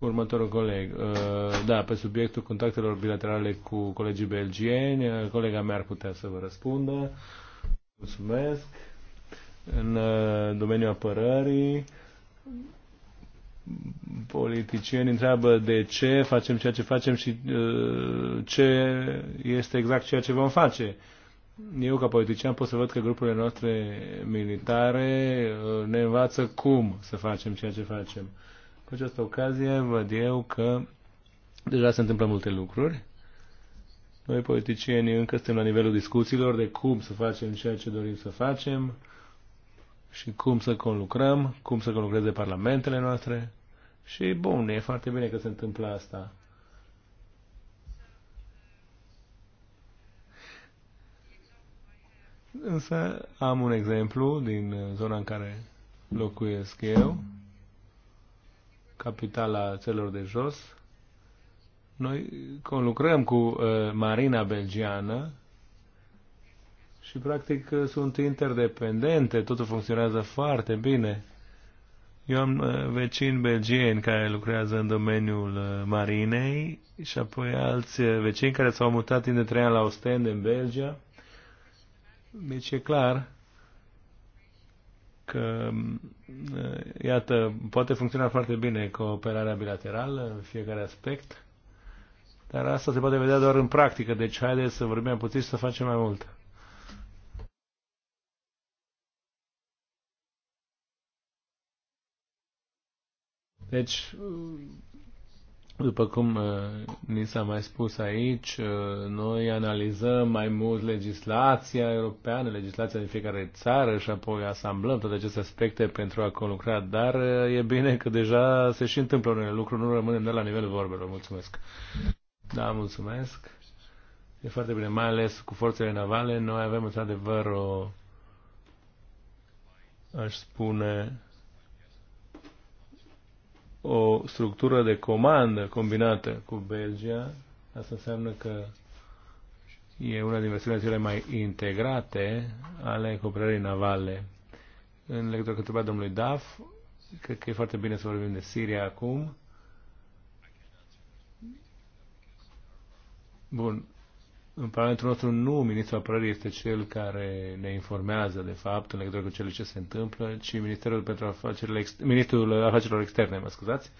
Următorul coleg. Uh, da, pe subiectul contactelor bilaterale cu colegii belgieni, uh, colega mea ar putea să vă răspundă. Mulțumesc. În uh, domeniul apărării, politicieni întreabă de ce facem ceea ce facem și uh, ce este exact ceea ce vom face. Eu, ca politician, pot să văd că grupurile noastre militare uh, ne învață cum să facem ceea ce facem. Cu această ocazie văd eu că deja se întâmplă multe lucruri. Noi, politicieni, încă suntem la nivelul discuțiilor de cum să facem ceea ce dorim să facem și cum să conlucrăm, cum să conlucreze parlamentele noastre. Și bun, e foarte bine că se întâmplă asta. Însă am un exemplu din zona în care locuiesc eu, capitala celor de jos. Noi conlucrăm cu uh, Marina Belgiană și practic sunt interdependente, totul funcționează foarte bine. Eu am uh, vecini belgieni care lucrează în domeniul uh, marinei și apoi alți uh, vecini care s-au mutat timp de trei ani la Ostende, în Belgia. Deci e clar că, mm, iată, poate funcționa foarte bine cooperarea bilaterală în fiecare aspect, dar asta se poate vedea doar în practică, deci haideți să vorbim puțin și să facem mai mult. Deci, după cum uh, ni s-a mai spus aici, uh, noi analizăm mai mult legislația europeană, legislația din fiecare țară și apoi asamblăm toate aceste aspecte pentru a conlucra, dar uh, e bine că deja se și întâmplă unele lucruri, nu rămânem de la nivelul vorbelor. Mulțumesc! Da, mulțumesc! E foarte bine, mai ales cu forțele navale, noi avem într-adevăr o, aș spune, o structură de comandă combinată cu Belgia. Asta înseamnă că e una din versiunile cele mai integrate ale cooperării navale. În legătură cu întrebarea domnului Daf, cred că e foarte bine să vorbim de Siria acum. Bun în Parlamentul nostru nu Ministrul Apărării este cel care ne informează, de fapt, în legătură cu cele ce se întâmplă, ci Ministerul pentru Afacerile Ministrul Afacerilor Externe, mă scuzați.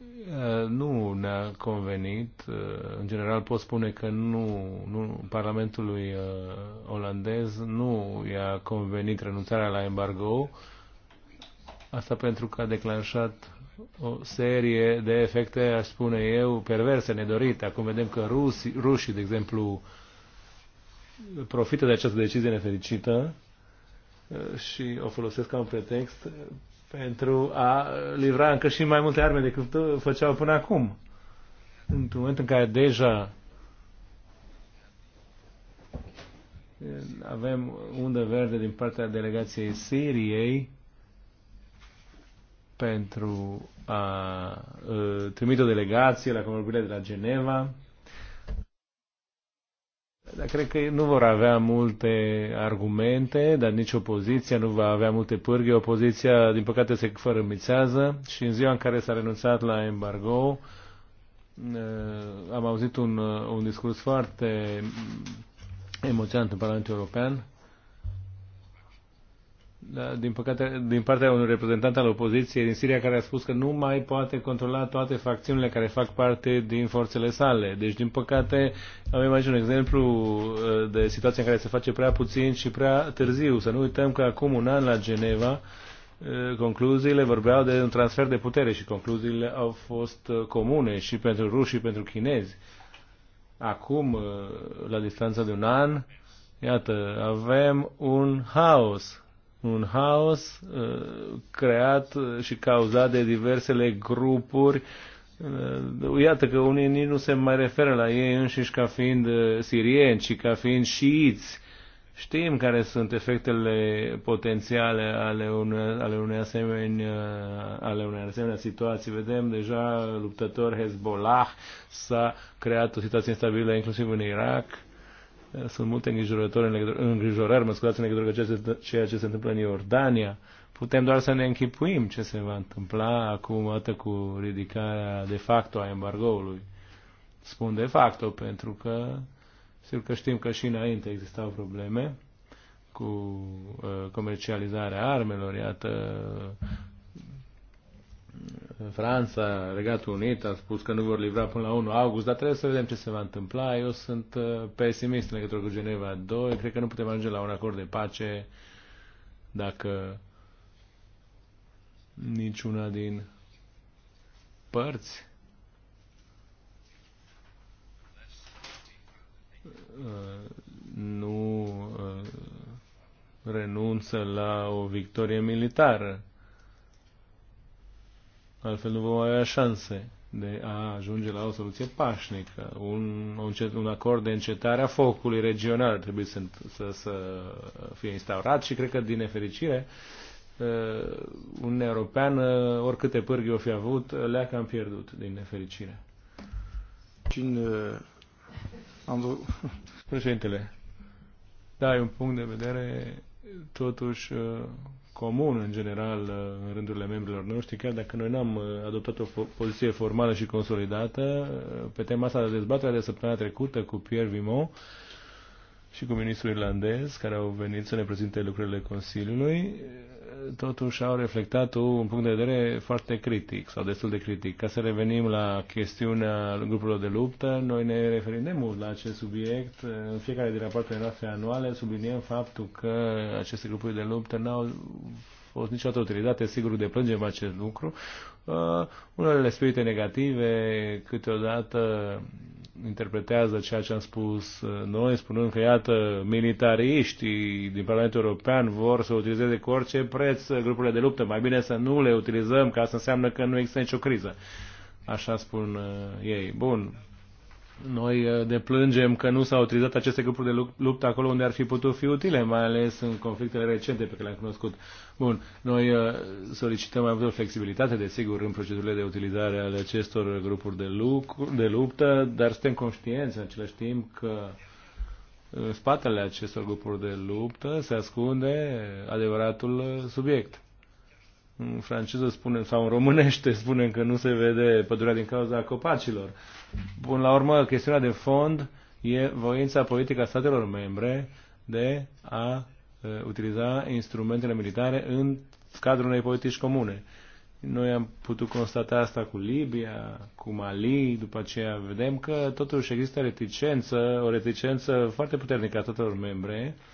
Uh, nu ne-a convenit. Uh, în general pot spune că nu, nu Parlamentului uh, olandez nu i-a convenit renunțarea la embargo. Asta pentru că a declanșat o serie de efecte, aș spune eu, perverse, nedorite. Acum vedem că rusii, rușii, de exemplu, profită de această decizie nefericită uh, și o folosesc ca un pretext pentru a livra încă și mai multe arme decât făceau până acum. Într-un moment în care deja eh, avem undă verde din partea delegației Siriei, pentru a trimite o delegație la convorbirea de la Geneva. Dar cred că nu vor avea multe argumente, dar nici opoziția nu va avea multe pârghi. Opoziția, din păcate, se fărâmițează și în ziua în care s-a renunțat la embargo, am auzit un, un discurs foarte emoționant în Parlamentul European da, din păcate, din partea unui reprezentant al opoziției din Siria care a spus că nu mai poate controla toate facțiunile care fac parte din forțele sale. Deci, din păcate, avem aici un exemplu uh, de situație în care se face prea puțin și prea târziu. Să nu uităm că acum un an la Geneva uh, concluziile vorbeau de un transfer de putere și concluziile au fost uh, comune și pentru ruși și pentru chinezi. Acum, la distanța de un an, iată, avem un haos un haos uh, creat și cauzat de diversele grupuri. Uh, iată că unii nici nu se mai referă la ei înșiși ca fiind uh, sirieni, ci ca fiind șiiți. Știm care sunt efectele potențiale ale unei, ale unei, asemenea, ale unei asemenea situații. Vedem deja luptători Hezbollah, s-a creat o situație instabilă inclusiv în Irak sunt multe îngrijorări, îngrijorări mă scuzați, în legătură cu ceea ce se întâmplă în Iordania. Putem doar să ne închipuim ce se va întâmpla acum, atât cu ridicarea de facto a embargoului. Spun de facto, pentru că sigur că știm că și înainte existau probleme cu uh, comercializarea armelor, iată Franța, Regatul Unit a spus că nu vor livra până la 1 august, dar trebuie să vedem ce se va întâmpla. Eu sunt uh, pesimist în legătură cu Geneva 2. Cred că nu putem ajunge la un acord de pace dacă niciuna din părți uh, nu uh, renunță la o victorie militară altfel nu vom avea șanse de a ajunge la o soluție pașnică, un, un, un acord de încetare a focului regional trebuie să, să, să fie instaurat și cred că, din nefericire, uh, un european, uh, oricâte pârghi o fi avut, uh, le-a cam pierdut, din nefericire. Cine... Am... Președintele, da, e un punct de vedere totuși comun în general uh, în rândurile membrilor noștri, chiar dacă noi n-am uh, adoptat o poziție formală și consolidată. Uh, pe tema asta de dezbaterea de săptămâna trecută cu Pierre Vimon și cu ministrul irlandez, care au venit să ne prezinte lucrurile Consiliului, totuși au reflectat un punct de vedere foarte critic sau destul de critic. Ca să revenim la chestiunea grupurilor de luptă, noi ne referim de mult la acest subiect. În fiecare din rapoartele noastre anuale subliniem faptul că aceste grupuri de luptă n-au fost niciodată utilitate, sigur plângem acest lucru. Uh, unele spirite negative câteodată interpretează ceea ce am spus uh, noi, spunând că, iată, militariștii din Parlamentul European vor să utilizeze cu orice preț grupurile de luptă. Mai bine să nu le utilizăm, ca să înseamnă că nu există nicio criză. Așa spun uh, ei. Bun, noi uh, plângem că nu s-au utilizat aceste grupuri de luptă acolo unde ar fi putut fi utile, mai ales în conflictele recente pe care le-am cunoscut. Bun, noi uh, solicităm mai multă flexibilitate, desigur, în procedurile de utilizare ale acestor grupuri de, luc- de luptă, dar suntem conștienți în același timp că uh, în spatele acestor grupuri de luptă se ascunde adevăratul subiect în franceză spunem, sau în românește spunem că nu se vede pădurea din cauza copacilor. Bun, la urmă, chestiunea de fond e voința politică a statelor membre de a uh, utiliza instrumentele militare în cadrul unei politici comune. Noi am putut constata asta cu Libia, cu Mali, după aceea vedem că totuși există reticență, o reticență foarte puternică a statelor membre uh,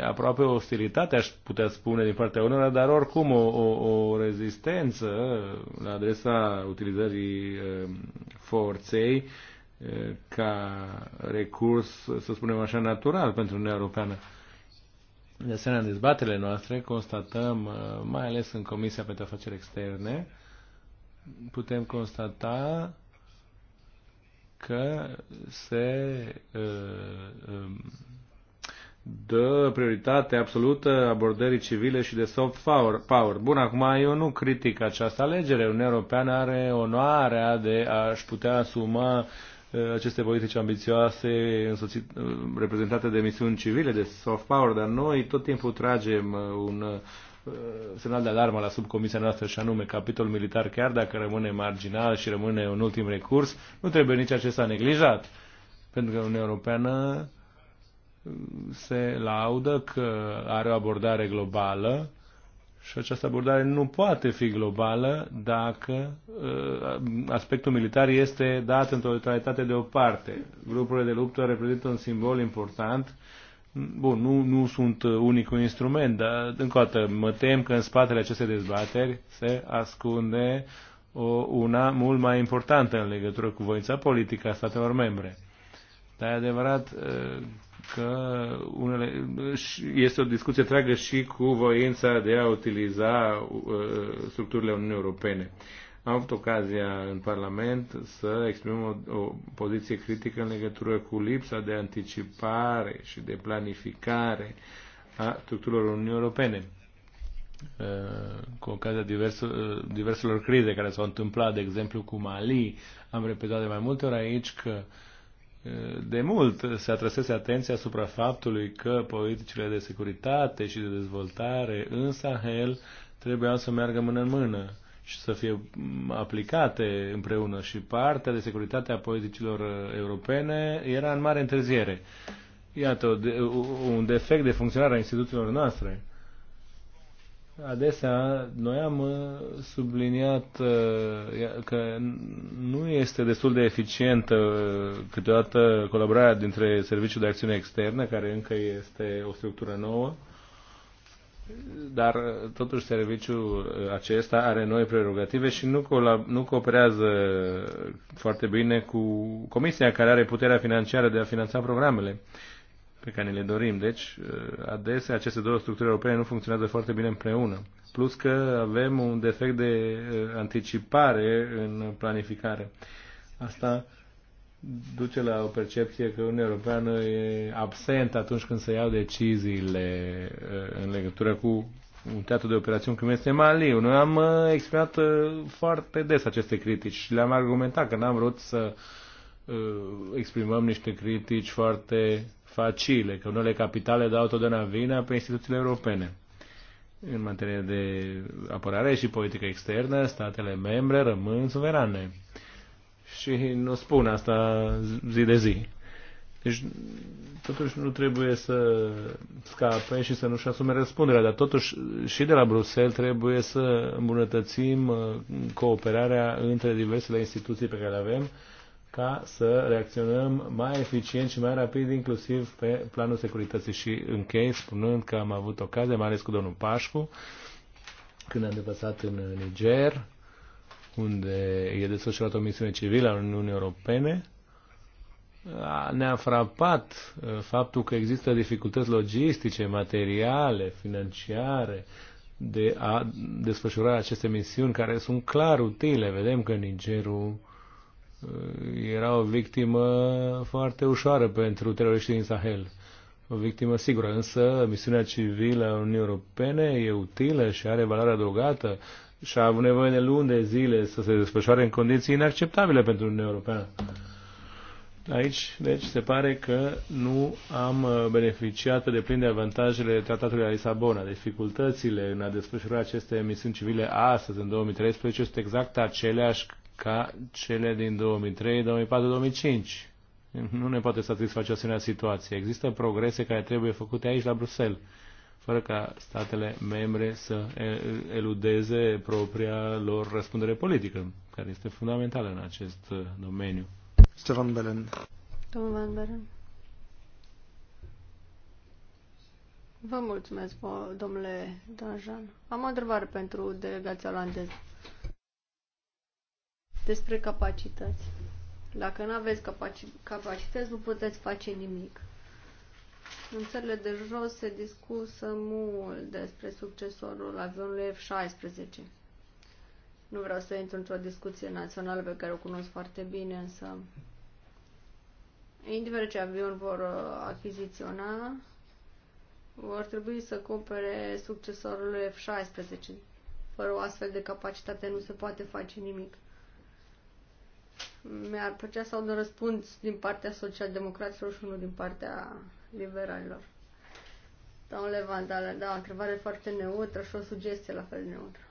aproape o ostilitate, aș putea spune, din partea unora, dar oricum o, o, o rezistență la adresa utilizării ehm, forței ca recurs, să spunem așa, natural pentru Uniunea Europeană. De asemenea, în dezbatele noastre constatăm, mai ales în Comisia pentru Afaceri Externe, putem constata că se uh, uh, dă prioritate absolută abordării civile și de soft power. Bun, acum eu nu critic această alegere. Uniunea Europeană are onoarea de a-și putea asuma uh, aceste politici ambițioase uh, reprezentate de misiuni civile, de soft power, dar noi tot timpul tragem uh, un semnal de alarmă la subcomisia noastră și anume capitolul militar, chiar dacă rămâne marginal și rămâne un ultim recurs, nu trebuie nici acesta neglijat. Pentru că Uniunea Europeană se laudă că are o abordare globală și această abordare nu poate fi globală dacă uh, aspectul militar este dat într-o totalitate deoparte. Grupurile de luptă reprezintă un simbol important. Bun, nu, nu sunt unicul instrument, dar încă o dată mă tem că în spatele acestei dezbateri se ascunde o, una mult mai importantă în legătură cu voința politică a statelor membre. Dar e adevărat uh, că unele, este o discuție întreagă și cu voința de a utiliza uh, structurile Uniunii Europene. Am avut ocazia în Parlament să exprimăm o, o poziție critică în legătură cu lipsa de anticipare și de planificare a structurilor Uniunii Europene uh, cu ocazia diverselor, uh, diverselor crize care s-au întâmplat, de exemplu cu Mali. Am repetat de mai multe ori aici că uh, de mult se atrăsese atenția asupra faptului că politicile de securitate și de dezvoltare în Sahel trebuiau să meargă mână în mână și să fie aplicate împreună și partea de securitate a politicilor europene era în mare întârziere. Iată, un defect de funcționare a instituțiilor noastre adesea noi am uh, subliniat uh, că nu este destul de eficientă uh, câteodată colaborarea dintre Serviciul de Acțiune Externă, care încă este o structură nouă, dar totuși serviciul acesta are noi prerogative și nu, nu cooperează foarte bine cu Comisia, care are puterea financiară de a finanța programele. Uh, pe care ne le dorim. Deci, uh, adesea, aceste două structuri europene nu funcționează foarte bine împreună. Plus că avem un defect de uh, anticipare în planificare. Asta duce la o percepție că Uniunea Europeană e absent atunci când se iau deciziile uh, în legătură cu un teatru de operațiuni cum este Mali. Noi am exprimat foarte des aceste critici și le-am argumentat că n-am vrut să exprimăm niște critici foarte facile, că unele capitale dau totdeauna vina pe instituțiile europene. În materie de apărare și politică externă, statele membre rămân suverane. Și nu spun asta zi de zi. Deci, totuși nu trebuie să scape și să nu-și asume răspunderea, dar totuși și de la Bruxelles trebuie să îmbunătățim uh, cooperarea între diversele instituții pe care le avem, ca să reacționăm mai eficient și mai rapid, inclusiv pe planul securității. Și închei spunând că am avut ocazia, mai ales cu domnul Pașcu, când am depăsat în Niger, unde e desfășurat o misiune civilă a Uniunii Europene, ne-a frapat uh, faptul că există dificultăți logistice, materiale, financiare de a desfășura aceste misiuni care sunt clar utile. Vedem că Nigerul Eh, era o victimă foarte ușoară pentru teroriștii din Sahel. O victimă sigură, însă misiunea civilă a Uniunii Europene e utilă și are valoare adăugată și a avut nevoie de luni de zile să se desfășoare în condiții inacceptabile pentru Uniunea Europeană. Aici, deci, se pare că nu am eh, beneficiat de plin de avantajele Tratatului la Lisabona. Dificultățile în a desfășura aceste misiuni civile astăzi, în 2013, sunt exact aceleași ca cele din 2003, 2004, 2005. Nu ne poate satisface asemenea situație. Există progrese care trebuie făcute aici la Bruxelles, fără ca statele membre să eludeze propria lor răspundere politică, care este fundamentală în acest uh, domeniu. Stefan Belen. Domnul Van Belen. Vă mulțumesc, domnule Danjan. Am o întrebare pentru delegația olandeză despre capacități. Dacă nu aveți capaci- capacități, nu puteți face nimic. În țările de jos se discusă mult despre succesorul avionului F-16. Nu vreau să intru într-o discuție națională pe care o cunosc foarte bine, însă indiferent ce avion vor uh, achiziționa, vor trebui să cumpere succesorul F-16. Fără o astfel de capacitate nu se poate face nimic. Mi-ar plăcea să aud un răspuns din partea socialdemocraților și unul din partea liberalilor. Domnule Vandale, da, o întrebare foarte neutră și o sugestie la fel neutră.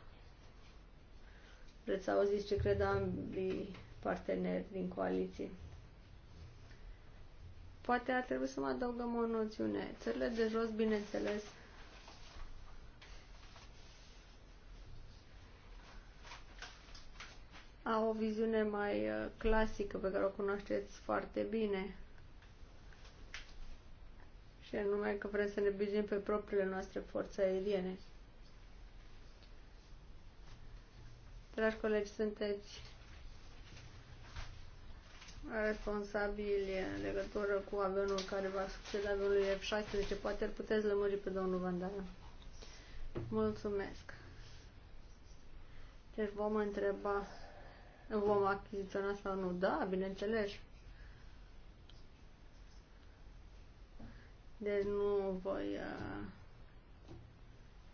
Vreți să auziți ce cred ambii parteneri din coaliție? Poate ar trebui să mă adăugăm o noțiune. Țările de jos, bineînțeles, au o viziune mai uh, clasică pe care o cunoașteți foarte bine. Și anume că vrem să ne bizim pe propriile noastre forțe aeriene. Dragi colegi, sunteți uh, responsabili în legătură cu avionul care va succede avionului F-16. Poate îl puteți lămuri pe domnul Vandana. Mulțumesc. Deci vom întreba vom achiziționa sau nu. Da, bineînțeles. Deci nu voi uh,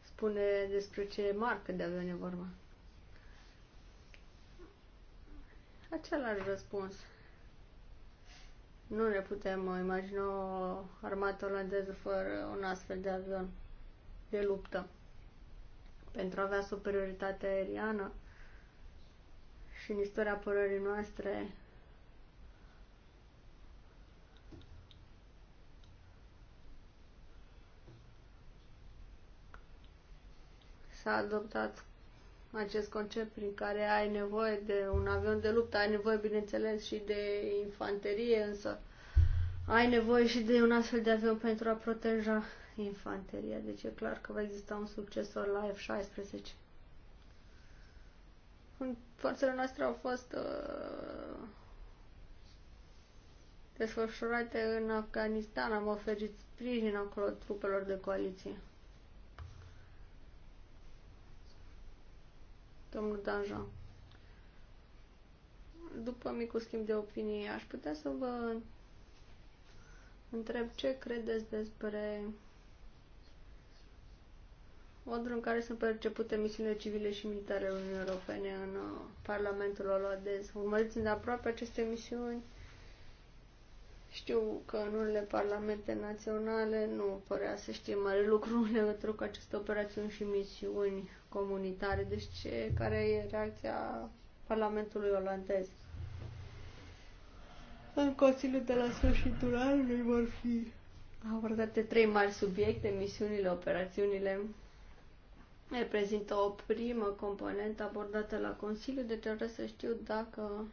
spune despre ce marcă de avion e vorba. Același răspuns. Nu ne putem imagina o armată olandeză fără un astfel de avion de luptă. Pentru a avea superioritate aeriană, și în istoria apărării noastre s-a adoptat acest concept prin care ai nevoie de un avion de luptă, ai nevoie, bineînțeles, și de infanterie, însă ai nevoie și de un astfel de avion pentru a proteja infanteria. Deci e clar că va exista un succesor la F-16 forțele noastre au fost uh, desfășurate în Afganistan. Am oferit sprijin acolo trupelor de coaliție. Domnul Danja. După micul schimb de opinie, aș putea să vă întreb ce credeți despre modul în care sunt percepute misiunile civile și militare ale Uniunii Europene în uh, Parlamentul olandez. Urmăriți de aproape aceste misiuni. Știu că în unele parlamente naționale nu părea să știe mare lucru în legătură cu aceste operațiuni și misiuni comunitare. Deci ce, care e reacția Parlamentului olandez? În Consiliul de la sfârșitul anului vor fi abordate trei mari subiecte, misiunile, operațiunile reprezintă o primă componentă abordată la Consiliu, deci ar să știu dacă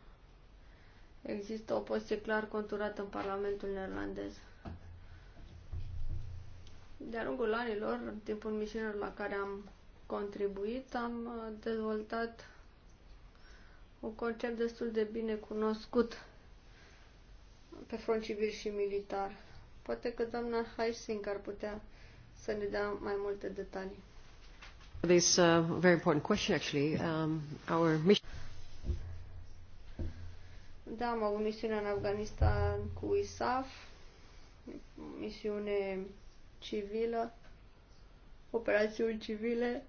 există o poziție clar conturată în Parlamentul neerlandez. De-a lungul anilor, în timpul misiunilor la care am contribuit, am dezvoltat un concept destul de bine cunoscut pe front civil și militar. Poate că doamna Heising ar putea să ne dea mai multe detalii. This uh, very important question, actually. Um, our mission. Da, am avut misiune în Afganistan cu ISAF, misiune civilă, operațiuni civile.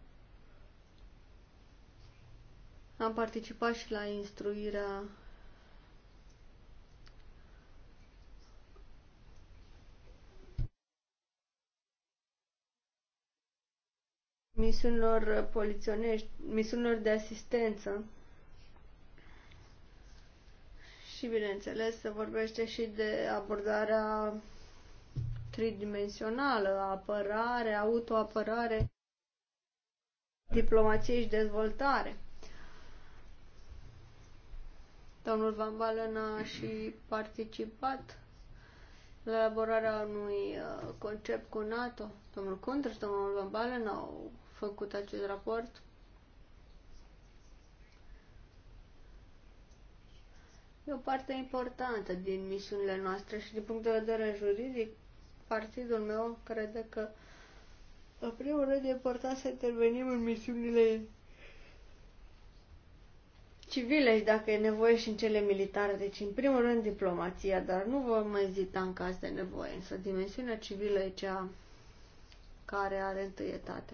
Am participat și la instruirea misiunilor poliționești, misiunilor de asistență. Și, bineînțeles, se vorbește și de abordarea tridimensională, apărare, autoapărare, diplomație și dezvoltare. Domnul Van Balen a și participat la elaborarea unui uh, concept cu NATO. Domnul Contra domnul Van Balen au făcut acest raport. E o parte importantă din misiunile noastre și din punct de vedere juridic, partidul meu crede că în primul rând e important să intervenim în misiunile civile și dacă e nevoie și în cele militare, deci în primul rând diplomația, dar nu vom ezita în caz de nevoie, însă dimensiunea civilă e cea care are întâietate.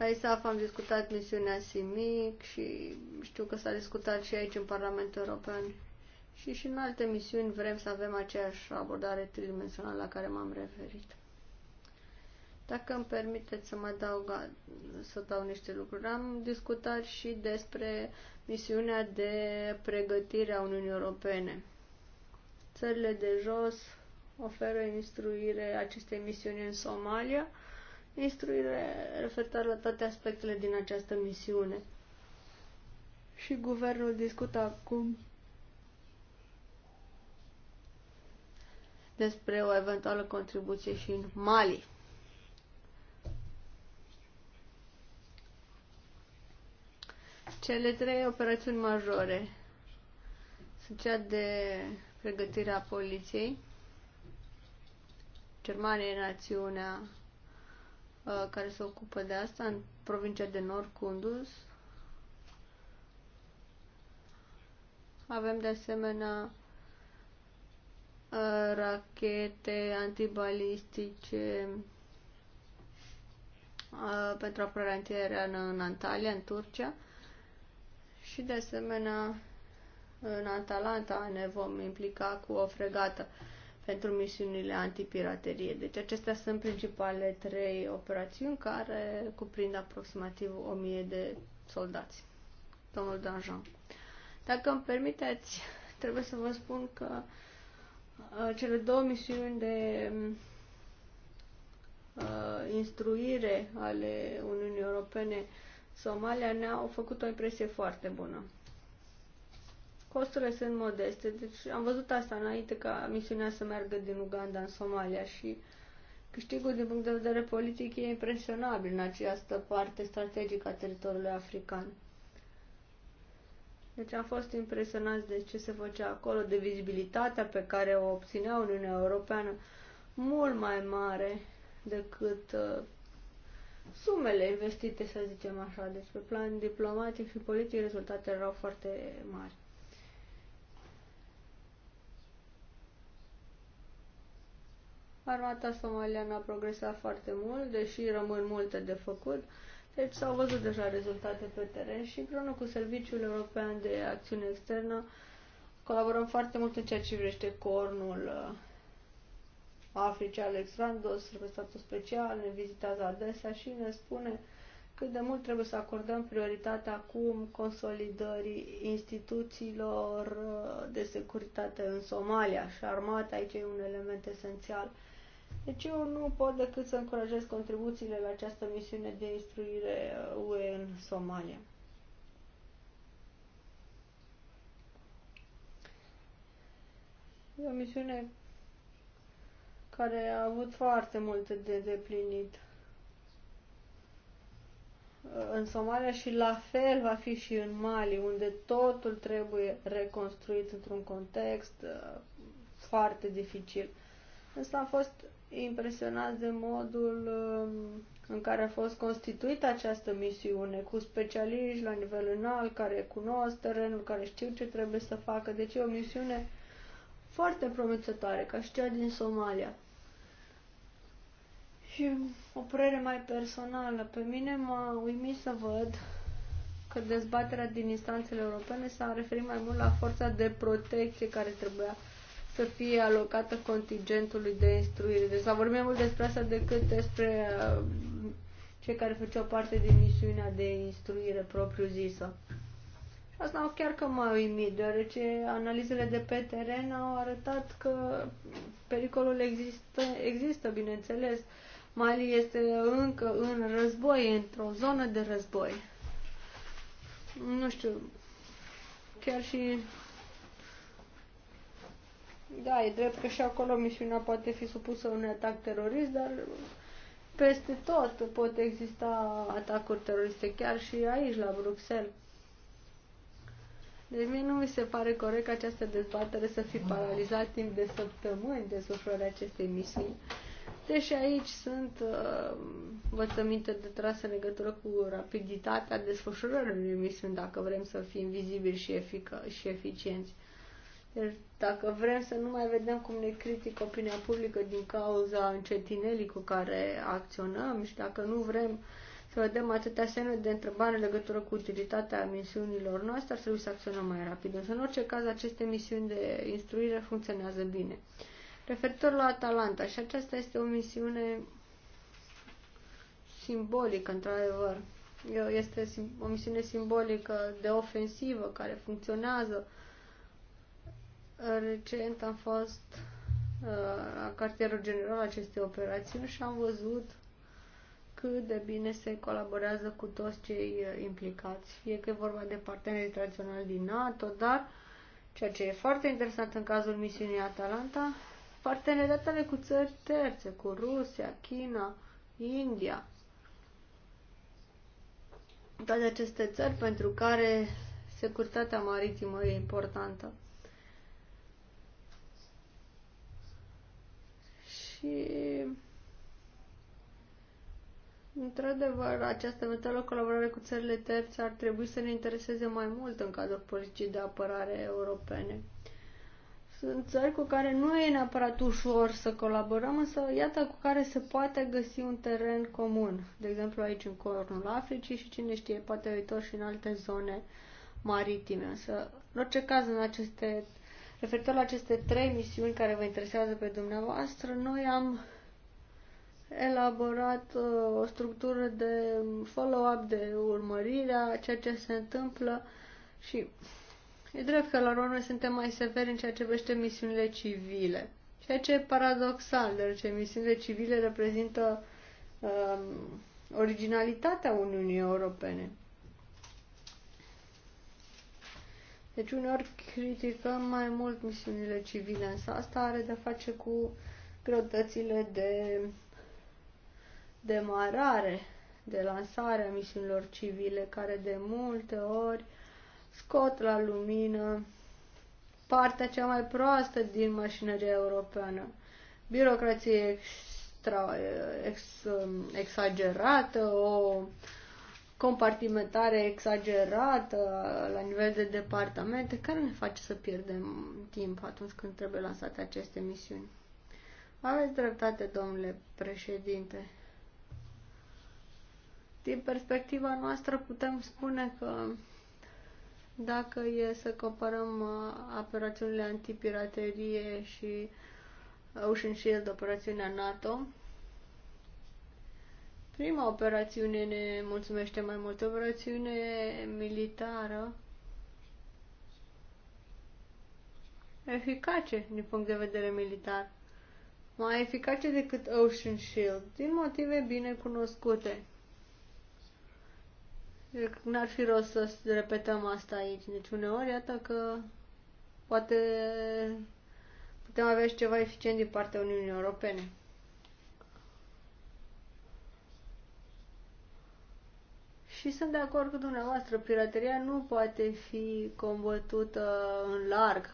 La ISAF am discutat misiunea SIMIC și știu că s-a discutat și aici în Parlamentul European și și în alte misiuni vrem să avem aceeași abordare tridimensională la care m-am referit. Dacă îmi permiteți să mă dau să dau niște lucruri, am discutat și despre misiunea de pregătire a Uniunii Europene. Țările de jos oferă instruire acestei misiuni în Somalia – instruire referitoare la toate aspectele din această misiune. Și guvernul discută acum despre o eventuală contribuție și în Mali. Cele trei operațiuni majore sunt cea de pregătirea poliției, Germania e națiunea Uh, care se ocupă de asta în provincia de Nord Kunduz. Avem de asemenea uh, rachete antibalistice uh, pentru apărarea antiaeriană în Antalya, în Turcia. Și de asemenea în Atalanta ne vom implica cu o fregată. Uh, pentru misiunile antipiraterie. Deci acestea sunt principalele trei operațiuni care cuprind aproximativ 1000 de soldați. Domnul Danjean. Dacă îmi permiteți, trebuie să vă spun că uh, cele două misiuni de uh, instruire ale Uniunii Europene Somalia ne-au făcut o impresie foarte bună. Costurile sunt modeste, deci am văzut asta înainte ca misiunea să meargă din Uganda în Somalia și câștigul din punct de vedere politic e impresionabil în această parte strategică a teritoriului african. Deci am fost impresionat de ce se făcea acolo, de vizibilitatea pe care o obținea Uniunea Europeană, mult mai mare decât uh, sumele investite, să zicem așa. Deci pe plan diplomatic și politic rezultatele erau foarte mari. Armata somaliană a progresat foarte mult, deși rămân multe de făcut. Deci s-au văzut deja rezultate pe teren și împreună cu Serviciul European de Acțiune Externă colaborăm foarte mult în ceea ce privește cornul uh, Africii. Alexandros, Randos, special, ne vizitează adesea și ne spune cât de mult trebuie să acordăm prioritatea acum consolidării instituțiilor uh, de securitate în Somalia și armata aici e un element esențial. Deci eu nu pot decât să încurajez contribuțiile la această misiune de instruire UE uh, în Somalia. E o misiune care a avut foarte multe de deplinit uh, în Somalia și la fel va fi și în Mali, unde totul trebuie reconstruit într-un context uh, foarte dificil. Însă am fost impresionați de modul um, în care a fost constituită această misiune, cu specialiști la nivel înalt care cunosc terenul, care știu ce trebuie să facă. Deci e o misiune foarte promițătoare, ca și cea din Somalia. Și o părere mai personală, pe mine m-a uimit să văd că dezbaterea din instanțele europene s-a referit mai mult la forța de protecție care trebuia să fie alocată contingentului de instruire. Deci s-a vorbit mai mult despre asta decât despre uh, cei care făceau parte din misiunea de instruire propriu-zisă. Și asta chiar că m-a uimit, deoarece analizele de pe teren au arătat că pericolul există, există bineînțeles. Mali este încă în război, într-o zonă de război. Nu știu, chiar și da, e drept că și acolo misiunea poate fi supusă unui atac terorist, dar peste tot pot exista atacuri teroriste, chiar și aici, la Bruxelles. Deci mie nu mi se pare corect că această dezbatere să fi paralizat timp de săptămâni desfășurarea acestei misiuni. Deși aici sunt uh, învățăminte de tras în legătură cu rapiditatea desfășurării unei misiuni, dacă vrem să fim vizibili și, efic- și eficienți. Deci dacă vrem să nu mai vedem cum ne critică opinia publică din cauza încetinelii cu care acționăm și dacă nu vrem să vedem atâtea semne de întrebare în legătură cu utilitatea misiunilor noastre, ar trebui să acționăm mai rapid. Însă, în orice caz, aceste misiuni de instruire funcționează bine. Referitor la Atalanta, și aceasta este o misiune simbolică, într-adevăr. Este o misiune simbolică de ofensivă care funcționează Recent am fost uh, la cartierul general acestei operațiuni și am văzut cât de bine se colaborează cu toți cei uh, implicați. Fie că e vorba de parteneri tradiționali din NATO, dar ceea ce e foarte interesant în cazul misiunii Atalanta, parteneriatele cu țări terțe, cu Rusia, China, India. Toate aceste țări pentru care securitatea maritimă e importantă. Și Într-adevăr, această eventuală colaborare cu țările terțe ar trebui să ne intereseze mai mult în cadrul politicii de apărare europene. Sunt țări cu care nu e neapărat ușor să colaborăm, însă iată cu care se poate găsi un teren comun. De exemplu aici în Cornul Africii și cine știe, poate viitor și în alte zone maritime. Însă, în orice caz, în aceste Referitor la aceste trei misiuni care vă interesează pe dumneavoastră, noi am elaborat uh, o structură de follow-up, de urmărire a ceea ce se întâmplă și e drept că la noi suntem mai severi în ceea ce privește misiunile civile. Ceea ce e paradoxal, deoarece misiunile civile reprezintă uh, originalitatea Uniunii Europene. Deci uneori criticăm mai mult misiunile civile, însă asta are de face cu greutățile de demarare, de lansare a misiunilor civile, care de multe ori scot la lumină partea cea mai proastă din mașinăria europeană. Birocrație extra, ex, exagerată, o compartimentare exagerată la nivel de departamente, care ne face să pierdem timp atunci când trebuie lansate aceste misiuni. Aveți dreptate, domnule președinte. Din perspectiva noastră putem spune că dacă e să comparăm uh, operațiunile antipiraterie și Ocean Shield, operațiunea NATO, prima operațiune ne mulțumește mai mult, operațiune militară eficace din punct de vedere militar. Mai eficace decât Ocean Shield, din motive bine cunoscute. N-ar fi rost să repetăm asta aici. Deci uneori, iată că poate putem avea și ceva eficient din partea Uniunii Europene. Și sunt de acord cu dumneavoastră, pirateria nu poate fi combătută în larg.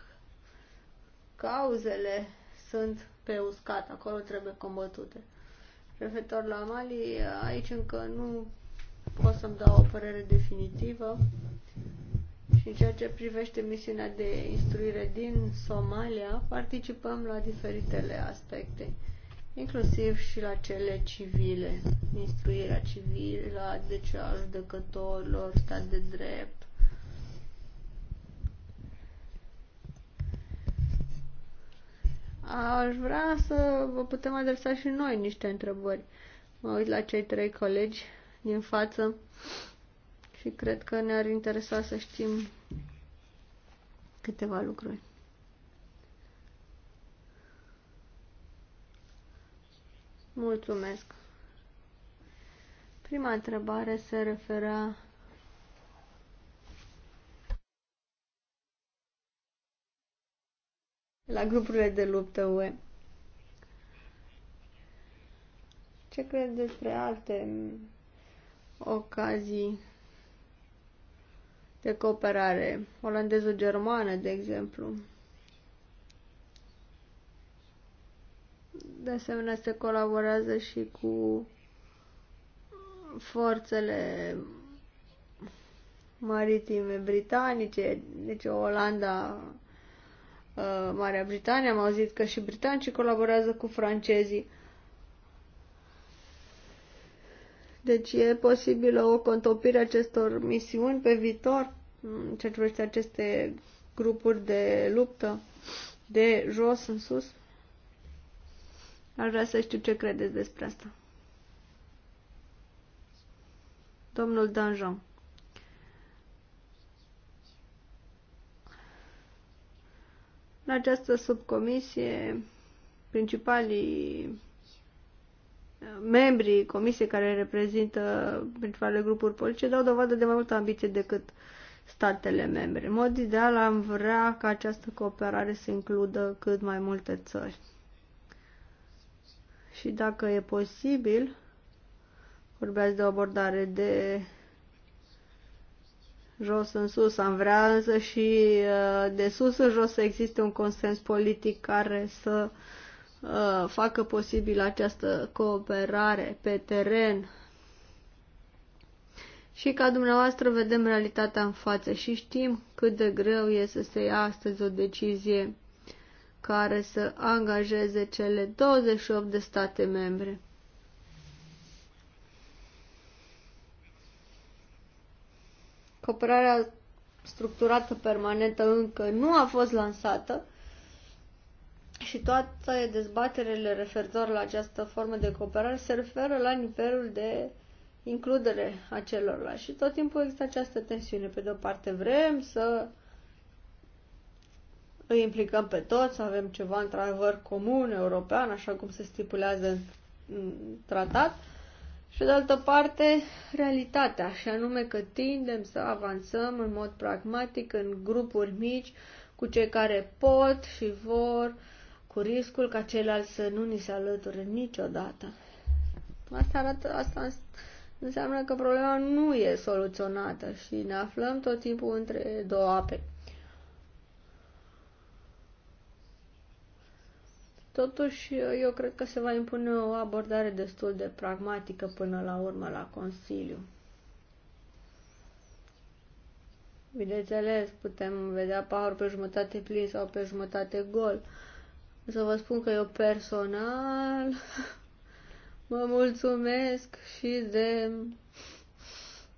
Cauzele sunt pe uscat, acolo trebuie combătute. Referitor la Mali, aici încă nu pot să-mi dau o părere definitivă. Și în ceea ce privește misiunea de instruire din Somalia, participăm la diferitele aspecte inclusiv și la cele civile, instruirea civilă, deci a judecătorilor, stat de drept. Aș vrea să vă putem adresa și noi niște întrebări. Mă uit la cei trei colegi din față și cred că ne-ar interesa să știm câteva lucruri. Mulțumesc. Prima întrebare se referă la grupurile de luptă UE. Ce crezi despre alte ocazii de cooperare Olandezul germană de exemplu? De asemenea, se colaborează și cu forțele maritime britanice, deci Olanda, uh, Marea Britanie, am auzit că și britanicii colaborează cu francezii. Deci e posibilă o contopire acestor misiuni pe viitor, în ceea ce privește aceste grupuri de luptă de jos în sus. Aș vrea să știu ce credeți despre asta. Domnul Danjon. În această subcomisie, principalii membrii comisiei care reprezintă principalele grupuri politice dau dovadă de mai multă ambiție decât statele membre. În mod ideal am vrea ca această cooperare să includă cât mai multe țări și dacă e posibil, vorbeați de o abordare de jos în sus, am vrea însă și uh, de sus în jos să existe un consens politic care să uh, facă posibil această cooperare pe teren și ca dumneavoastră vedem realitatea în față și știm cât de greu e să se ia astăzi o decizie care să angajeze cele 28 de state membre. Cooperarea structurată permanentă încă nu a fost lansată și toate dezbaterele referitoare la această formă de cooperare se referă la nivelul de includere a celorlalți. Și tot timpul există această tensiune. Pe de o parte vrem să îi implicăm pe toți, avem ceva într-adevăr comun european, așa cum se stipulează în, tratat, și de altă parte realitatea, și anume că tindem să avansăm în mod pragmatic în grupuri mici cu cei care pot și vor, cu riscul ca ceilalți să nu ni se alăture niciodată. Asta, arată, asta înseamnă că problema nu e soluționată și ne aflăm tot timpul între două ape. Totuși, eu cred că se va impune o abordare destul de pragmatică până la urmă la Consiliu. Bineînțeles, putem vedea paharul pe jumătate plin sau pe jumătate gol. Să vă spun că eu personal mă mulțumesc și de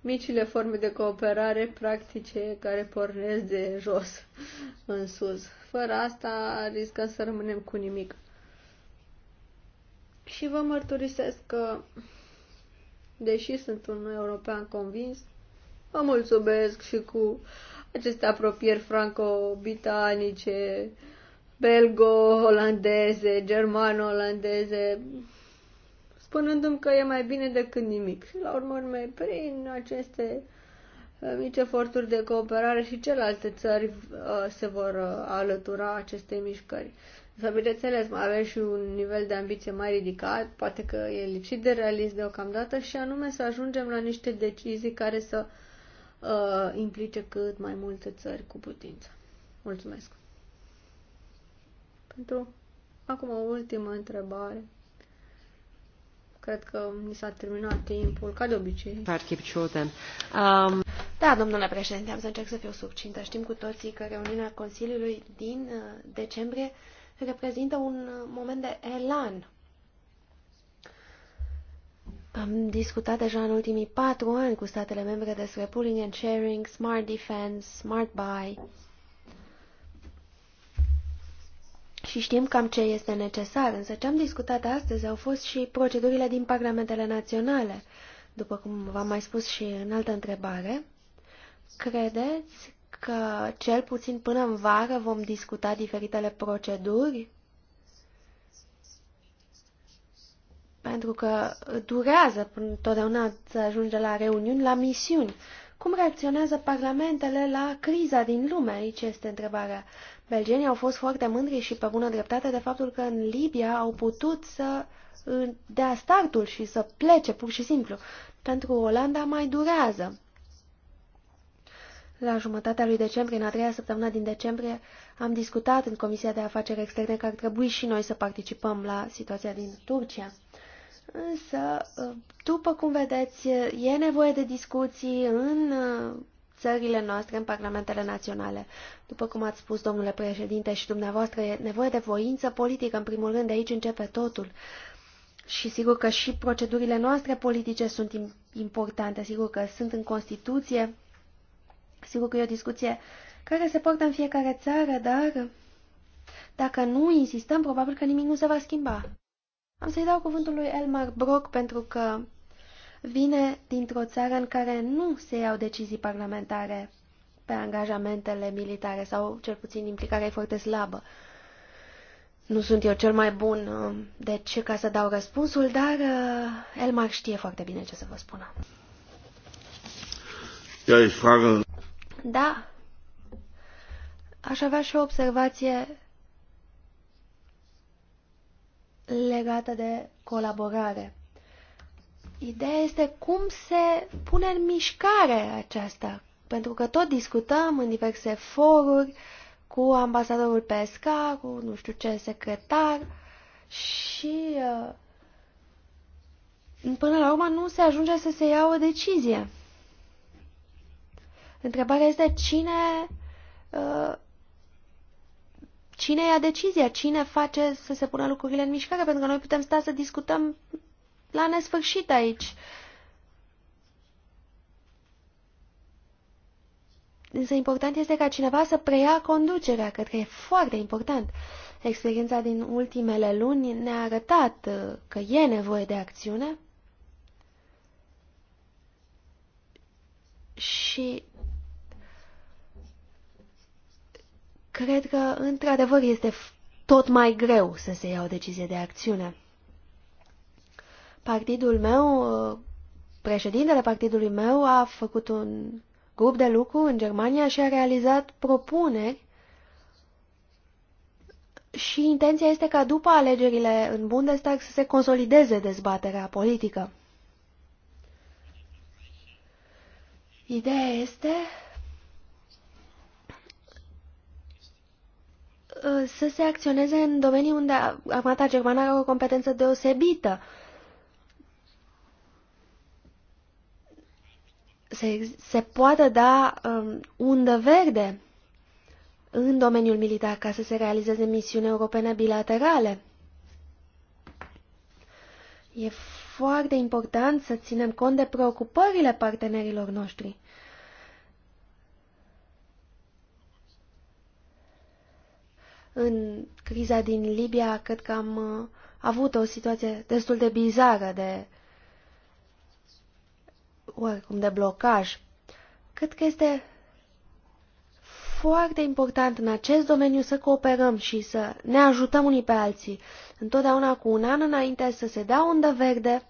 micile forme de cooperare practice care pornesc de jos în sus. Fără asta riscăm să rămânem cu nimic. Și vă mărturisesc că, deși sunt un european convins, vă mulțumesc și cu aceste apropieri franco-britanice, belgo-olandeze, germano-olandeze, spunându-mi că e mai bine decât nimic. Și la urmă, prin aceste uh, mici eforturi de cooperare și celelalte țări uh, se vor uh, alătura acestei mișcări. Sau bineînțeles, mai avem și un nivel de ambiție mai ridicat, poate că e lipsit de realist deocamdată, și anume să ajungem la niște decizii care să uh, implice cât mai multe țări cu putință. Mulțumesc! Pentru acum o ultimă întrebare. Cred că mi s-a terminat timpul, ca de obicei. Um... Da, domnule președinte, am să încerc să fiu succintă. Știm cu toții că reuniunea Consiliului din uh, decembrie reprezintă un moment de elan. Am discutat deja în ultimii patru ani cu statele membre despre pooling and sharing, smart defense, smart buy și știm cam ce este necesar, însă ce am discutat astăzi au fost și procedurile din parlamentele naționale. După cum v-am mai spus și în altă întrebare, credeți că cel puțin până în vară vom discuta diferitele proceduri? Pentru că durează totdeauna să ajunge la reuniuni, la misiuni. Cum reacționează parlamentele la criza din lume? Aici este întrebarea. Belgenii au fost foarte mândri și pe bună dreptate de faptul că în Libia au putut să dea startul și să plece pur și simplu. Pentru Olanda mai durează. La jumătatea lui decembrie, în a treia săptămână din decembrie, am discutat în Comisia de Afaceri Externe că ar trebui și noi să participăm la situația din Turcia. Însă, după cum vedeți, e nevoie de discuții în uh, țările noastre, în parlamentele naționale. După cum ați spus, domnule președinte, și dumneavoastră, e nevoie de voință politică, în primul rând, de aici începe totul. Și sigur că și procedurile noastre politice sunt importante, sigur că sunt în Constituție, Sigur că e o discuție care se poartă în fiecare țară, dar dacă nu insistăm, probabil că nimic nu se va schimba. Am să-i dau cuvântul lui Elmar Brock pentru că vine dintr-o țară în care nu se iau decizii parlamentare pe angajamentele militare sau cel puțin implicarea e foarte slabă. Nu sunt eu cel mai bun, um, de ce ca să dau răspunsul, dar uh, Elmar știe foarte bine ce să vă spună. Ja, ich frage da. Aș avea și o observație legată de colaborare. Ideea este cum se pune în mișcare aceasta, pentru că tot discutăm în diverse foruri cu ambasadorul PSK, cu nu știu ce secretar și uh, până la urmă nu se ajunge să se ia o decizie. Întrebarea este cine, uh, cine ia decizia, cine face să se pună lucrurile în mișcare, pentru că noi putem sta să discutăm la nesfârșit aici. Însă important este ca cineva să preia conducerea, cred că e foarte important. Experiența din ultimele luni ne-a arătat uh, că e nevoie de acțiune și Cred că, într-adevăr, este tot mai greu să se ia o decizie de acțiune. Partidul meu, uh, președintele partidului meu, a făcut un grup de lucru în Germania și a realizat propuneri și intenția este ca după alegerile în Bundestag să se consolideze dezbaterea politică. Ideea este Uh, să se acționeze în domenii unde armata germană are o competență deosebită. Se, se poate da um, undă verde în domeniul militar ca să se realizeze misiuni europene bilaterale. E foarte important să ținem cont de preocupările partenerilor noștri. În criza din Libia, cred că am uh, avut o situație destul de bizară de oricum de blocaj. Cred că este foarte important în acest domeniu să cooperăm și să ne ajutăm unii pe alții. Întotdeauna cu un an înainte să se dea undă verde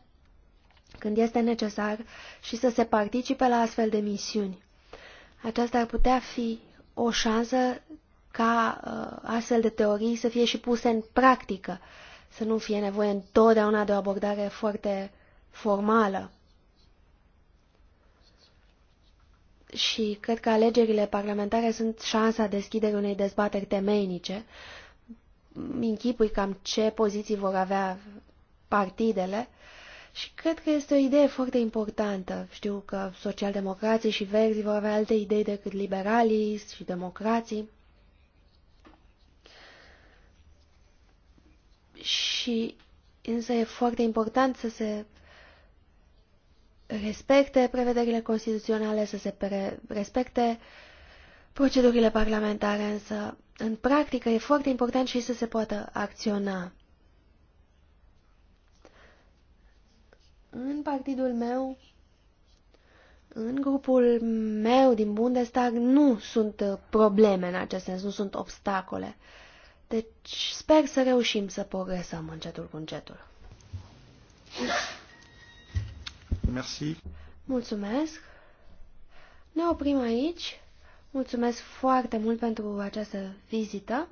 când este necesar și să se participe la astfel de misiuni. Aceasta ar putea fi o șansă ca uh, astfel de teorii să fie și puse în practică, să nu fie nevoie întotdeauna de o abordare foarte formală. Și cred că alegerile parlamentare sunt șansa deschiderii unei dezbateri temeinice. Închipui cam ce poziții vor avea partidele și cred că este o idee foarte importantă. Știu că socialdemocrații și verzii vor avea alte idei decât liberalii și democrații. și însă e foarte important să se respecte prevederile constituționale, să se respecte procedurile parlamentare, însă în practică e foarte important și să se poată acționa. În partidul meu, în grupul meu din Bundestag, nu sunt probleme în acest sens, nu sunt obstacole. Uh, deci sper să reușim să progresăm încetul cu încetul. Merci. Mulțumesc. Ne oprim aici. Mulțumesc foarte mult pentru această vizită.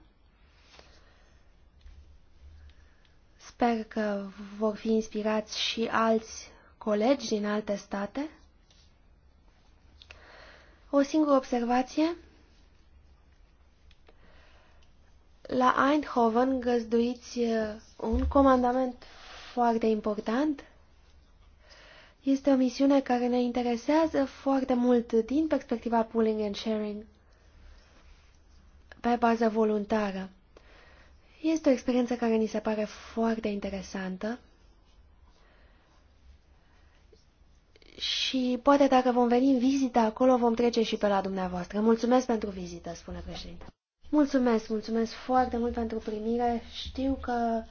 Sper că vor fi inspirați și alți colegi din alte state. O singură observație. La Eindhoven găzduiți uh, un comandament foarte important. Este o misiune care ne interesează foarte mult din perspectiva pooling and sharing pe bază voluntară. Este o experiență care ni se pare foarte interesantă. Și poate dacă vom veni în vizită acolo, vom trece și pe la dumneavoastră. Mulțumesc pentru vizită, spune președinte. Mulțumesc, mulțumesc foarte mult pentru primire. Știu că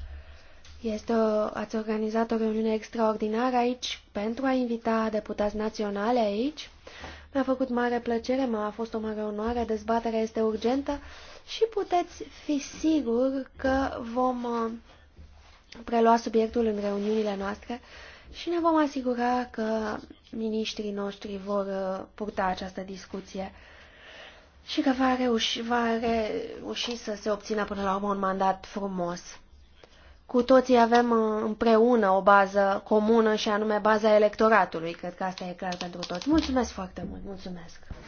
este o, ați organizat o reuniune extraordinară aici pentru a invita deputați naționale aici. Mi-a făcut mare plăcere, m-a fost o mare onoare, dezbaterea este urgentă și puteți fi sigur că vom uh, prelua subiectul în reuniunile noastre și ne vom asigura că miniștrii noștri vor uh, purta această discuție și că va reuși, va reuși să se obțină până la urmă un mandat frumos. Cu toții avem uh, împreună o bază comună și anume baza electoratului. Cred că asta e clar pentru toți. Mulțumesc foarte mult! Mulțumesc!